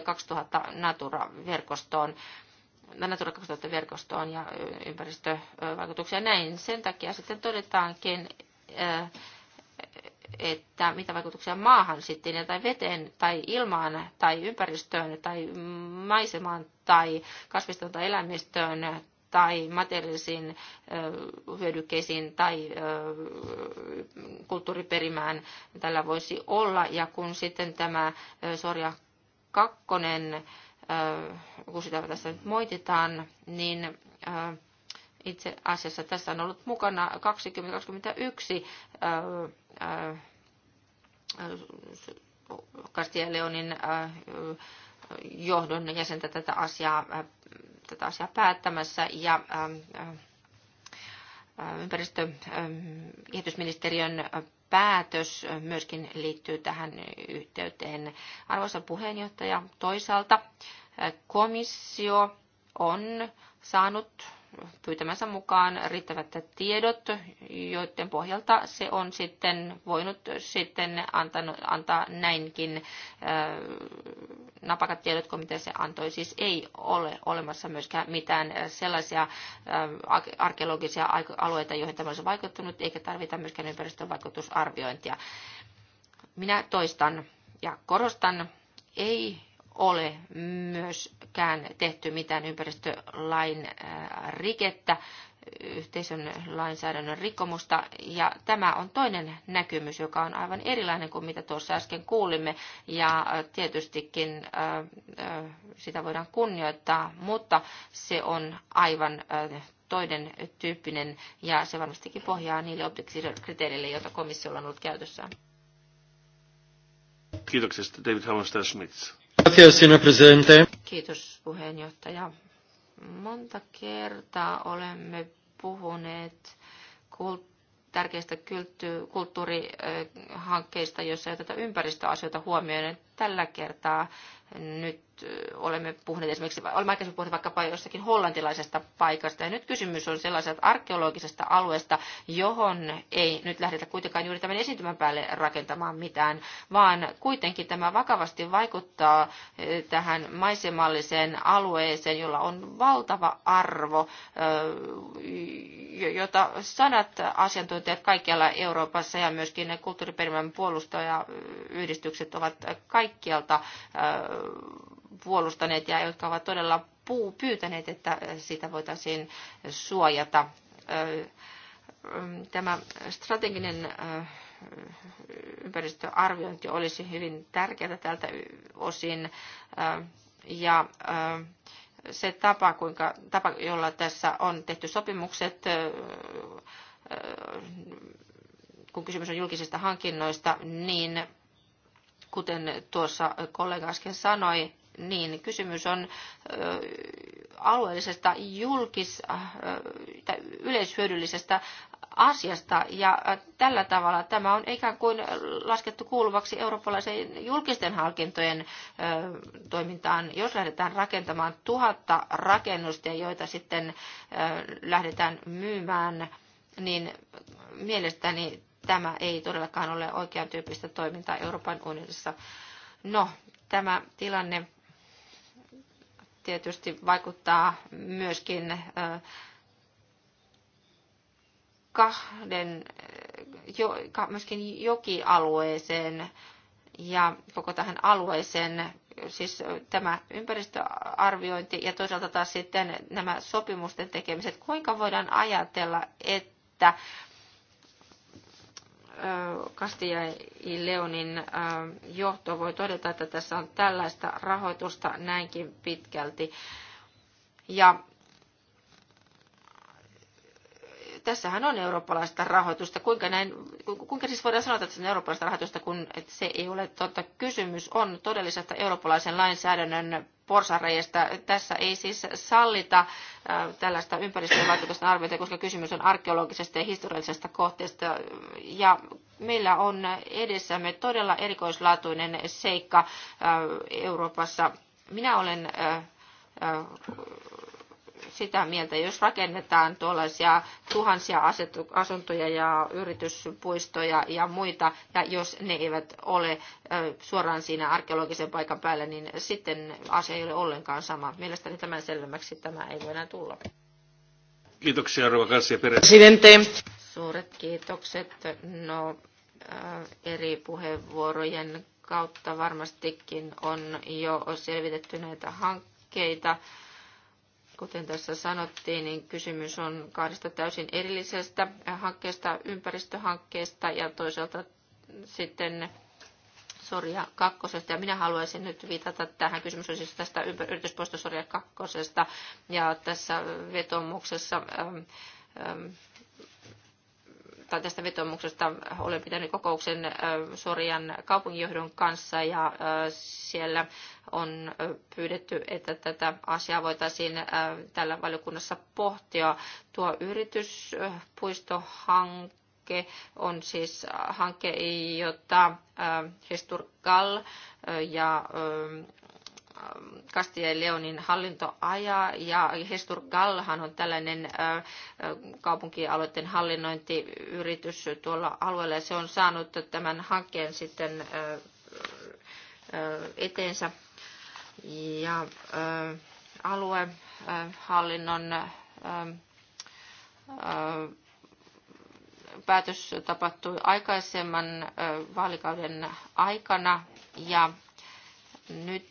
2000 Natura-verkostoon, Natura 2000-verkostoon ja ympäristövaikutuksia. Näin sen takia sitten todetaankin, eh, että mitä vaikutuksia maahan sitten, tai veteen, tai ilmaan, tai ympäristöön, tai maisemaan, tai kasvistoon tai eläimistöön, tai materiaalisiin eh, hyödykkeisiin tai eh, kulttuuriperimään tällä voisi olla. Ja kun sitten tämä Sorja kakkonen Äh, kun sitä tässä nyt moititaan, niin äh, itse asiassa tässä on ollut mukana 2021 Castilla Leonin johdon jäsentä tätä asiaa, äh, tätä asiaa päättämässä ja ympäristö- ja kehitysministeriön päätös myöskin liittyy tähän yhteyteen. Arvoisa puheenjohtaja, toisaalta komissio on saanut pyytämänsä mukaan riittävät tiedot, joiden pohjalta se on sitten voinut sitten antanut, antaa näinkin äh, napakat tiedot kuin mitä se antoi. Siis ei ole olemassa myöskään mitään sellaisia äh, arkeologisia alueita, joihin tämä olisi vaikuttanut, eikä tarvita myöskään ympäristövaikutusarviointia. Minä toistan ja korostan, ei ole myös kään tehty mitään ympäristölain äh, rikettä, yhteisön lainsäädännön rikkomusta. Ja tämä on toinen näkymys, joka on aivan erilainen kuin mitä tuossa äsken kuulimme. Ja äh, tietystikin äh, sitä voidaan kunnioittaa, mutta se on aivan toinen tyyppinen ja se varmastikin pohjaa niille objektiivisille joita komissiolla on ollut käytössään. Kiitoksia. David hammerstein Smith. Gracias, señor presidente. Kiitos puheenjohtaja. Monta kertaa olemme puhuneet tärkeistä kulttuurihankkeista, joissa ei oteta ympäristöasioita huomioon tällä kertaa nyt olemme puhuneet esimerkiksi, olemme aikaisemmin puhuneet vaikkapa jossakin hollantilaisesta paikasta, ja nyt kysymys on sellaisesta arkeologisesta alueesta, johon ei nyt lähdetä kuitenkaan juuri tämän esiintymän päälle rakentamaan mitään, vaan kuitenkin tämä vakavasti vaikuttaa tähän maisemalliseen alueeseen, jolla on valtava arvo, jota sanat asiantuntijat kaikkialla Euroopassa ja myöskin kulttuuriperimän puolustajayhdistykset ovat kaikki kaikkialta äh, puolustaneet ja jotka ovat todella puu pyytäneet, että sitä voitaisiin suojata. Äh, mm, tämä strateginen äh, ympäristöarviointi olisi hyvin tärkeää tältä osin. Ja se tapa, kuinka, tapa jolla tässä on tehty sopimukset, kun kysymys on julkisista hankinnoista, niin Kuten tuossa kollega äsken sanoi, niin kysymys on alueellisesta julkis- tai yleishyödyllisestä asiasta ja tällä tavalla tämä on ikään kuin laskettu kuuluvaksi eurooppalaisen julkisten hankintojen toimintaan. Jos lähdetään rakentamaan tuhatta rakennusta, joita sitten lähdetään myymään, niin mielestäni tämä ei todellakaan ole oikean tyyppistä toimintaa Euroopan unionissa. No, tämä tilanne tietysti vaikuttaa myöskin äh, kahden, äh, jo, myöskin jokialueeseen ja koko tähän alueeseen, siis tämä ympäristöarviointi ja toisaalta taas sitten nämä sopimusten tekemiset. Kuinka voidaan ajatella, että Kastia ja Leonin johto voi todeta, että tässä on tällaista rahoitusta näinkin pitkälti. Ja tässähän on eurooppalaista rahoitusta. Kuinka, näin, kuinka siis voidaan sanoa, että se on eurooppalaista rahoitusta, kun se ei ole totta. Kysymys on todellisesta eurooppalaisen lainsäädännön porsareista. Tässä ei siis sallita äh, tällaista ympäristöön vaikutusten arviointia, koska kysymys on arkeologisesta ja historiallisesta kohteesta. Ja meillä on edessämme todella erikoislaatuinen seikka äh, Euroopassa. Minä olen äh, sitä mieltä, jos rakennetaan tuollaisia tuhansia asuntoja ja yrityspuistoja ja muita, ja jos ne eivät ole suoraan siinä arkeologisen paikan päällä, niin sitten asia ei ole ollenkaan sama. Mielestäni tämän selvemmäksi tämä ei voi enää tulla. Kiitoksia, Rova Kassia Presidente. Suuret kiitokset. No, eri puheenvuorojen kautta varmastikin on jo selvitetty näitä hankkeita Kuten tässä sanottiin, niin kysymys on kahdesta täysin erillisestä hankkeesta, ympäristöhankkeesta ja toisaalta sitten Soria kakkosesta. Ja minä haluaisin nyt viitata tähän kysymys on siis tästä yrityspoisto Soria kakkosesta. Ja tässä vetomuksessa ähm, ähm, tai tästä vetomuksesta olen pitänyt kokouksen Sorian kaupunginjohdon kanssa ja siellä on pyydetty, että tätä asiaa voitaisiin tällä valiokunnassa pohtia. Tuo yrityspuistohanke on siis hanke, jota Hestur Gall ja Castilla Leonin hallinto Ja Hestur Gallhan on tällainen kaupunkialueiden hallinnointiyritys tuolla alueella. Ja se on saanut tämän hankkeen sitten eteensä. Ja aluehallinnon päätös tapahtui aikaisemman vaalikauden aikana ja nyt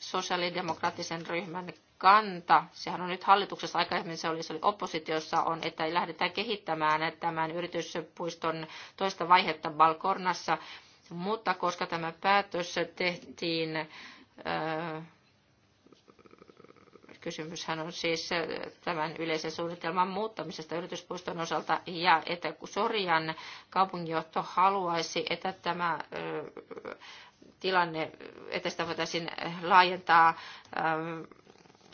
sosiaalidemokraattisen ryhmän kanta, sehän on nyt hallituksessa, aikaisemmin se oli, se oli oppositiossa, on, että lähdetään kehittämään tämän yrityspuiston toista vaihetta Balkornassa, mutta koska tämä päätös tehtiin kysymyshän on siis tämän yleisen suunnitelman muuttamisesta yrityspuiston osalta ja että kun Sorjan kaupunginjohto haluaisi, että tämä tilanne, että sitä voitaisiin laajentaa, ähm,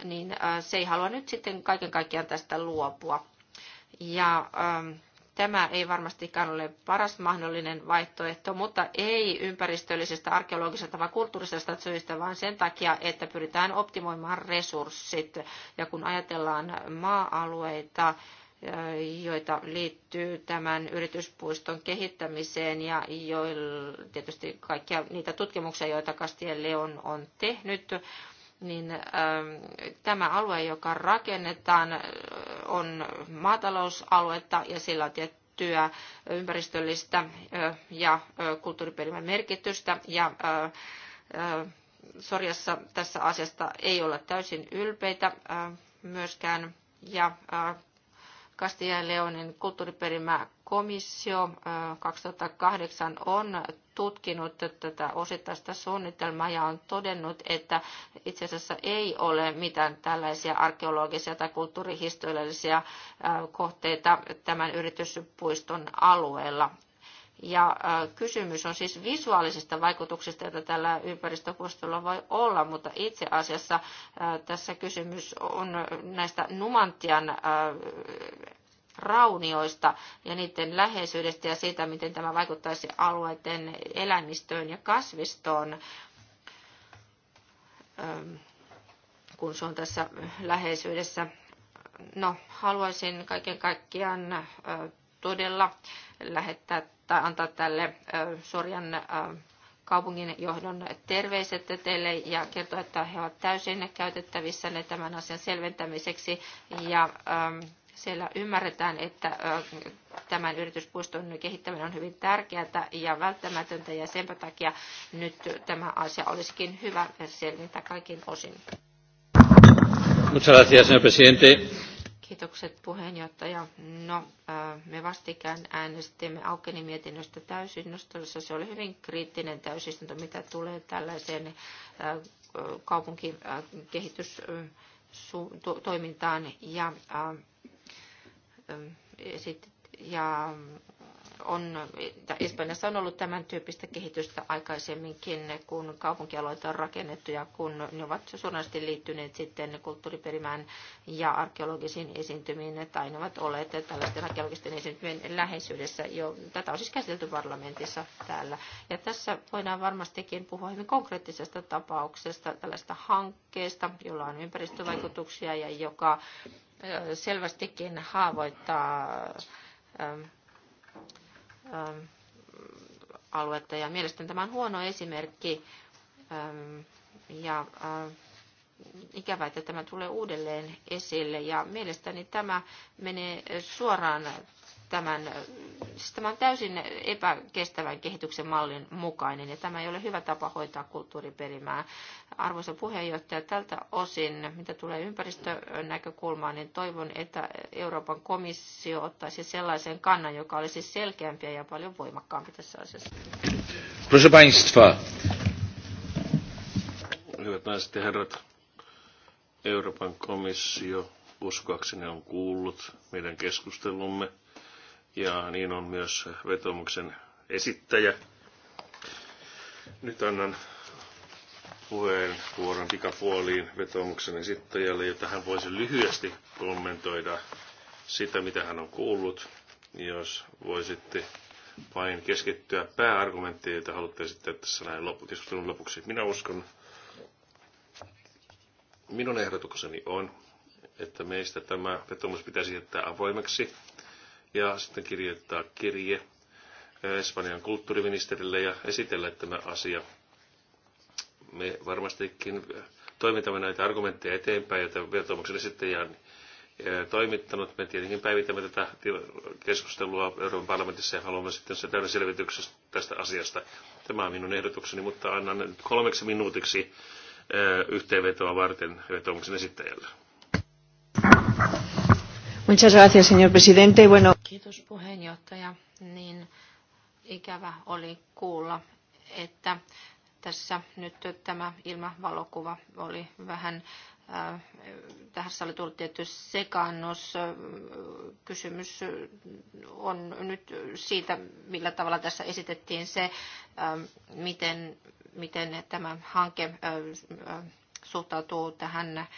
niin äh, se ei halua nyt sitten kaiken kaikkiaan tästä luopua. Ja ähm, tämä ei varmastikaan ole paras mahdollinen vaihtoehto, mutta ei ympäristöllisestä, arkeologisesta tai kulttuurisesta syystä, vaan sen takia, että pyritään optimoimaan resurssit. Ja kun ajatellaan maa-alueita, joita liittyy tämän yrityspuiston kehittämiseen ja joilla tietysti kaikkia niitä tutkimuksia, joita Kastien Leon on tehnyt, niin tämä alue, joka rakennetaan, on maatalousaluetta ja sillä on tiettyä ympäristöllistä ja kulttuuriperimän merkitystä ja Sorjassa tässä asiasta ei olla täysin ylpeitä myöskään ja Kastia ja Leonin kulttuuriperimäkomissio 2008 on tutkinut tätä osittaista suunnitelmaa ja on todennut, että itse asiassa ei ole mitään tällaisia arkeologisia tai kulttuurihistoriallisia kohteita tämän yrityspuiston alueella. Ja kysymys on siis visuaalisista vaikutuksista, joita tällä ympäristöpuistolla voi olla, mutta itse asiassa tässä kysymys on näistä Numantian raunioista ja niiden läheisyydestä ja siitä, miten tämä vaikuttaisi alueiden eläimistöön ja kasvistoon, kun se on tässä läheisyydessä. No, haluaisin kaiken kaikkiaan todella lähettää tai antaa tälle Sorjan kaupungin johdon terveiset teille ja kertoa, että he ovat täysin käytettävissä tämän asian selventämiseksi ja siellä ymmärretään, että tämän yrityspuiston kehittäminen on hyvin tärkeää ja välttämätöntä ja sen takia nyt tämä asia olisikin hyvä selvittää kaikin osin. Muchas gracias, señor presidente. Kiitokset puheenjohtaja. No, äh, me vastikään äänestimme Aukeni mietinnöstä täysistunnossa. Se oli hyvin kriittinen täysistunto, mitä tulee tällaiseen äh, kaupunkikehitystoimintaan äh, ja, ja on, Espanjassa on ollut tämän tyyppistä kehitystä aikaisemminkin, kun kaupunkialoita on rakennettu ja kun ne ovat suorasti liittyneet sitten kulttuuriperimään ja arkeologisiin esiintymiin, tai ne ovat olleet tällaisten arkeologisten esiintymien läheisyydessä jo. Tätä on siis käsitelty parlamentissa täällä. Ja tässä voidaan varmastikin puhua hyvin konkreettisesta tapauksesta, tällaista hankkeesta, jolla on ympäristövaikutuksia ja joka selvästikin haavoittaa Ähm, aluetta. Ja mielestäni tämä on huono esimerkki ähm, ja äh, ikävä, että tämä tulee uudelleen esille. Ja mielestäni tämä menee suoraan tämän, siis tämä on täysin epäkestävän kehityksen mallin mukainen ja tämä ei ole hyvä tapa hoitaa kulttuuriperimää. Arvoisa puheenjohtaja, tältä osin, mitä tulee ympäristönäkökulmaan, niin toivon, että Euroopan komissio ottaisi sellaisen kannan, joka olisi selkeämpi ja paljon voimakkaampi tässä asiassa. Proszę Państwa. Hyvät naiset ja herrat, Euroopan komissio uskoakseni on kuullut meidän keskustelumme ja niin on myös vetomuksen esittäjä. Nyt annan puheenvuoron pikapuoliin vetomuksen esittäjälle, jotta hän voisi lyhyesti kommentoida sitä, mitä hän on kuullut. Jos voisitte vain keskittyä pääargumenttiin, joita haluatte esittää tässä näin keskustelun lopuksi. Minä uskon, minun ehdotukseni on, että meistä tämä vetomus pitäisi jättää avoimeksi ja sitten kirjoittaa kirje eh, Espanjan kulttuuriministerille ja esitellä tämä asia. Me varmastikin eh, toimitamme näitä argumentteja eteenpäin, joita vetomuksen esittäjä on eh, toimittanut. Me tietenkin päivitämme tätä keskustelua Euroopan parlamentissa ja haluamme sitten se täyden selvityksen tästä asiasta. Tämä on minun ehdotukseni, mutta annan nyt kolmeksi minuutiksi yhteenvetoa varten vetomuksen esittäjälle. Muchas gracias, señor presidente. Bueno... Kiitos puheenjohtaja. Niin ikävä oli kuulla, että tässä nyt tämä ilmavalokuva oli vähän äh, tässä oli tullut tietty sekannus. Kysymys on nyt siitä, millä tavalla tässä esitettiin se, äh, miten, miten tämä hanke äh, suhtautuu tähän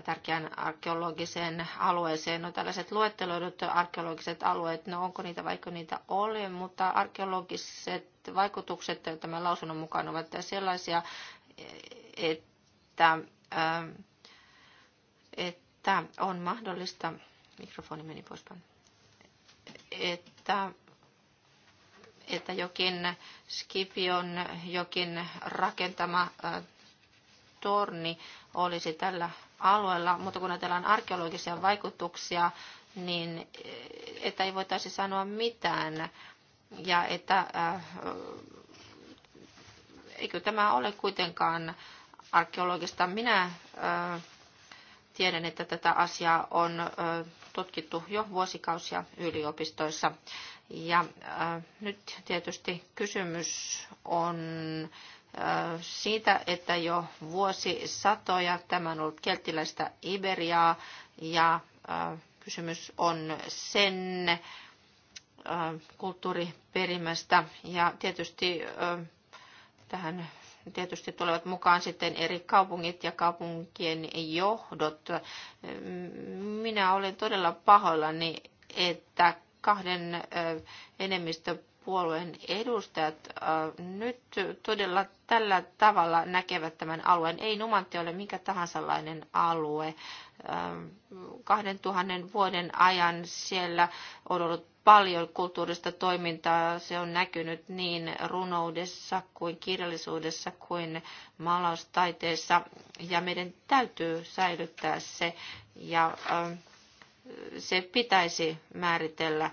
tärkeään arkeologiseen alueeseen. No tällaiset luetteloidut arkeologiset alueet, no onko niitä vaikka niitä ole, mutta arkeologiset vaikutukset tämän lausunnon mukaan ovat sellaisia, että, ähm, että on mahdollista, mikrofoni meni pois, että että jokin Skipion jokin rakentama äh, torni olisi tällä alueella, mutta kun ajatellaan arkeologisia vaikutuksia, niin eh, että ei voitaisi sanoa mitään. Ja että äh, eikö tämä ole kuitenkaan arkeologista. Minä äh, tiedän, että tätä asiaa on äh, tutkittu jo vuosikausia yliopistoissa. Ja äh, nyt tietysti kysymys on siitä, että jo vuosisatoja tämä on ollut kelttiläistä Iberiaa ja kysymys on sen kulttuuriperimästä ja tietysti tähän tietysti tulevat mukaan sitten eri kaupungit ja kaupunkien johdot. Minä olen todella pahoillani, että kahden enemmistö puolueen edustajat äh, nyt todella tällä tavalla näkevät tämän alueen. Ei Numantti ole mikä lainen alue. 2000 ähm, vuoden ajan siellä on ollut paljon kulttuurista toimintaa. Se on näkynyt niin runoudessa kuin kirjallisuudessa kuin maalaustaiteessa. Ja meidän täytyy säilyttää se. Ja äh, se pitäisi määritellä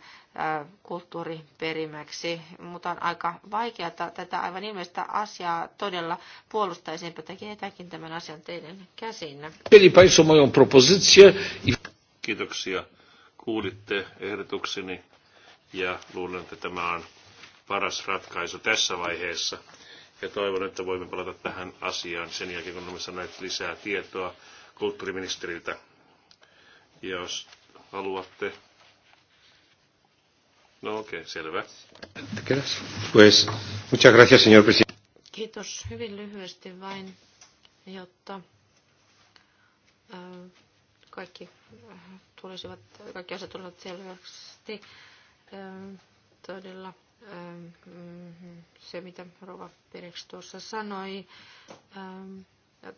kulttuuriperimäksi, mutta on aika vaikeaa tätä aivan ilmeistä asiaa todella puolustaa, senpä takia etäkin tämän asian teidän käsinä. Kiitoksia. Kuulitte ehdotukseni ja luulen, että tämä on paras ratkaisu tässä vaiheessa. Ja toivon, että voimme palata tähän asiaan sen jälkeen, kun olemme saaneet lisää tietoa kulttuuriministeriltä jos haluatte? No okei, okay, selvä. Pues, muchas gracias, señor presidente. Kiitos hyvin lyhyesti vain, jotta kaikki äh, tulisivat, kaikki asiat tulisivat selvästi. Todella mm, se, mitä Rova Pereks tuossa sanoi,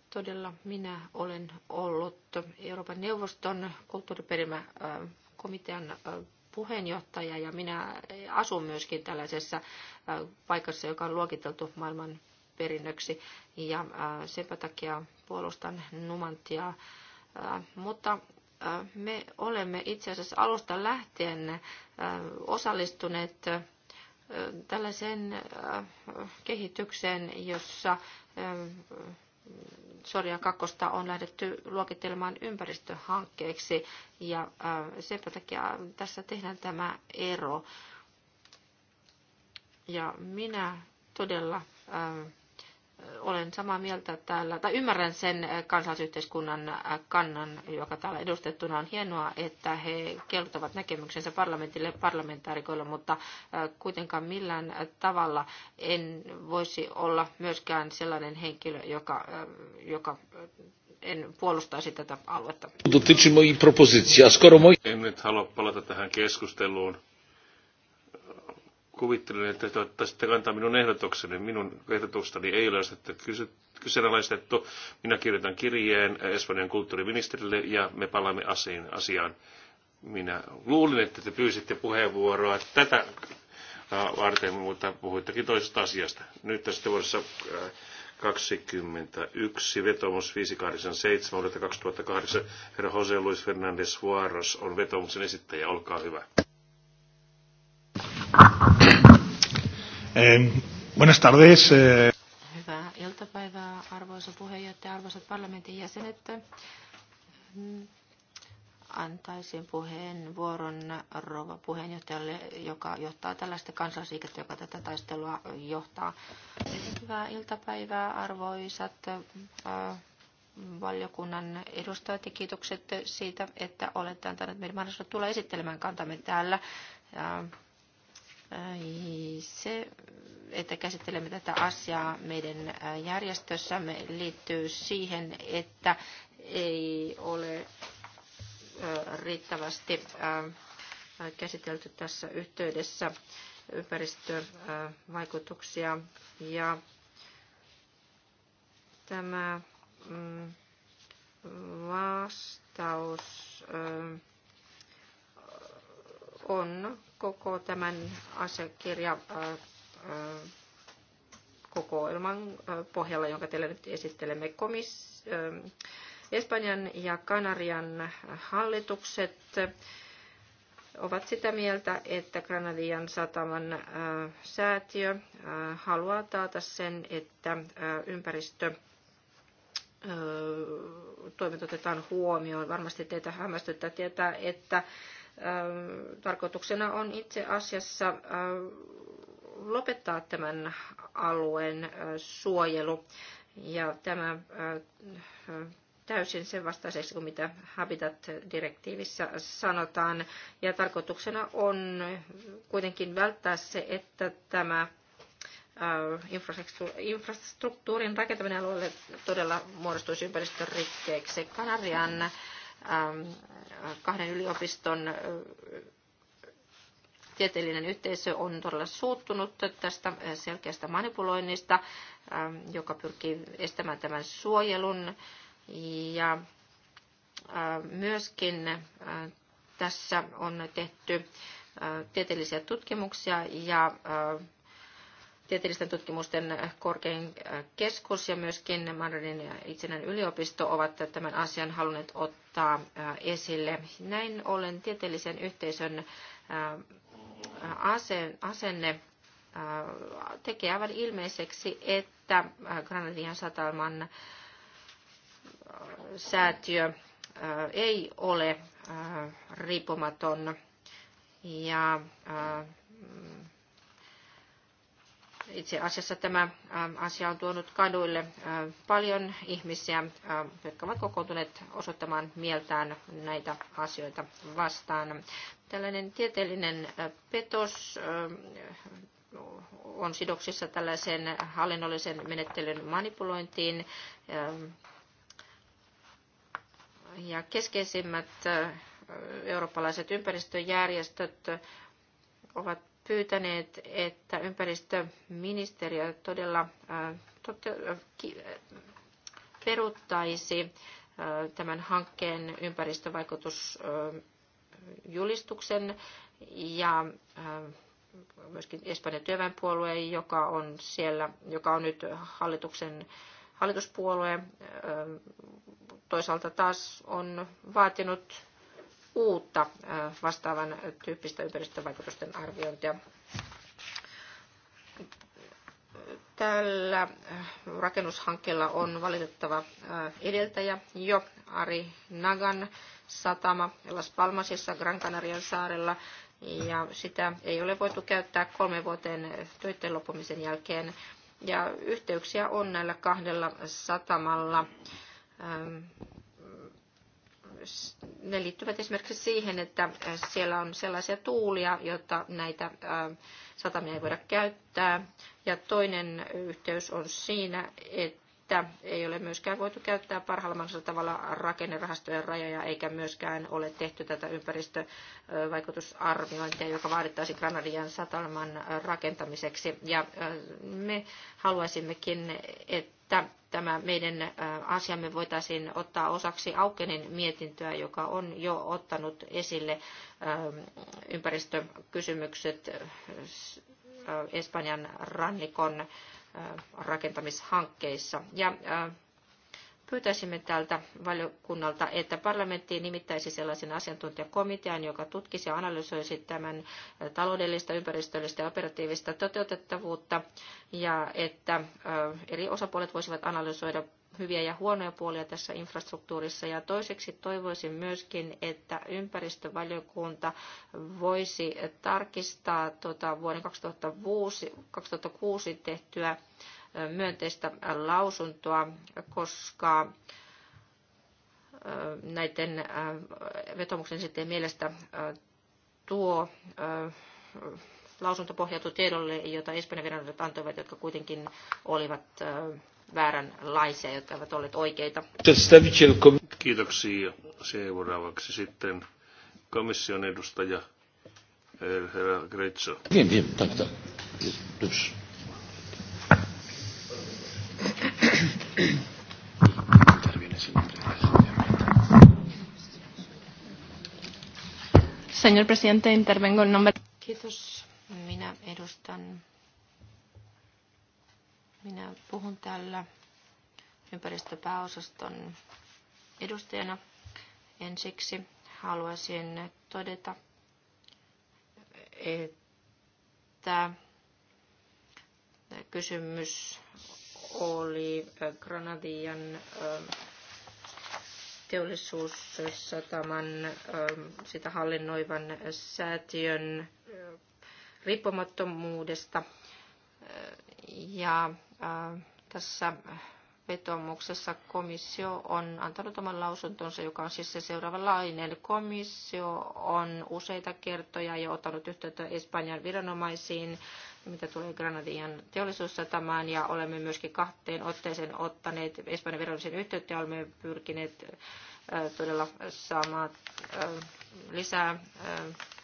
Todella minä olen ollut Euroopan neuvoston kulttuuriperimäkomitean puheenjohtaja ja minä asun myöskin tällaisessa paikassa, joka on luokiteltu maailman perinnöksi ja senpä takia puolustan Numantia. Mutta me olemme itse asiassa alusta lähtien osallistuneet tällaiseen kehitykseen, jossa Soria kakkosta on lähdetty luokittelemaan ympäristöhankkeeksi ja äh, sen takia tässä tehdään tämä ero. Ja minä todella äh, olen samaa mieltä täällä, tai ymmärrän sen eh, kansalaisyhteiskunnan eh, kannan, joka täällä edustettuna on hienoa, että he kertovat näkemyksensä parlamentille parlamentaarikoille, mutta eh, kuitenkaan millään tavalla en voisi olla myöskään sellainen henkilö, joka, joka en puolustaisi tätä aluetta. En nyt halua palata tähän keskusteluun kuvittelin, että te ottaisitte kantaa minun ehdotukseni. Minun ehdotustani ei ole sitten kyseenalaistettu. Minä kirjoitan kirjeen Espanjan kulttuuriministerille ja me palaamme asiin, asiaan. Minä luulin, että te pyysitte puheenvuoroa tätä varten, mutta puhuittekin toisesta asiasta. Nyt tässä vuodessa 21, vetomus 587 vuodelta 2008. Herra Jose Luis Fernandez Suaros on vetomuksen esittäjä. Olkaa hyvä. Eh, buenas tardes. Eh. Hyvää iltapäivää, arvoisa puheenjohtaja, arvoisat parlamentin jäsenet. Mm, antaisin puheenvuoron rouva puheenjohtajalle, joka johtaa tällaista kansalaisliikettä, joka tätä taistelua johtaa. Hyvää iltapäivää, arvoisat valiokunnan edustajat ja kiitokset siitä, että olette antaneet meidän mahdollisuuden tulla esittelemään kantamme täällä. Se, että käsittelemme tätä asiaa meidän äh, järjestössämme, liittyy siihen, että ei ole äh, riittävästi äh, käsitelty tässä yhteydessä ympäristövaikutuksia. Ja tämä mm, vastaus on koko tämän asiakirjan kokoelman pohjalla, jonka teille nyt esittelemme komis, Espanjan ja Kanarian hallitukset ovat sitä mieltä, että Granadian sataman säätiö haluaa taata sen, että ympäristö toimet otetaan huomioon. Varmasti teitä hämmästyttää tietää, että Tarkoituksena on itse asiassa lopettaa tämän alueen suojelu. Ja tämä täysin sen vastaiseksi kuin mitä Habitat-direktiivissä sanotaan. Ja tarkoituksena on kuitenkin välttää se, että tämä infrastruktuurin rakentaminen alueelle todella muodostuisi ympäristörikkeeksi. Kanarian Ähm, kahden yliopiston äh, tieteellinen yhteisö on todella suuttunut tästä äh, selkeästä manipuloinnista, ähm, joka pyrkii estämään tämän suojelun. Ja äh, myöskin tässä on tehty tieteellisiä tutkimuksia ja tieteellisten tutkimusten korkein äh, keskus ja myöskin Madridin itsenäinen yliopisto ovat tämän asian halunneet ottaa äh, esille. Näin ollen tieteellisen yhteisön äh, asenne tekee aivan ilmeiseksi, että Granadian satalman säätiö ei ole riippumaton ja itse asiassa tämä asia on tuonut kaduille paljon ihmisiä, jotka ovat kokoontuneet osoittamaan mieltään näitä asioita vastaan. Tällainen tieteellinen petos on sidoksissa tällaisen hallinnollisen menettelyn manipulointiin. Ja keskeisimmät eurooppalaiset ympäristöjärjestöt ovat pyytäneet, että ympäristöministeriö todella peruttaisi tämän hankkeen ympäristövaikutusjulistuksen ja myöskin Espanjan työväenpuolue, joka on siellä, joka on nyt hallituksen hallituspuolue, toisaalta taas on vaatinut uutta vastaavan tyyppistä ympäristövaikutusten arviointia. Tällä rakennushankkeella on valitettava edeltäjä jo Ari Nagan satama Las Palmasissa Gran Canarian saarella ja sitä ei ole voitu käyttää kolme vuoteen töiden loppumisen jälkeen. Ja yhteyksiä on näillä kahdella satamalla ne liittyvät esimerkiksi siihen, että äh, siellä on sellaisia tuulia, joita näitä äh, satamia ei voida käyttää. Ja toinen yhteys on siinä, että ei ole myöskään voitu käyttää parhaalla mahdollisella tavalla rakennerahastojen rajoja, eikä myöskään ole tehty tätä ympäristövaikutusarviointia, joka vaadittaisi Granadian sataman rakentamiseksi. Ja äh, me haluaisimmekin, että että tämä meidän asiamme voitaisiin ottaa osaksi Aukenin mietintöä, joka on jo ottanut esille ympäristökysymykset Espanjan rannikon rakentamishankkeissa. Ja Pyytäisimme tältä valiokunnalta, että parlamentti nimittäisi sellaisen asiantuntijakomitean, joka tutkisi ja analysoisi tämän taloudellista, ympäristöllistä ja operatiivista toteutettavuutta, ja että eri osapuolet voisivat analysoida hyviä ja huonoja puolia tässä infrastruktuurissa. Ja toiseksi toivoisin myöskin, että ympäristövaliokunta voisi tarkistaa tuota vuoden 2006, 2006 tehtyä myönteistä lausuntoa, koska näiden vetomuksen sitten mielestä tuo lausunto pohjautui tiedolle, jota Espanjan viranomaiset antoivat, jotka kuitenkin olivat vääränlaisia, jotka eivät olleet oikeita. Kiitoksia. Seuraavaksi sitten komission edustaja eh, herra Gretzo. Bien, bien, tak, tak. Señor presidente, intervengo en nombre. Kiitos. Minä edustan, minä puhun täällä ympäristöpääosaston edustajana. Ensiksi haluaisin todeta, että kysymys oli Granadian teollisuussataman ähm, sitä hallinnoivan säätiön äh, riippumattomuudesta. Äh, ja äh, tässä vetomuksessa komissio on antanut oman lausuntonsa, joka on siis se eli Komissio on useita kertoja jo ottanut yhteyttä Espanjan viranomaisiin mitä tulee Granadian teollisuussatamaan, ja olemme myöskin kahteen otteeseen ottaneet Espanjan virallisen yhteyttä, ja olemme pyrkineet todella saamaan lisää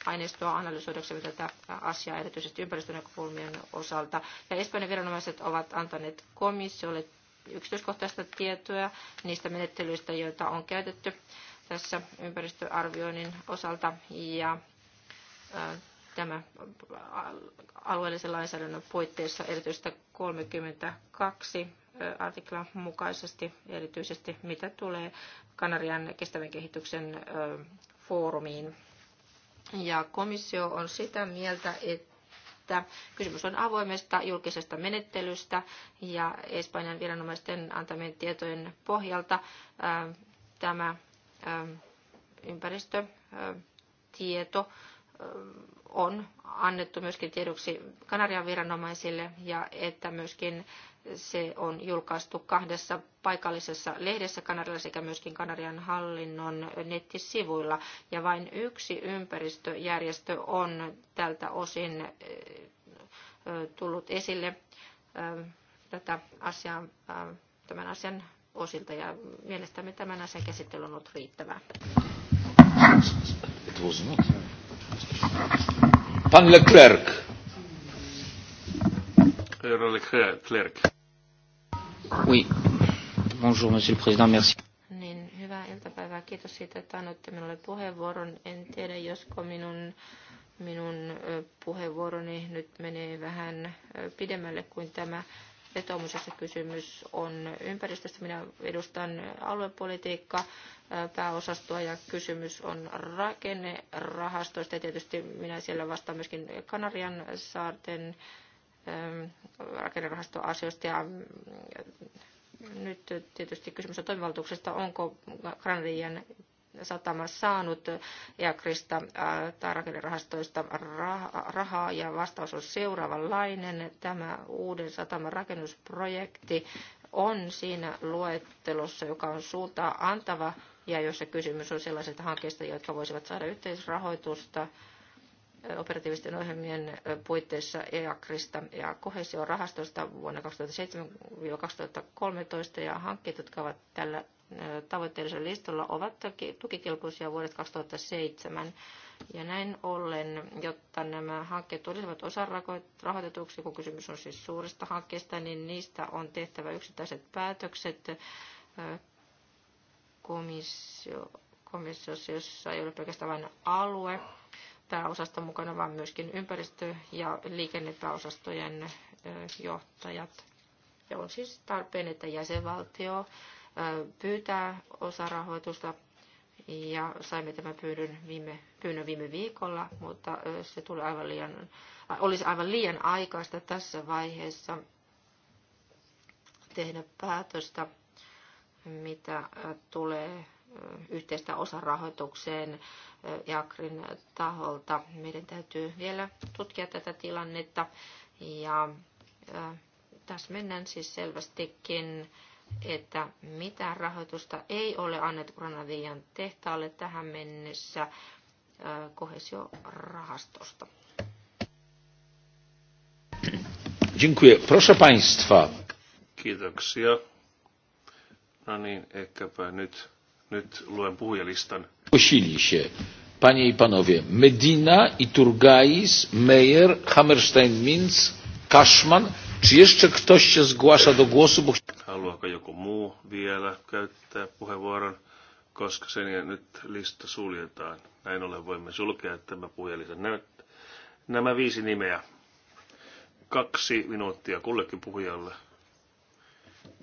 aineistoa analysoidaksemme tätä asiaa erityisesti ympäristönäkökulmien osalta. Ja Espanjan viranomaiset ovat antaneet komissiolle yksityiskohtaista tietoa niistä menettelyistä, joita on käytetty tässä ympäristöarvioinnin osalta. Ja tämä äh, alueellisen lainsäädännön puitteissa erityistä 32 artiklan mukaisesti, erityisesti mitä tulee Kanarian kestävän kehityksen foorumiin. Ja komissio on sitä mieltä, että että kysymys on avoimesta julkisesta menettelystä ja Espanjan viranomaisten antamien tietojen pohjalta tämä ympäristötieto on annettu myöskin tiedoksi Kanarian viranomaisille ja että myöskin se on julkaistu kahdessa paikallisessa lehdessä Kanarialla sekä myöskin Kanarian hallinnon nettisivuilla. Ja vain yksi ympäristöjärjestö on tältä osin tullut esille tätä asiaa, tämän asian osilta ja mielestämme tämän asian käsittely on ollut riittävää. It was not. Pan Leclerc. Leclerc. Oui. Bonjour, monsieur le président, merci. Niin, hyvää iltapäivää. Kiitos siitä, että annoitte minulle puheenvuoron. En tiedä, josko minun minun puheenvuoroni nyt menee vähän pidemmälle kuin tämä vetomuksessa kysymys on ympäristöstä. Minä edustan aluepolitiikkaa pääosastoa ja kysymys on rakennerahastoista ja tietysti minä siellä vastaan myöskin Kanarian saarten rakennerahastoasioista ja nyt tietysti kysymys on toimivaltuuksesta, onko Kanarian satama saanut EACRista äh, tai rakennerahastoista rahaa ja vastaus on seuraavanlainen. Tämä uuden sataman rakennusprojekti on siinä luettelossa, joka on suuntaa antava ja jossa kysymys on sellaisista hankkeista, jotka voisivat saada yhteisrahoitusta äh, operatiivisten ohjelmien äh, puitteissa EAKRista ja kohesiorahastosta vuonna 2007-2013 ja hankkeet, jotka ovat tällä tavoitteellisella listalla ovat tukikelpoisia vuodet 2007. Ja näin ollen, jotta nämä hankkeet tulisivat osa rahoitetuksi, kun kysymys on siis suurista hankkeista, niin niistä on tehtävä yksittäiset päätökset komissio, komissiossa, jossa ei ole pelkästään vain alue pääosasta mukana, vaan myöskin ympäristö- ja liikennepääosastojen johtajat. Ja on siis tarpeen, että jäsenvaltio pyytää osarahoitusta ja saimme tämän pyynnön viime, pyynnön viime viikolla, mutta se tuli aivan liian, olisi aivan liian aikaista tässä vaiheessa tehdä päätöstä, mitä tulee yhteistä osarahoitukseen Jakrin taholta. Meidän täytyy vielä tutkia tätä tilannetta ja tässä mennään siis selvästikin että mitään rahoitusta ei ole annettu Granadian tehtaalle tähän mennessä kohesiorahastosta. Dziękuję. Proszę Państwa. Kiitoksia. No niin, ehkäpä nyt, nyt luen puhujalistan. Posili się, panie i panowie, Medina, Iturgais, Meyer, Hammerstein, Minsk, Kaszman. Czy jeszcze ktoś się zgłasza do głosu? Bo... Haluaako joku muu vielä käyttää puheenvuoron, koska sen ja nyt lista suljetaan. Näin ollen voimme sulkea tämä puhelisen. Nämä, nämä viisi nimeä. Kaksi minuuttia kullekin puhujalle.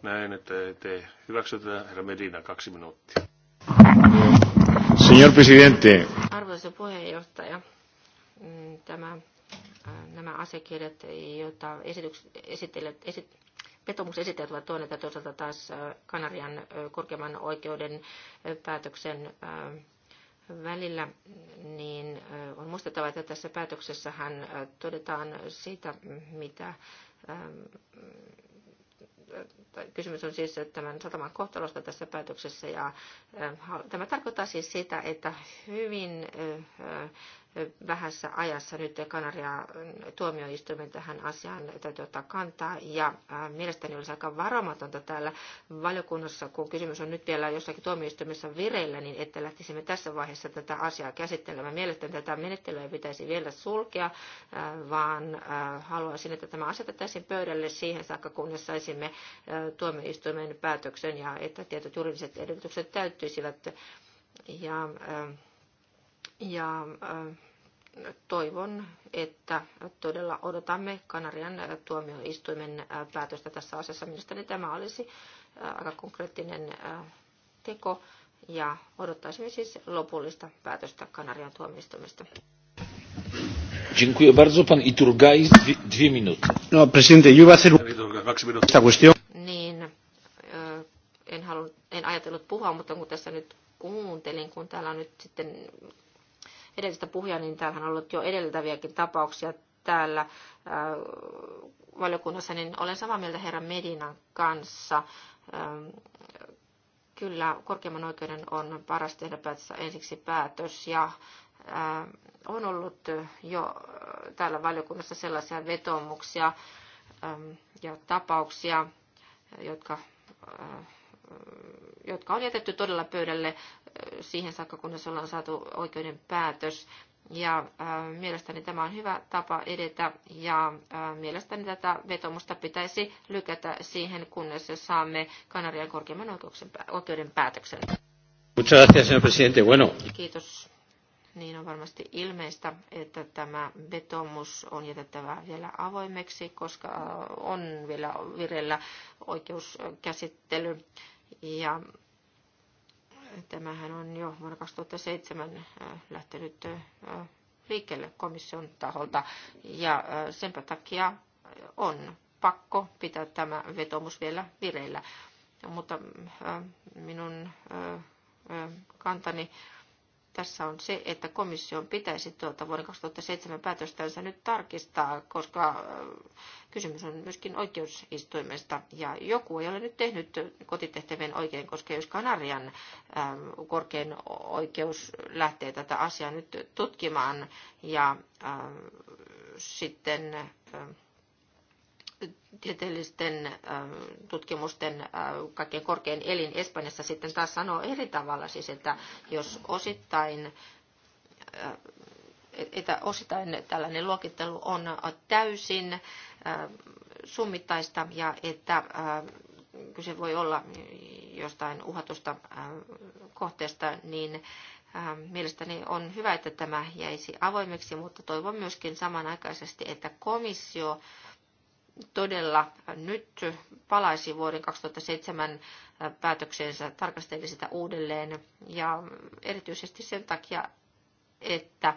Näin, että te hyväksytään herra Medina kaksi minuuttia. Señor presidente. Arvoisa puheenjohtaja, mm, tämä, äh, nämä asiakirjat, joita esitykset, esittelet, esit, vetomusesittäjät ovat toinen, ja toisaalta taas Kanarian korkeimman oikeuden päätöksen välillä, niin on muistettava, että tässä päätöksessähän todetaan siitä, mitä kysymys on siis tämän sataman kohtalosta tässä päätöksessä. Ja, tämä tarkoittaa siis sitä, että hyvin vähässä ajassa nyt Kanaria tuomioistuimen tähän asiaan täytyy ottaa kantaa. Ja mielestäni olisi aika varomatonta täällä valiokunnassa, kun kysymys on nyt vielä jossakin tuomioistuimessa vireillä, niin että lähtisimme tässä vaiheessa tätä asiaa käsittelemään. Mielestäni tätä menettelyä ei pitäisi vielä sulkea, vaan haluaisin, että tämä asetettaisiin pöydälle siihen saakka, kunnes saisimme tuomioistuimen päätöksen ja että tietyt juridiset edellytykset täyttyisivät. Ja, äh, ja toivon, että todella odotamme Kanarian tuomioistuimen päätöstä tässä asiassa. Mielestäni tämä olisi aika konkreettinen teko ja odottaisimme siis lopullista päätöstä Kanarian tuomioistuimesta. Dziękuję bardzo. Pan Iturgais, dwie, minuty. No, presidente, yo iba a hacer esta cuestión. Niin, en, halunnut, en ajatellut puhua, mutta kun tässä nyt kuuntelin, kun täällä on nyt sitten edellistä puhujaa, niin täällä on ollut jo edeltäviäkin tapauksia täällä äh, valiokunnassa, niin olen samaa mieltä herra Medinan kanssa. Ähm, kyllä korkeimman oikeuden on paras tehdä päätössä ensiksi päätös ja äh, on ollut jo äh, täällä valiokunnassa sellaisia vetomuksia ähm, ja tapauksia, jotka jotka on jätetty todella pöydälle siihen saakka, kunnes ollaan saatu oikeuden päätös. Ja äh, mielestäni tämä on hyvä tapa edetä ja äh, mielestäni tätä vetomusta pitäisi lykätä siihen, kunnes saamme Kanarian korkeimman oikeuden päätöksen. gracias, señor presidente. Bueno. Kiitos. Niin on varmasti ilmeistä, että tämä vetomus on jätettävä vielä avoimeksi, koska on vielä vireillä oikeuskäsittely ja tämähän on jo vuonna 2007 äh, lähtenyt äh, liikkeelle komission taholta. Ja äh, sen takia on pakko pitää tämä vetomus vielä vireillä. Mutta minun kantani tässä on se, että komission pitäisi tuota vuoden 2007 päätöstänsä nyt tarkistaa, koska kysymys on myöskin oikeusistuimesta. Ja joku ei ole nyt tehnyt kotitehtävien oikein, koska jos Kanarian korkein oikeus lähtee tätä asiaa nyt tutkimaan ja sitten tieteellisten ähm, tutkimusten äh, kaikkein korkein elin Espanjassa sitten taas sanoo eri tavalla, siis että jos osittain äh, että osittain tällainen luokittelu on täysin äh, summittaista ja että kyse voi olla jostain uhatusta kohteesta, niin Mielestäni on hyvä, että tämä jäisi avoimeksi, mutta toivon myöskin samanaikaisesti, että komissio todella nyt palaisi vuoden 2007 päätökseensä, tarkasteli sitä uudelleen ja erityisesti sen takia, että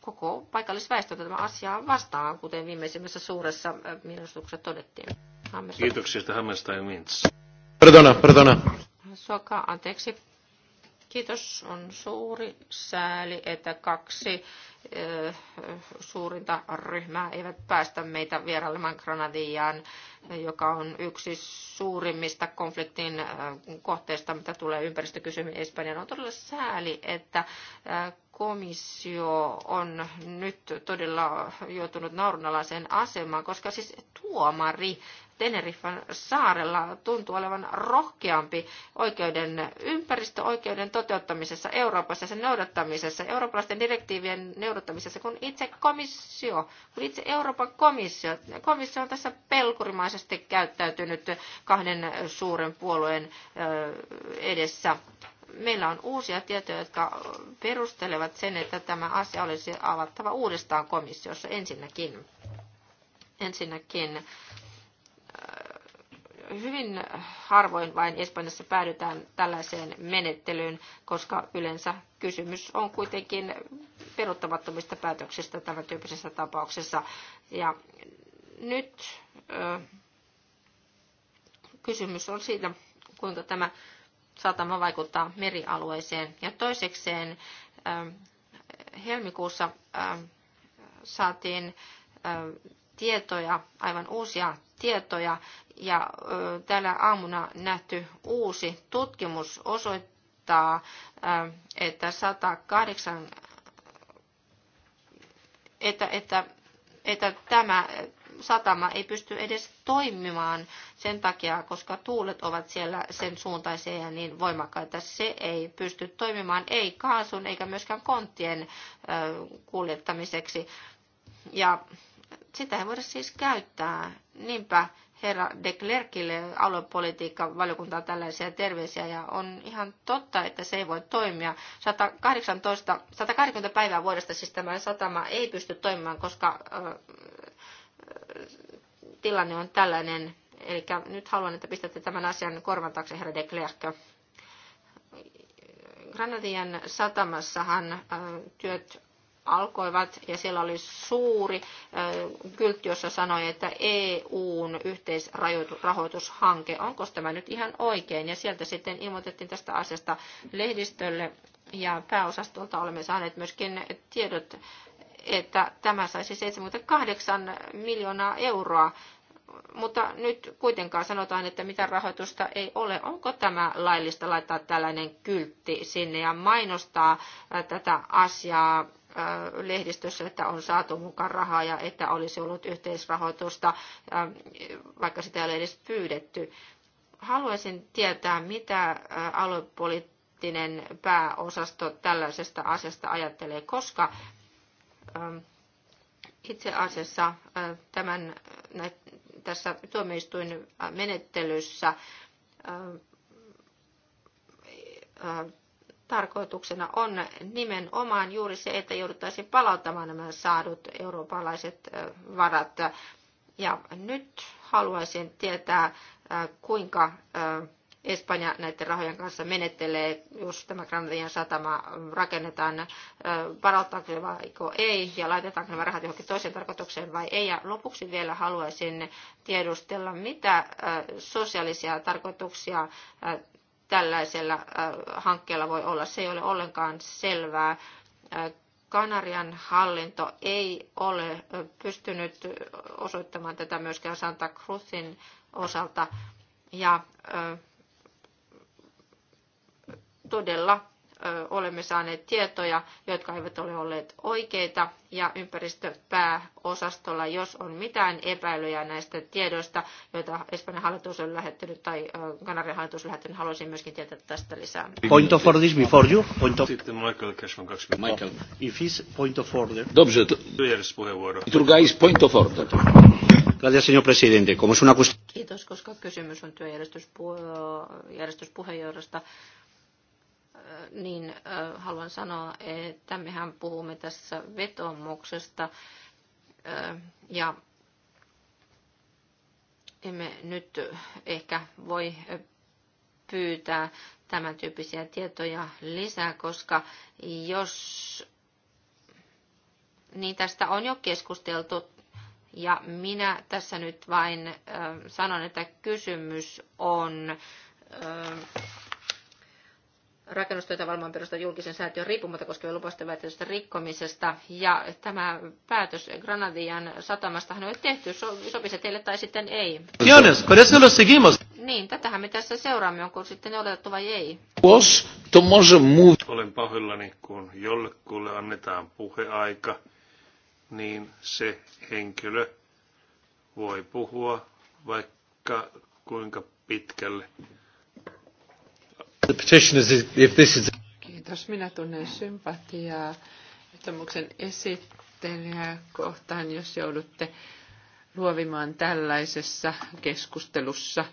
koko paikallisväestö tämä asia vastaan, kuten viimeisimmässä suuressa mielenosoituksessa todettiin. Kiitoksia, Hammerstein Mintz. Perdona, perdona. Suokaa, anteeksi. Kiitos. On suuri sääli, että kaksi suurinta ryhmää eivät päästä meitä vierailemaan Granadiaan joka on yksi suurimmista konfliktin äh, kohteista, mitä tulee ympäristökysymyksiin Espanjaan. On todella sääli, että äh, komissio on nyt todella joutunut naurunalaiseen asemaan, koska siis tuomari Teneriffan saarella tuntuu olevan rohkeampi oikeuden, ympäristöoikeuden toteuttamisessa Euroopassa ja sen noudattamisessa, eurooppalaisten direktiivien noudattamisessa, kun itse komissio, kun itse Euroopan komissio, komissio on tässä pelkurimainen erinomaisesti käyttäytynyt kahden suuren puolueen edessä meillä on uusia tietoja, jotka perustelevat sen, että tämä asia olisi avattava uudestaan komissiossa ensinnäkin. Ensinnäkin hyvin harvoin vain Espanjassa päädytään tällaiseen menettelyyn, koska yleensä kysymys on kuitenkin peruuttamattomista päätöksistä tämän tyyppisessä tapauksessa. Ja nyt kysymys on siitä, kuinka tämä satama vaikuttaa merialueeseen. Ja toisekseen ähm, helmikuussa ähm, saatiin ähm, tietoja, aivan uusia tietoja, ja äh, tällä aamuna nähty uusi tutkimus osoittaa, että 108 että, että, että tämä satama ei pysty edes toimimaan sen takia, koska tuulet ovat siellä sen suuntaisia ja niin voimakkaita. Se ei pysty toimimaan ei kaasun eikä myöskään konttien kuljettamiseksi. Ja sitä ei voida siis käyttää. Niinpä herra de Klerkille aluepolitiikka valiokuntaa tällaisia terveisiä ja on ihan totta, että se ei voi toimia. 118, 180 päivää vuodesta siis tämä satama ei pysty toimimaan, koska tilanne on tällainen. Eli nyt haluan, että pistätte tämän asian korvan taakse, herra de Klerk. Granadien satamassahan työt alkoivat ja siellä oli suuri kyltti, jossa sanoi, että EUn yhteisrahoitushanke, onko tämä nyt ihan oikein? Ja sieltä sitten ilmoitettiin tästä asiasta lehdistölle ja pääosastolta olemme saaneet myöskin tiedot, että tämä saisi 78 miljoonaa euroa mutta nyt kuitenkaan sanotaan, että mitä rahoitusta ei ole. Onko tämä laillista laittaa tällainen kyltti sinne ja mainostaa äh, tätä asiaa äh, lehdistössä, että on saatu mukaan rahaa ja että olisi ollut yhteisrahoitusta, äh, vaikka sitä ei ole edes pyydetty. Haluaisin tietää, mitä aluepoliittinen pääosasto tällaisesta asiasta ajattelee, koska ähm, itse asiassa tämän tässä tuomioistuin menettelyssä äh, äh, tarkoituksena on nimenomaan juuri se, että jouduttaisiin palauttamaan nämä saadut eurooppalaiset äh, varat. Ja nyt haluaisin tietää, kuinka Espanja näiden rahojen kanssa menettelee, jos tämä Granadian satama rakennetaan, varaltaanko se vai ei, ja laitetaanko nämä rahat johonkin toiseen tarkoitukseen vai ei. Ja lopuksi vielä haluaisin tiedustella, mitä sosiaalisia tarkoituksia tällaisella hankkeella voi olla. Se ei ole ollenkaan selvää. Kanarian hallinto ei ole pystynyt osoittamaan tätä myöskään Santa Cruzin osalta. Ja todella olemme saaneet tietoja, jotka eivät ole olleet oikeita, ja ympäristöpääosastolla, jos on mitään epäilyjä näistä tiedoista, joita Espanjan hallitus on lähettänyt tai Kanarian hallitus on lähettänyt, haluaisin myöskin tietää tästä lisää. Point of order before you. Point of... order Michael Cashman kaksi Michael. If is point of order. Dobrze. To... Puheenvuoro. Turgais point of order. Gracias, señor presidente. Como es una cuestión... Kiitos, koska kysymys on työjärjestyspuheenjohdosta niin haluan sanoa, että mehän puhumme tässä vetomuksesta ja emme nyt ehkä voi pyytää tämän tyyppisiä tietoja lisää, koska jos niin tästä on jo keskusteltu ja minä tässä nyt vain sanon, että kysymys on rakennustyötä valmaan perusta julkisen säätiön riippumatta koskevien lupausten väitetystä rikkomisesta. Ja tämä päätös Granadian satamastahan on tehty, sopi se teille tai sitten ei. Niin, tätähän me tässä seuraamme, onko sitten odotettu vai ei. Jos Olen pahoillani, kun jollekulle annetaan puheaika, niin se henkilö voi puhua vaikka kuinka pitkälle Kiitos. Minä tunnen sympatiaa vetomuksen esittelijää kohtaan, jos joudutte luovimaan tällaisessa keskustelussa.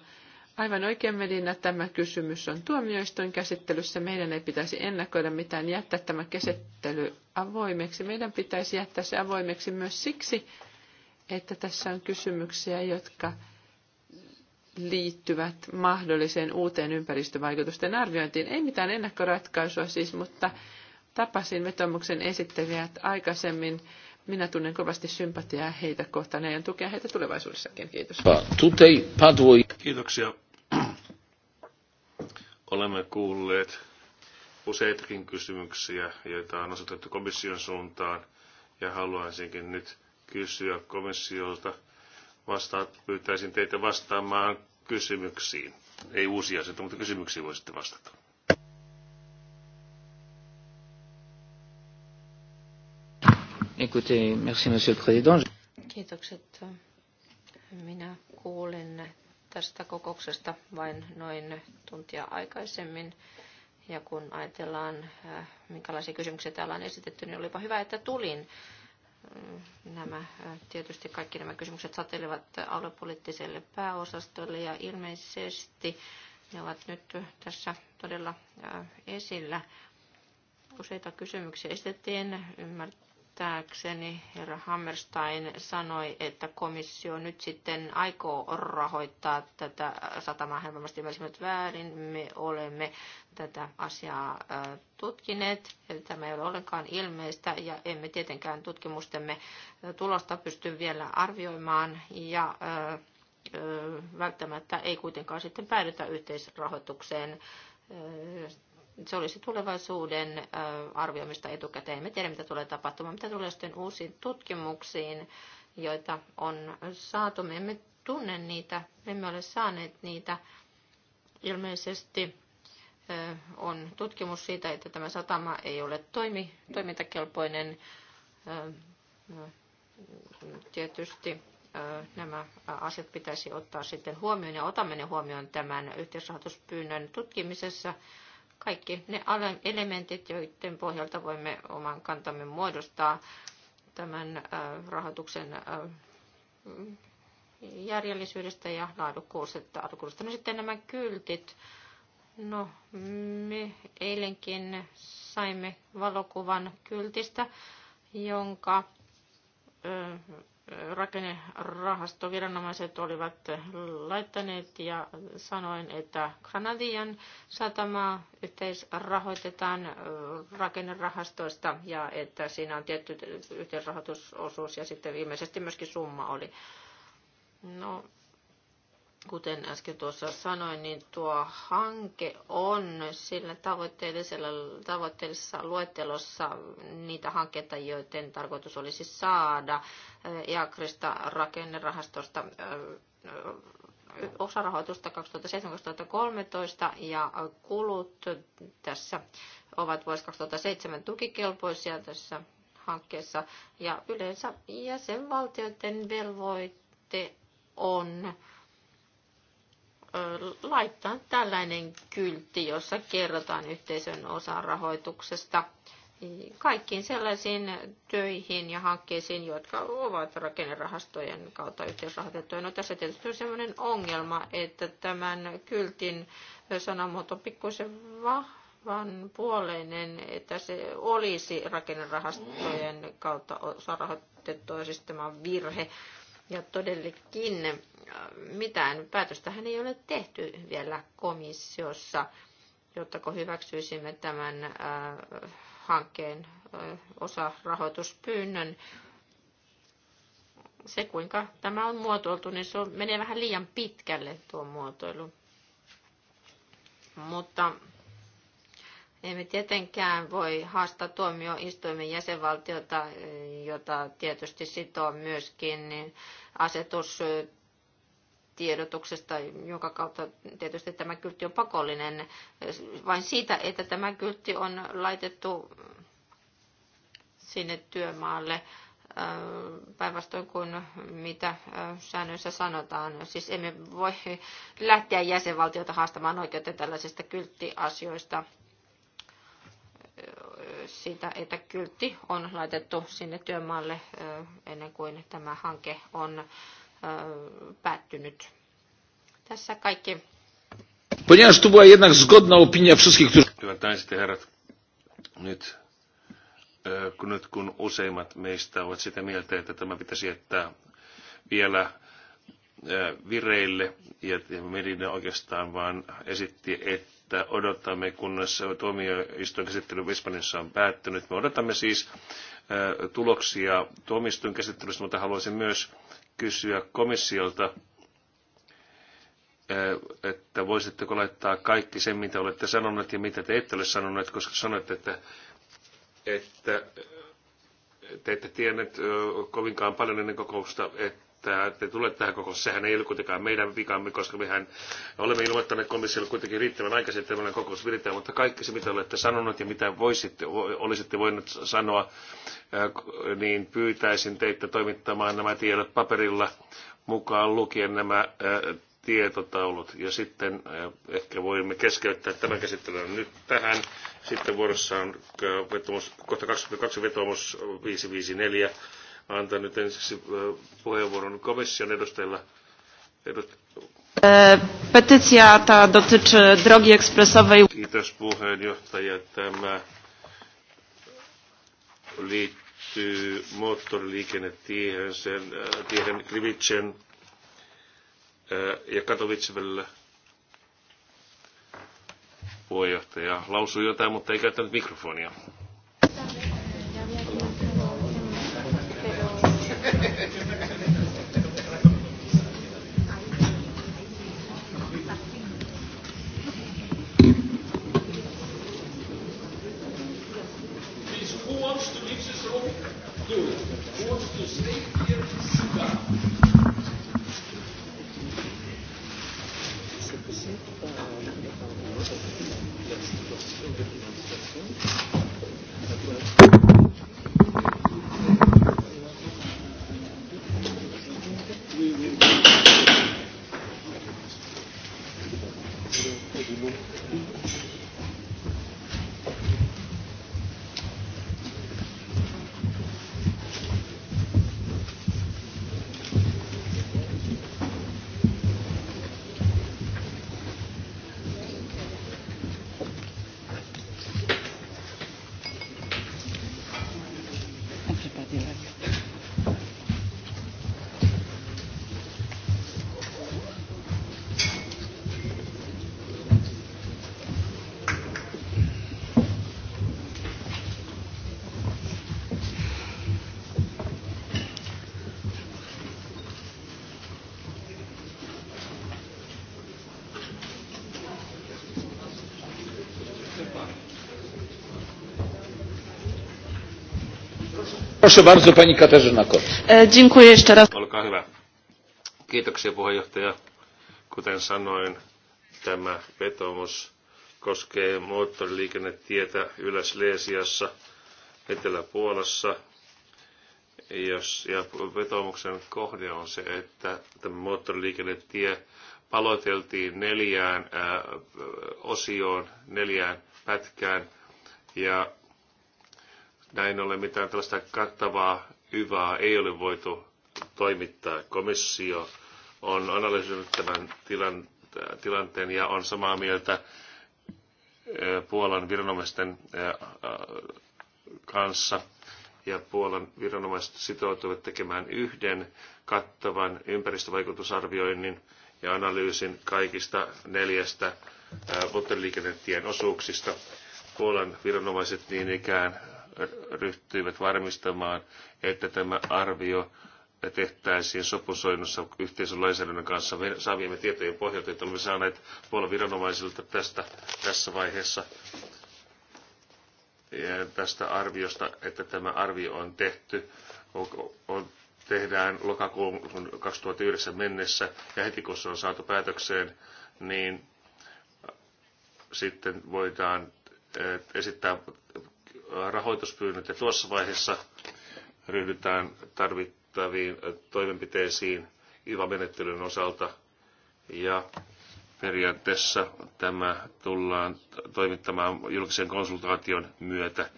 Aivan oikein Medina, tämä kysymys on tuomioistuin käsittelyssä. Meidän ei pitäisi ennakoida mitään jättää tämä käsittely avoimeksi. Meidän pitäisi jättää se avoimeksi myös siksi, että tässä on kysymyksiä, jotka liittyvät mahdolliseen uuteen ympäristövaikutusten arviointiin. Ei mitään ennakkoratkaisua siis, mutta tapasin vetomuksen esittäviä aikaisemmin. Minä tunnen kovasti sympatiaa heitä kohtaan ja tukea heitä tulevaisuudessakin. Kiitos. Tutei Kiitoksia. Olemme kuulleet useitakin kysymyksiä, joita on osoitettu komission suuntaan. Ja haluaisinkin nyt kysyä komissiolta – vastaa, pyytäisin teitä vastaamaan kysymyksiin. Ei uusia asioita, mutta kysymyksiin voisitte vastata. Écoutez, merci monsieur le président. Kiitokset. Minä kuulin tästä kokouksesta vain noin tuntia aikaisemmin. Ja kun ajatellaan, äh, minkälaisia kysymyksiä täällä on esitetty, niin olipa hyvä, että tulin nämä, tietysti kaikki nämä kysymykset satelevat aluepoliittiselle pääosastolle ja ilmeisesti ne ovat nyt tässä todella esillä. Useita kysymyksiä esitettiin. Ymmärtää käsittääkseni herra Hammerstein sanoi, että komissio nyt sitten aikoo rahoittaa tätä satamaa. Hän varmasti väärin. Me olemme tätä asiaa tutkineet. Eli tämä ei ole ollenkaan ilmeistä ja emme tietenkään tutkimustemme tulosta pysty vielä arvioimaan. Ja välttämättä ei kuitenkaan sitten päädytä yhteisrahoitukseen se olisi tulevaisuuden arvioimista etukäteen. Me tiedä, mitä tulee tapahtumaan, mitä tulee sitten uusiin tutkimuksiin, joita on saatu. Me emme tunne niitä, me emme ole saaneet niitä. Ilmeisesti on tutkimus siitä, että tämä satama ei ole toimi, toimintakelpoinen. Tietysti nämä asiat pitäisi ottaa sitten huomioon ja otamme ne huomioon tämän yhteisrahoituspyynnön tutkimisessa kaikki ne elementit, joiden pohjalta voimme oman kantamme muodostaa tämän äh, rahoituksen äh, järjellisyydestä ja laadukkuudesta. No sitten nämä kyltit. No, me eilenkin saimme valokuvan kyltistä, jonka äh, rakennerahastoviranomaiset olivat laittaneet ja sanoin, että Granadian satamaa yhteisrahoitetaan rakennerahastoista ja että siinä on tietty yhteisrahoitusosuus ja sitten ilmeisesti myöskin summa oli. No, Kuten äsken tuossa sanoin, niin tuo hanke on sillä tavoitteellisella, tavoitteellisessa luettelossa niitä hankkeita, joiden tarkoitus olisi saada EAKRista eh, rakennerahastosta eh, osarahoitusta 2007-2013 ja kulut tässä ovat vuosi 2007 tukikelpoisia tässä hankkeessa. Ja yleensä jäsenvaltioiden velvoite on laittaa tällainen kyltti, jossa kerrotaan yhteisön osan rahoituksesta kaikkiin sellaisiin töihin ja hankkeisiin, jotka ovat rakennerahastojen kautta yhteisrahoitettuja. No tässä tietysti on sellainen ongelma, että tämän kyltin sanamuoto on pikkuisen vahvan puoleinen, että se olisi rakennerahastojen kautta rahoitettua, siis tämä virhe. Ja todellakin äh, mitään päätöstähän ei ole tehty vielä komissiossa, kun hyväksyisimme tämän äh, hankkeen äh, osarahoituspyynnön. Se, kuinka tämä on muotoiltu, niin se menee vähän liian pitkälle tuo muotoilu. Mutta emme tietenkään voi haastaa tuomioistuimen jäsenvaltiota, jota tietysti sitoo myöskin asetus tiedotuksesta, jonka kautta tietysti tämä kyltti on pakollinen, vain siitä, että tämä kyltti on laitettu sinne työmaalle äh, päinvastoin kuin mitä äh, säännöissä sanotaan. Siis emme voi lähteä jäsenvaltiota haastamaan oikeuteen tällaisista kylttiasioista sitä, että kyltti on laitettu sinne työmaalle ennen kuin tämä hanke on päättynyt. Tässä kaikki. Ponieważ tu była jednak zgodna opinia wszystkich, którzy... Hyvät naiset ja herrat, nyt kun, nyt kun useimmat meistä ovat sitä mieltä, että tämä pitäisi jättää vielä vireille, ja Merinen oikeastaan vaan esitti, että odotamme, kunnes tuomioistuin käsittely Espanjassa on päättynyt. Me odotamme siis tuloksia tuomioistuin käsittelystä, mutta haluaisin myös kysyä komissiolta, että voisitteko laittaa kaikki sen, mitä olette sanoneet ja mitä te ette ole sanoneet, koska sanoitte, että, että te ette tienneet kovinkaan paljon ennen kokousta, että että te tulette tähän kokoukseen. Sehän ei ole kuitenkaan meidän vikamme, koska mehän olemme ilmoittaneet komissiolle kuitenkin riittävän aikaisin, että tämmöinen kokous viritään, mutta kaikki se, mitä olette sanonut ja mitä voisitte, olisitte voinut sanoa, niin pyytäisin teitä toimittamaan nämä tiedot paperilla mukaan lukien nämä tietotaulut. Ja sitten ehkä voimme keskeyttää tämän käsittelyn nyt tähän. Sitten vuorossa on vetomus, kohta 22 vetomus 554 antaa nyt ensiksi äh, puheenvuoron komission edustajilla. Edust... Äh, petycja ta dotyczy drogi ekspresowej. Kiitos puheenjohtaja. Tämä liittyy moottoriliikennetiehen sen, äh, tiehen Krivitsen ja Katowicen välillä. Puheenjohtaja lausui jotain, mutta ei käyttänyt mikrofonia. Proszę bardzo, pani Katarzyna Kot. E, dziękuję jeszcze raz. Olkaa hyvä. Kiitoksia puheenjohtaja. Kuten sanoin, tämä vetomus koskee moottoriliikennetietä Ylä-Sleesiassa, Etelä-Puolassa. Jos, ja vetomuksen kohde on se, että tämä moottoriliikennetie paloiteltiin neljään ää, osioon, neljään pätkään, ja näin ollen mitään tällaista kattavaa hyvää ei ole voitu toimittaa. Komissio on analysoinut tämän tilan, tilanteen ja on samaa mieltä Puolan viranomaisten kanssa. Ja Puolan viranomaiset sitoutuivat tekemään yhden kattavan ympäristövaikutusarvioinnin ja analyysin kaikista neljästä moottoriliikennetien osuuksista. Puolan viranomaiset niin ikään ryhtyivät varmistamaan, että tämä arvio tehtäisiin sopusoinnussa yhteisön lainsäädännön kanssa saamiemme tietojen pohjalta, joita olemme saaneet puolen viranomaisilta tästä, tässä vaiheessa ja tästä arviosta, että tämä arvio on tehty, on, on, tehdään lokakuun 2009 mennessä ja heti kun se on saatu päätökseen, niin sitten voidaan eh, esittää rahoituspyynnöt ja tuossa vaiheessa ryhdytään tarvittaviin toimenpiteisiin IVA-menettelyn osalta ja periaatteessa tämä tullaan toimittamaan julkisen konsultaation myötä,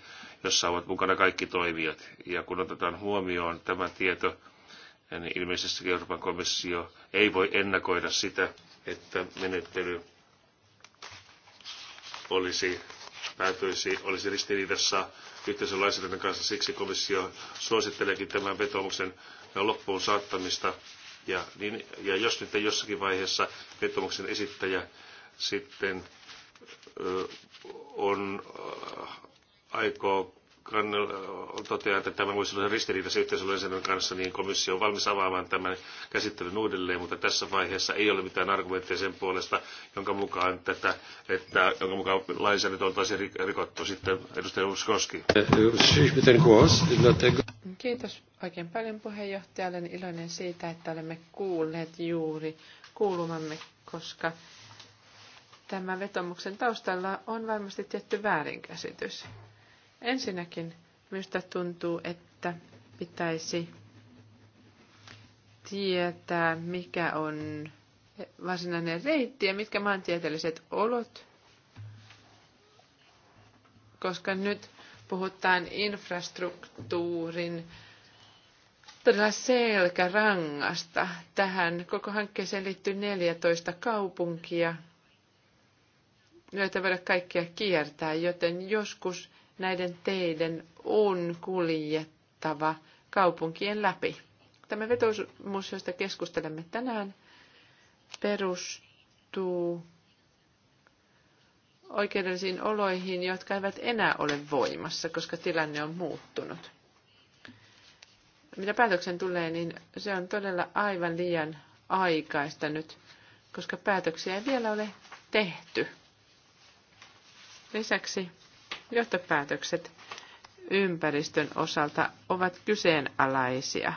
jossa ovat mukana kaikki toimijat. Ja kun otetaan huomioon tämä tieto, niin ilmeisesti Euroopan komissio ei voi ennakoida sitä, että menettely olisi päätyisi, olisi ristiriidassa yhteisön lainsäädännön kanssa. Siksi komissio suositteleekin tämän vetomuksen loppuun saattamista. Ja, niin, ja jos nyt jossakin vaiheessa vetomuksen esittäjä sitten ö, on, aikoo toteaa, että tämä voisi olla ristiriidassa yhteisölainsäädännön kanssa, niin komissio on valmis avaamaan tämän käsittelyn uudelleen, mutta tässä vaiheessa ei ole mitään argumentteja sen puolesta, jonka mukaan, tätä, että, jonka mukaan lainsäädäntö oltaisiin rikottu. Sitten edustaja Uskoski. Kiitos oikein paljon puheenjohtaja. Olen iloinen siitä, että olemme kuulleet juuri kuulumamme, koska tämän vetomuksen taustalla on varmasti tietty väärinkäsitys. Ensinnäkin minusta tuntuu, että pitäisi tietää, mikä on varsinainen reitti ja mitkä maantieteelliset olot, koska nyt puhutaan infrastruktuurin selkärangasta. Tähän koko hankkeeseen liittyy 14 kaupunkia, joita voidaan kaikkia kiertää, joten joskus näiden teiden on kuljettava kaupunkien läpi. Tämä vetomus, josta keskustelemme tänään, perustuu oikeudellisiin oloihin, jotka eivät enää ole voimassa, koska tilanne on muuttunut. Mitä päätöksen tulee, niin se on todella aivan liian aikaista nyt, koska päätöksiä ei vielä ole tehty. Lisäksi johtopäätökset ympäristön osalta ovat kyseenalaisia.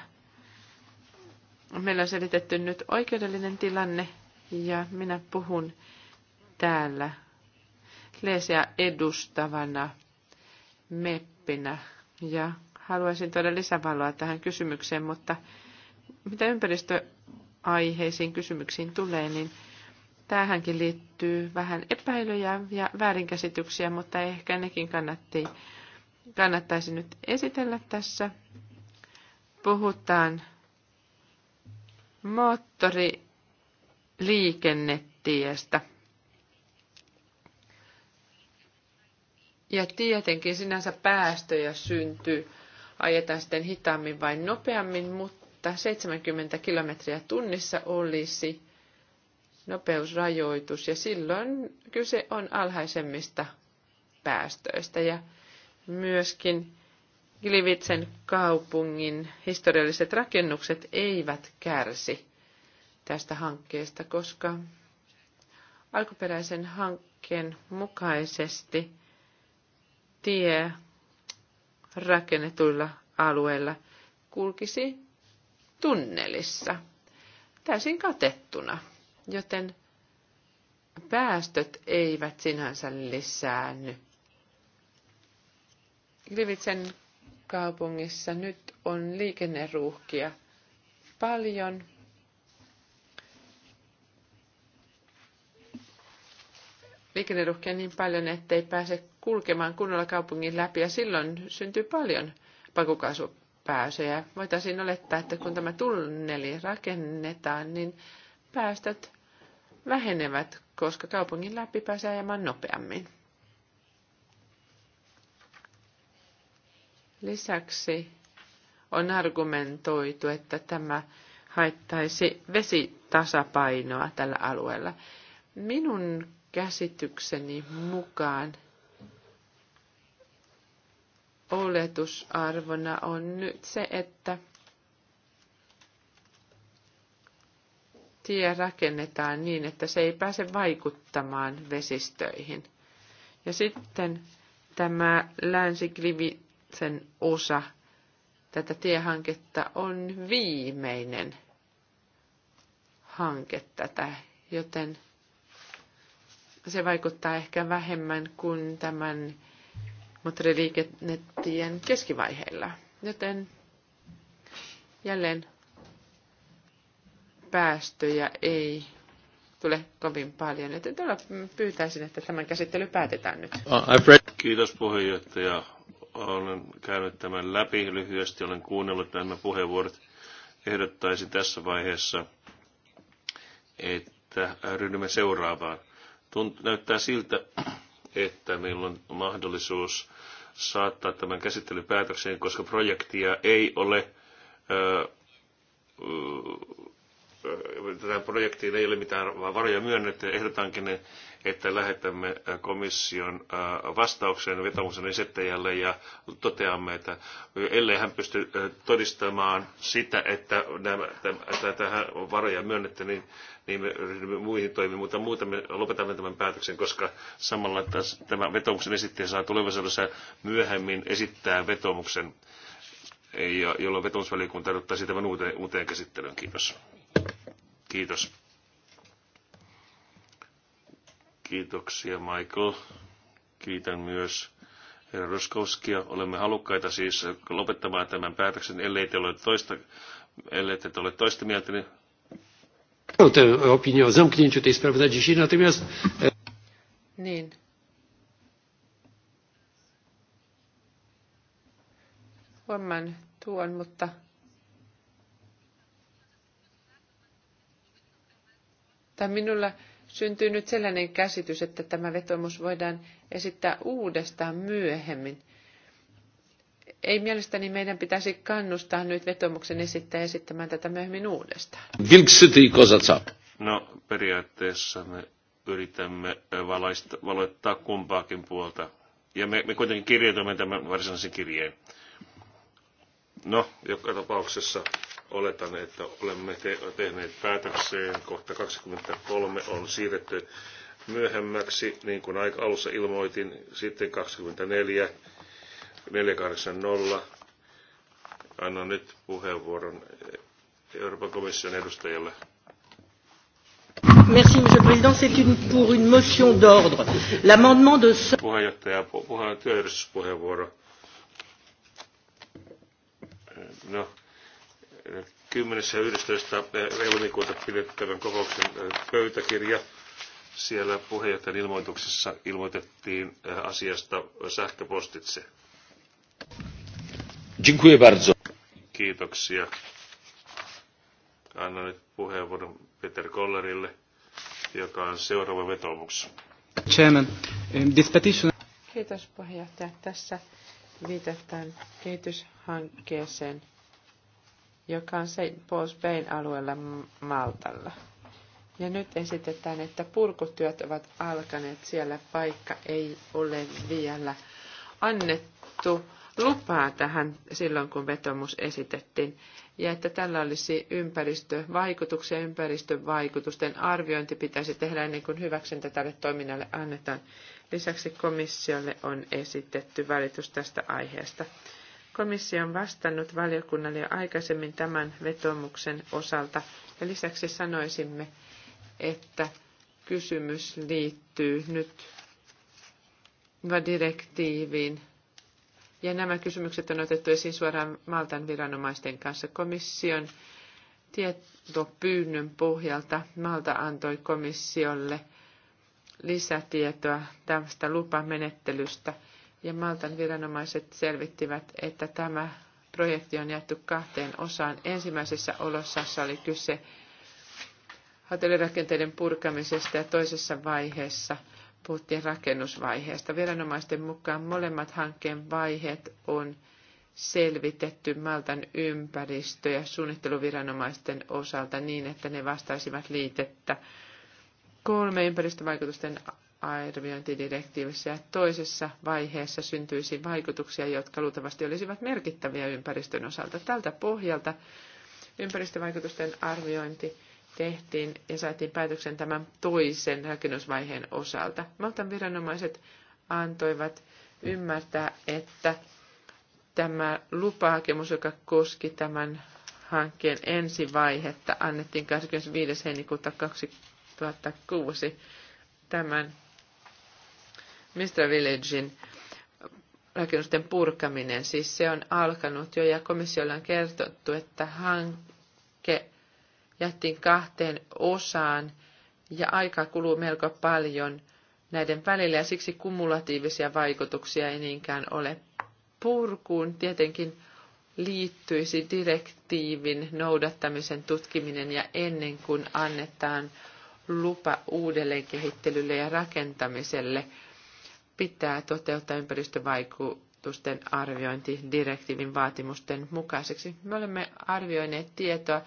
Meillä on selitetty nyt oikeudellinen tilanne ja minä puhun täällä Leesia edustavana meppinä ja haluaisin tuoda lisävaloa tähän kysymykseen, mutta mitä ympäristöaiheisiin kysymyksiin tulee, niin – Tähänkin liittyy vähän epäilyjä ja väärinkäsityksiä, mutta ehkä nekin kannatti, kannattaisi nyt esitellä tässä. Puhutaan moottoriliikennetiestä. Ja tietenkin sinänsä päästöjä syntyy, ajetaan sitten hitaammin vai nopeammin, mutta 70 kilometriä tunnissa olisi nopeusrajoitus ja silloin kyse on alhaisemmista päästöistä ja myöskin Glivitsen kaupungin historialliset rakennukset eivät kärsi tästä hankkeesta, koska alkuperäisen hankkeen mukaisesti tie rakennetuilla alueilla kulkisi tunnelissa täysin katettuna – joten päästöt eivät sinänsä lisäänny. Grivitsen kaupungissa nyt on liikenneruuhkia paljon. Liikenneruuhkia niin paljon, ettei pääse kulkemaan kunnolla kaupungin läpi ja silloin syntyy paljon pakokaasupäästöjä. Voitaisiin olettaa, että kun tämä tunneli rakennetaan, niin päästöt vähenevät, koska kaupungin läpi pääsee ajamaan nopeammin. Lisäksi on argumentoitu, että tämä haittaisi vesitasapainoa tällä alueella. Minun käsitykseni mukaan oletusarvona on nyt se, että – tie rakennetaan niin, että se ei pääse vaikuttamaan vesistöihin. Ja sitten tämä länsiklivitsen osa tätä tiehanketta on viimeinen hanke tätä, joten se vaikuttaa ehkä vähemmän kuin tämän moottoriliikennettien keskivaiheilla. Joten jälleen päästöjä ei tule kovin paljon. Joten todella pyytäisin, että tämän käsittely päätetään nyt. Uh, Kiitos puheenjohtaja. Olen käynyt tämän läpi lyhyesti, olen kuunnellut nämä puheenvuorot. Ehdottaisin tässä vaiheessa, että ryhdymme seuraavaan. Tunt, näyttää siltä, että meillä on mahdollisuus saattaa tämän käsittelypäätökseen, koska projektia ei ole ö, tätä projektiin ei ole mitään varoja myönnetty. Ehdotankin, että lähetämme komission vastauksen vetomuksen esittäjälle ja toteamme, että ellei hän pysty todistamaan sitä, että, nämä, tähän varoja myönnetty, niin, niin me ryhdymme muihin toimiin, mutta muuten me lopetamme tämän päätöksen, koska samalla tämä vetomuksen esittäjä saa tulevaisuudessa myöhemmin esittää vetomuksen jolloin vetomusvaliokunta ottaisi tämän uuteen, uuteen käsittelyyn. Kiitos. Kiitos. Kiitoksia Michael. Kiitän myös herra Roskowskia. Olemme halukkaita siis lopettamaan tämän päätöksen, ellei te ole toista, ellei te ole toista mieltä. Niin... E, niin. Huomaan tuon, mutta tai minulla syntyy nyt sellainen käsitys, että tämä vetomus voidaan esittää uudestaan myöhemmin. Ei mielestäni meidän pitäisi kannustaa nyt vetomuksen esittäjä esittämään tätä myöhemmin uudestaan. No periaatteessa me yritämme valaista, valoittaa kumpaakin puolta. Ja me, me kuitenkin kirjoitamme tämän varsinaisen kirjeen. No, joka tapauksessa Oletan, että olemme te- tehneet päätökseen. Kohta 23 on siirretty myöhemmäksi, niin kuin aika alussa ilmoitin. Sitten 24, 480. Annan nyt puheenvuoron Euroopan komission edustajalle. Merci, Monsieur le Président. C'est une, pour une motion d'ordre. L'amendement de... Puheenjohtaja, puheenjohtaja, No, 10. ja 11. helmikuuta eh, pidettävän kokouksen eh, pöytäkirja. Siellä puheenjohtajan ilmoituksessa ilmoitettiin eh, asiasta sähköpostitse. Dziękuję bardzo. Kiitoksia. Annan nyt puheenvuoron Peter Kollerille, joka on seuraava vetoomus. Chairman, this petition... Kiitos puheenjohtaja. Tässä viitataan kehityshankkeeseen – joka on St. Paul's Bayn alueella Maltalla. Ja nyt esitetään, että purkutyöt ovat alkaneet siellä, paikka ei ole vielä annettu lupaa tähän silloin, kun vetomus esitettiin, ja että tällä olisi ympäristövaikutuksia, ympäristövaikutusten arviointi pitäisi tehdä ennen kuin hyväksyntä tälle toiminnalle annetaan. Lisäksi komissiolle on esitetty valitus tästä aiheesta. Komissio on vastannut valiokunnalle jo aikaisemmin tämän vetomuksen osalta. Ja lisäksi sanoisimme, että kysymys liittyy nyt direktiiviin. Ja nämä kysymykset on otettu esiin suoraan Maltan viranomaisten kanssa. Komission tietopyynnön pohjalta Malta antoi komissiolle lisätietoa tästä lupamenettelystä – ja Maltan viranomaiset selvittivät, että tämä projekti on jaettu kahteen osaan. Ensimmäisessä olossa oli kyse hotellirakenteiden purkamisesta ja toisessa vaiheessa puhuttiin rakennusvaiheesta. Viranomaisten mukaan molemmat hankkeen vaiheet on selvitetty Maltan ympäristö- ja suunnitteluviranomaisten osalta niin, että ne vastaisivat liitettä kolme ympäristövaikutusten arviointidirektiivissä ja toisessa vaiheessa syntyisi vaikutuksia, jotka luultavasti olisivat merkittäviä ympäristön osalta. Tältä pohjalta ympäristövaikutusten arviointi tehtiin ja saatiin päätöksen tämän toisen rakennusvaiheen osalta. Maltan viranomaiset antoivat ymmärtää, että tämä lupahakemus, joka koski tämän hankkeen ensivaihetta, annettiin 25. heinikuuta 2006 tämän Mr. Villagein rakennusten purkaminen, siis se on alkanut jo ja komissiolla on kertottu, että hanke jättiin kahteen osaan ja aika kuluu melko paljon näiden välillä ja siksi kumulatiivisia vaikutuksia ei niinkään ole. Purkuun tietenkin liittyisi direktiivin noudattamisen tutkiminen ja ennen kuin annetaan lupa uudelleenkehittelylle ja rakentamiselle – pitää toteuttaa ympäristövaikutusten arviointi direktiivin vaatimusten mukaiseksi. Me olemme arvioineet tietoa,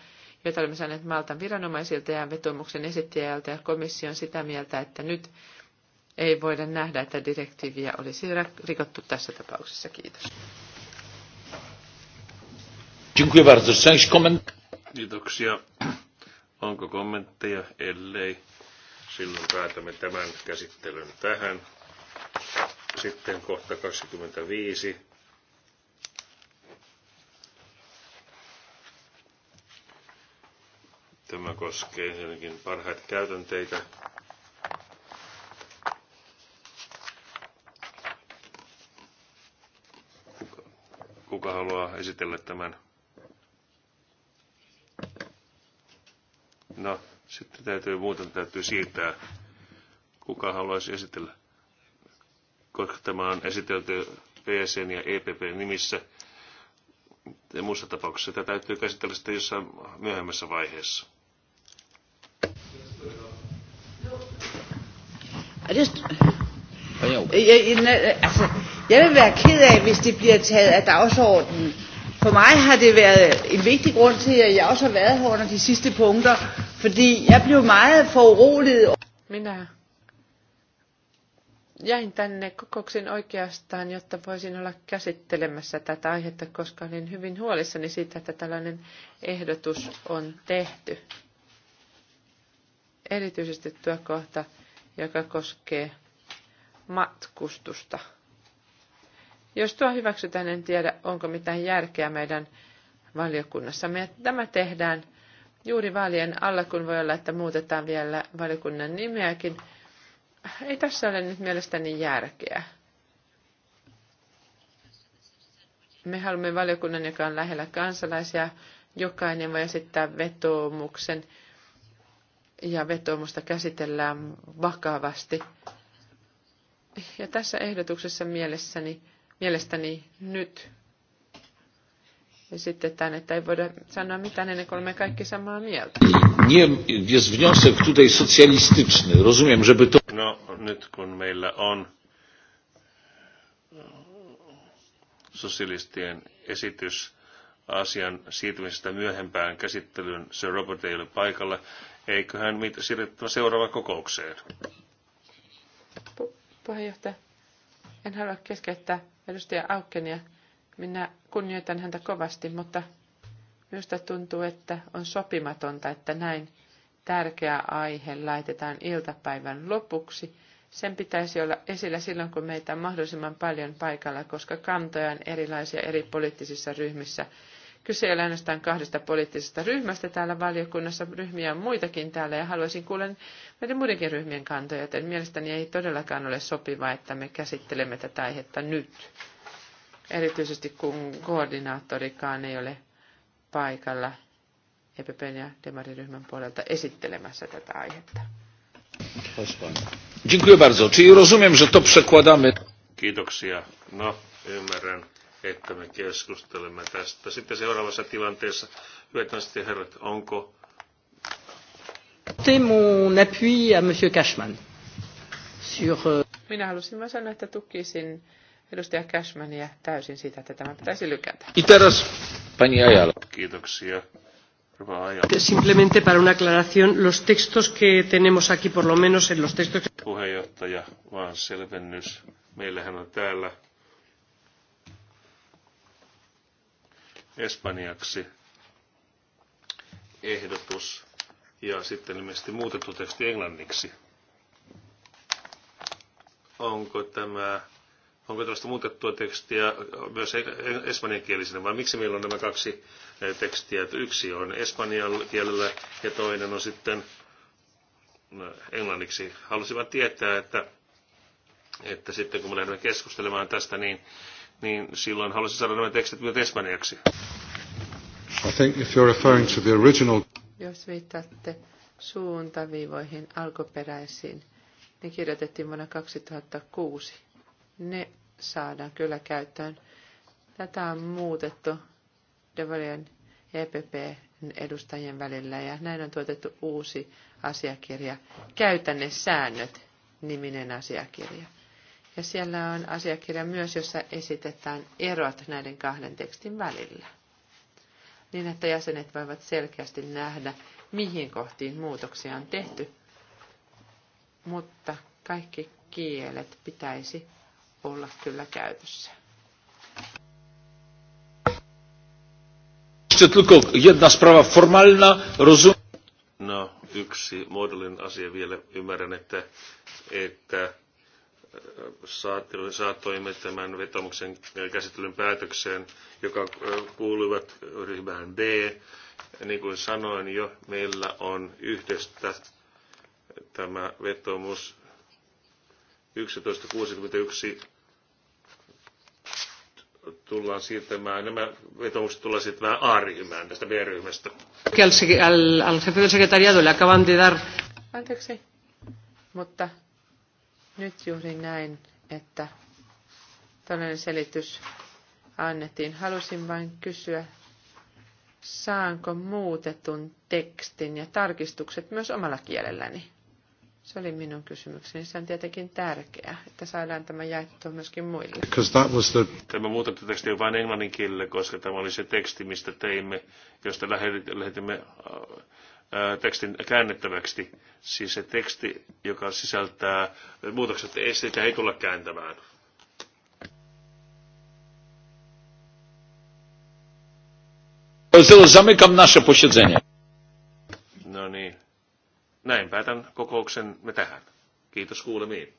jota olemme saaneet Maltan viranomaisilta ja vetomuksen esittäjältä ja komission sitä mieltä, että nyt ei voida nähdä, että direktiiviä olisi rikottu tässä tapauksessa. Kiitos. Kiitoksia. Onko kommentteja? Ellei, silloin päätämme tämän käsittelyn tähän. Sitten kohta 25. Tämä koskee ensinnäkin parhaita käytänteitä. Kuka haluaa esitellä tämän? No, sitten täytyy muuten täytyy siirtää. Kuka haluaisi esitellä? koska tämä on esitelty PSN ja EPP nimissä. Ja muussa tapauksessa tätä täytyy käsitellä sitten jossain myöhemmässä vaiheessa. Just, er jeg vil være ked af, hvis det bliver taget af dagsordenen. For mig har det været en vigtig grund til, at jeg også har været her under de sidste punkter, fordi jeg blev meget foruroliget. Minä jäin tänne kokouksen oikeastaan, jotta voisin olla käsittelemässä tätä aihetta, koska olin hyvin huolissani siitä, että tällainen ehdotus on tehty. Erityisesti tuo kohta, joka koskee matkustusta. Jos tuo hyväksytään, en tiedä, onko mitään järkeä meidän valiokunnassamme. Tämä tehdään juuri vaalien alla, kun voi olla, että muutetaan vielä valiokunnan nimeäkin – ei tässä ole nyt mielestäni järkeä. Me haluamme valiokunnan, joka on lähellä kansalaisia. Jokainen voi esittää vetoomuksen ja vetoomusta käsitellään vakavasti. Ja tässä ehdotuksessa mielessäni, mielestäni nyt esitetään, että ei voida sanoa mitään ennen kuin olemme kaikki samaa mieltä. Nie, jest wniosek tutaj socjalistyczny. Rozumiem, żeby to... No nyt kun meillä on sosialistien esitys asian siirtymisestä myöhempään käsittelyyn, se Robert ei ole paikalla, eiköhän mitä siirrettävä seuraava kokoukseen. Pu- puheenjohtaja, en halua keskeyttää edustaja Aukkenia. Minä kunnioitan häntä kovasti, mutta minusta tuntuu, että on sopimatonta, että näin tärkeä aihe laitetaan iltapäivän lopuksi. Sen pitäisi olla esillä silloin, kun meitä on mahdollisimman paljon paikalla, koska kantoja on erilaisia eri poliittisissa ryhmissä. Kyse ei ole ainoastaan kahdesta poliittisesta ryhmästä täällä valiokunnassa, ryhmiä on muitakin täällä ja haluaisin kuulla meidän muidenkin ryhmien kantoja, joten mielestäni ei todellakaan ole sopiva, että me käsittelemme tätä aihetta nyt. Erityisesti kun koordinaattorikaan ei ole paikalla EPPn ja demariryhmän puolelta esittelemässä tätä aihetta. Kiitoksia. No, ymmärrän, että me keskustelemme tästä. Sitten seuraavassa tilanteessa, hyvät naiset ja herrat, onko... Mon appui à Monsieur Cashman. Sur... Euh, Minä halusin vain sanoa, että tukisin edustaja Cashmania täysin siitä, että tämä pitäisi lykätä. Iteras, pani ajalla. Kiitoksia. Simplemente para una aclaración, los textos que tenemos aquí, por lo menos en los textos... Puheenjohtaja, vaan selvennys. Meillähän on täällä espanjaksi ehdotus ja sitten ilmeisesti muutettu teksti englanniksi. Onko tämä, onko tällaista muutettua tekstiä myös e-, e-, espanjankielisenä vai miksi meillä on nämä kaksi tekstiä. Yksi on espanjan kielellä ja toinen on sitten äh, englanniksi. Halusivat tietää, että, että sitten kun me lähdemme keskustelemaan tästä, niin, niin silloin halusin saada nämä tekstit myös espanjaksi. I think if you're referring to the original... Jos viittaatte suuntaviivoihin alkuperäisiin, ne kirjoitettiin vuonna 2006. Ne saadaan kyllä käyttöön. Tätä on muutettu Devolion ja EPP edustajien välillä ja näin on tuotettu uusi asiakirja, käytännesäännöt niminen asiakirja. Ja siellä on asiakirja myös, jossa esitetään erot näiden kahden tekstin välillä. Niin, että jäsenet voivat selkeästi nähdä, mihin kohtiin muutoksia on tehty. Mutta kaikki kielet pitäisi olla kyllä käytössä. Jeszcze tylko jedna sprawa formalna. Rozum... No, yksi muodollinen asia vielä. Ymmärrän, että, että äh, saattoimme tämän vetomuksen äh, käsittelyn päätökseen, joka äh, kuuluvat ryhmään B. Niin kuin sanoin jo, meillä on yhdestä tämä vetomus 1161 tullaan siirtämään, nämä vetomukset tullaan siirtämään A-ryhmään tästä B-ryhmästä. Al, al jefe del secretariado le acaban de dar... Anteeksi, mutta nyt juuri näin, että tällainen selitys annettiin. Halusin vain kysyä, saanko muutetun tekstin ja tarkistukset myös omalla kielelläni? Se oli minun kysymykseni. Se on tietenkin tärkeää, että saadaan tämä jaettua myöskin muille. The... Tämä muutettu teksti on vain englannin kielellä, koska tämä oli se teksti, mistä teimme, josta lähetimme tekstin käännettäväksi. Siis se teksti, joka sisältää muutokset, ei sitä ei tulla kääntämään. No niin. Näin päätän me tähän. Kiitos kuulemiin.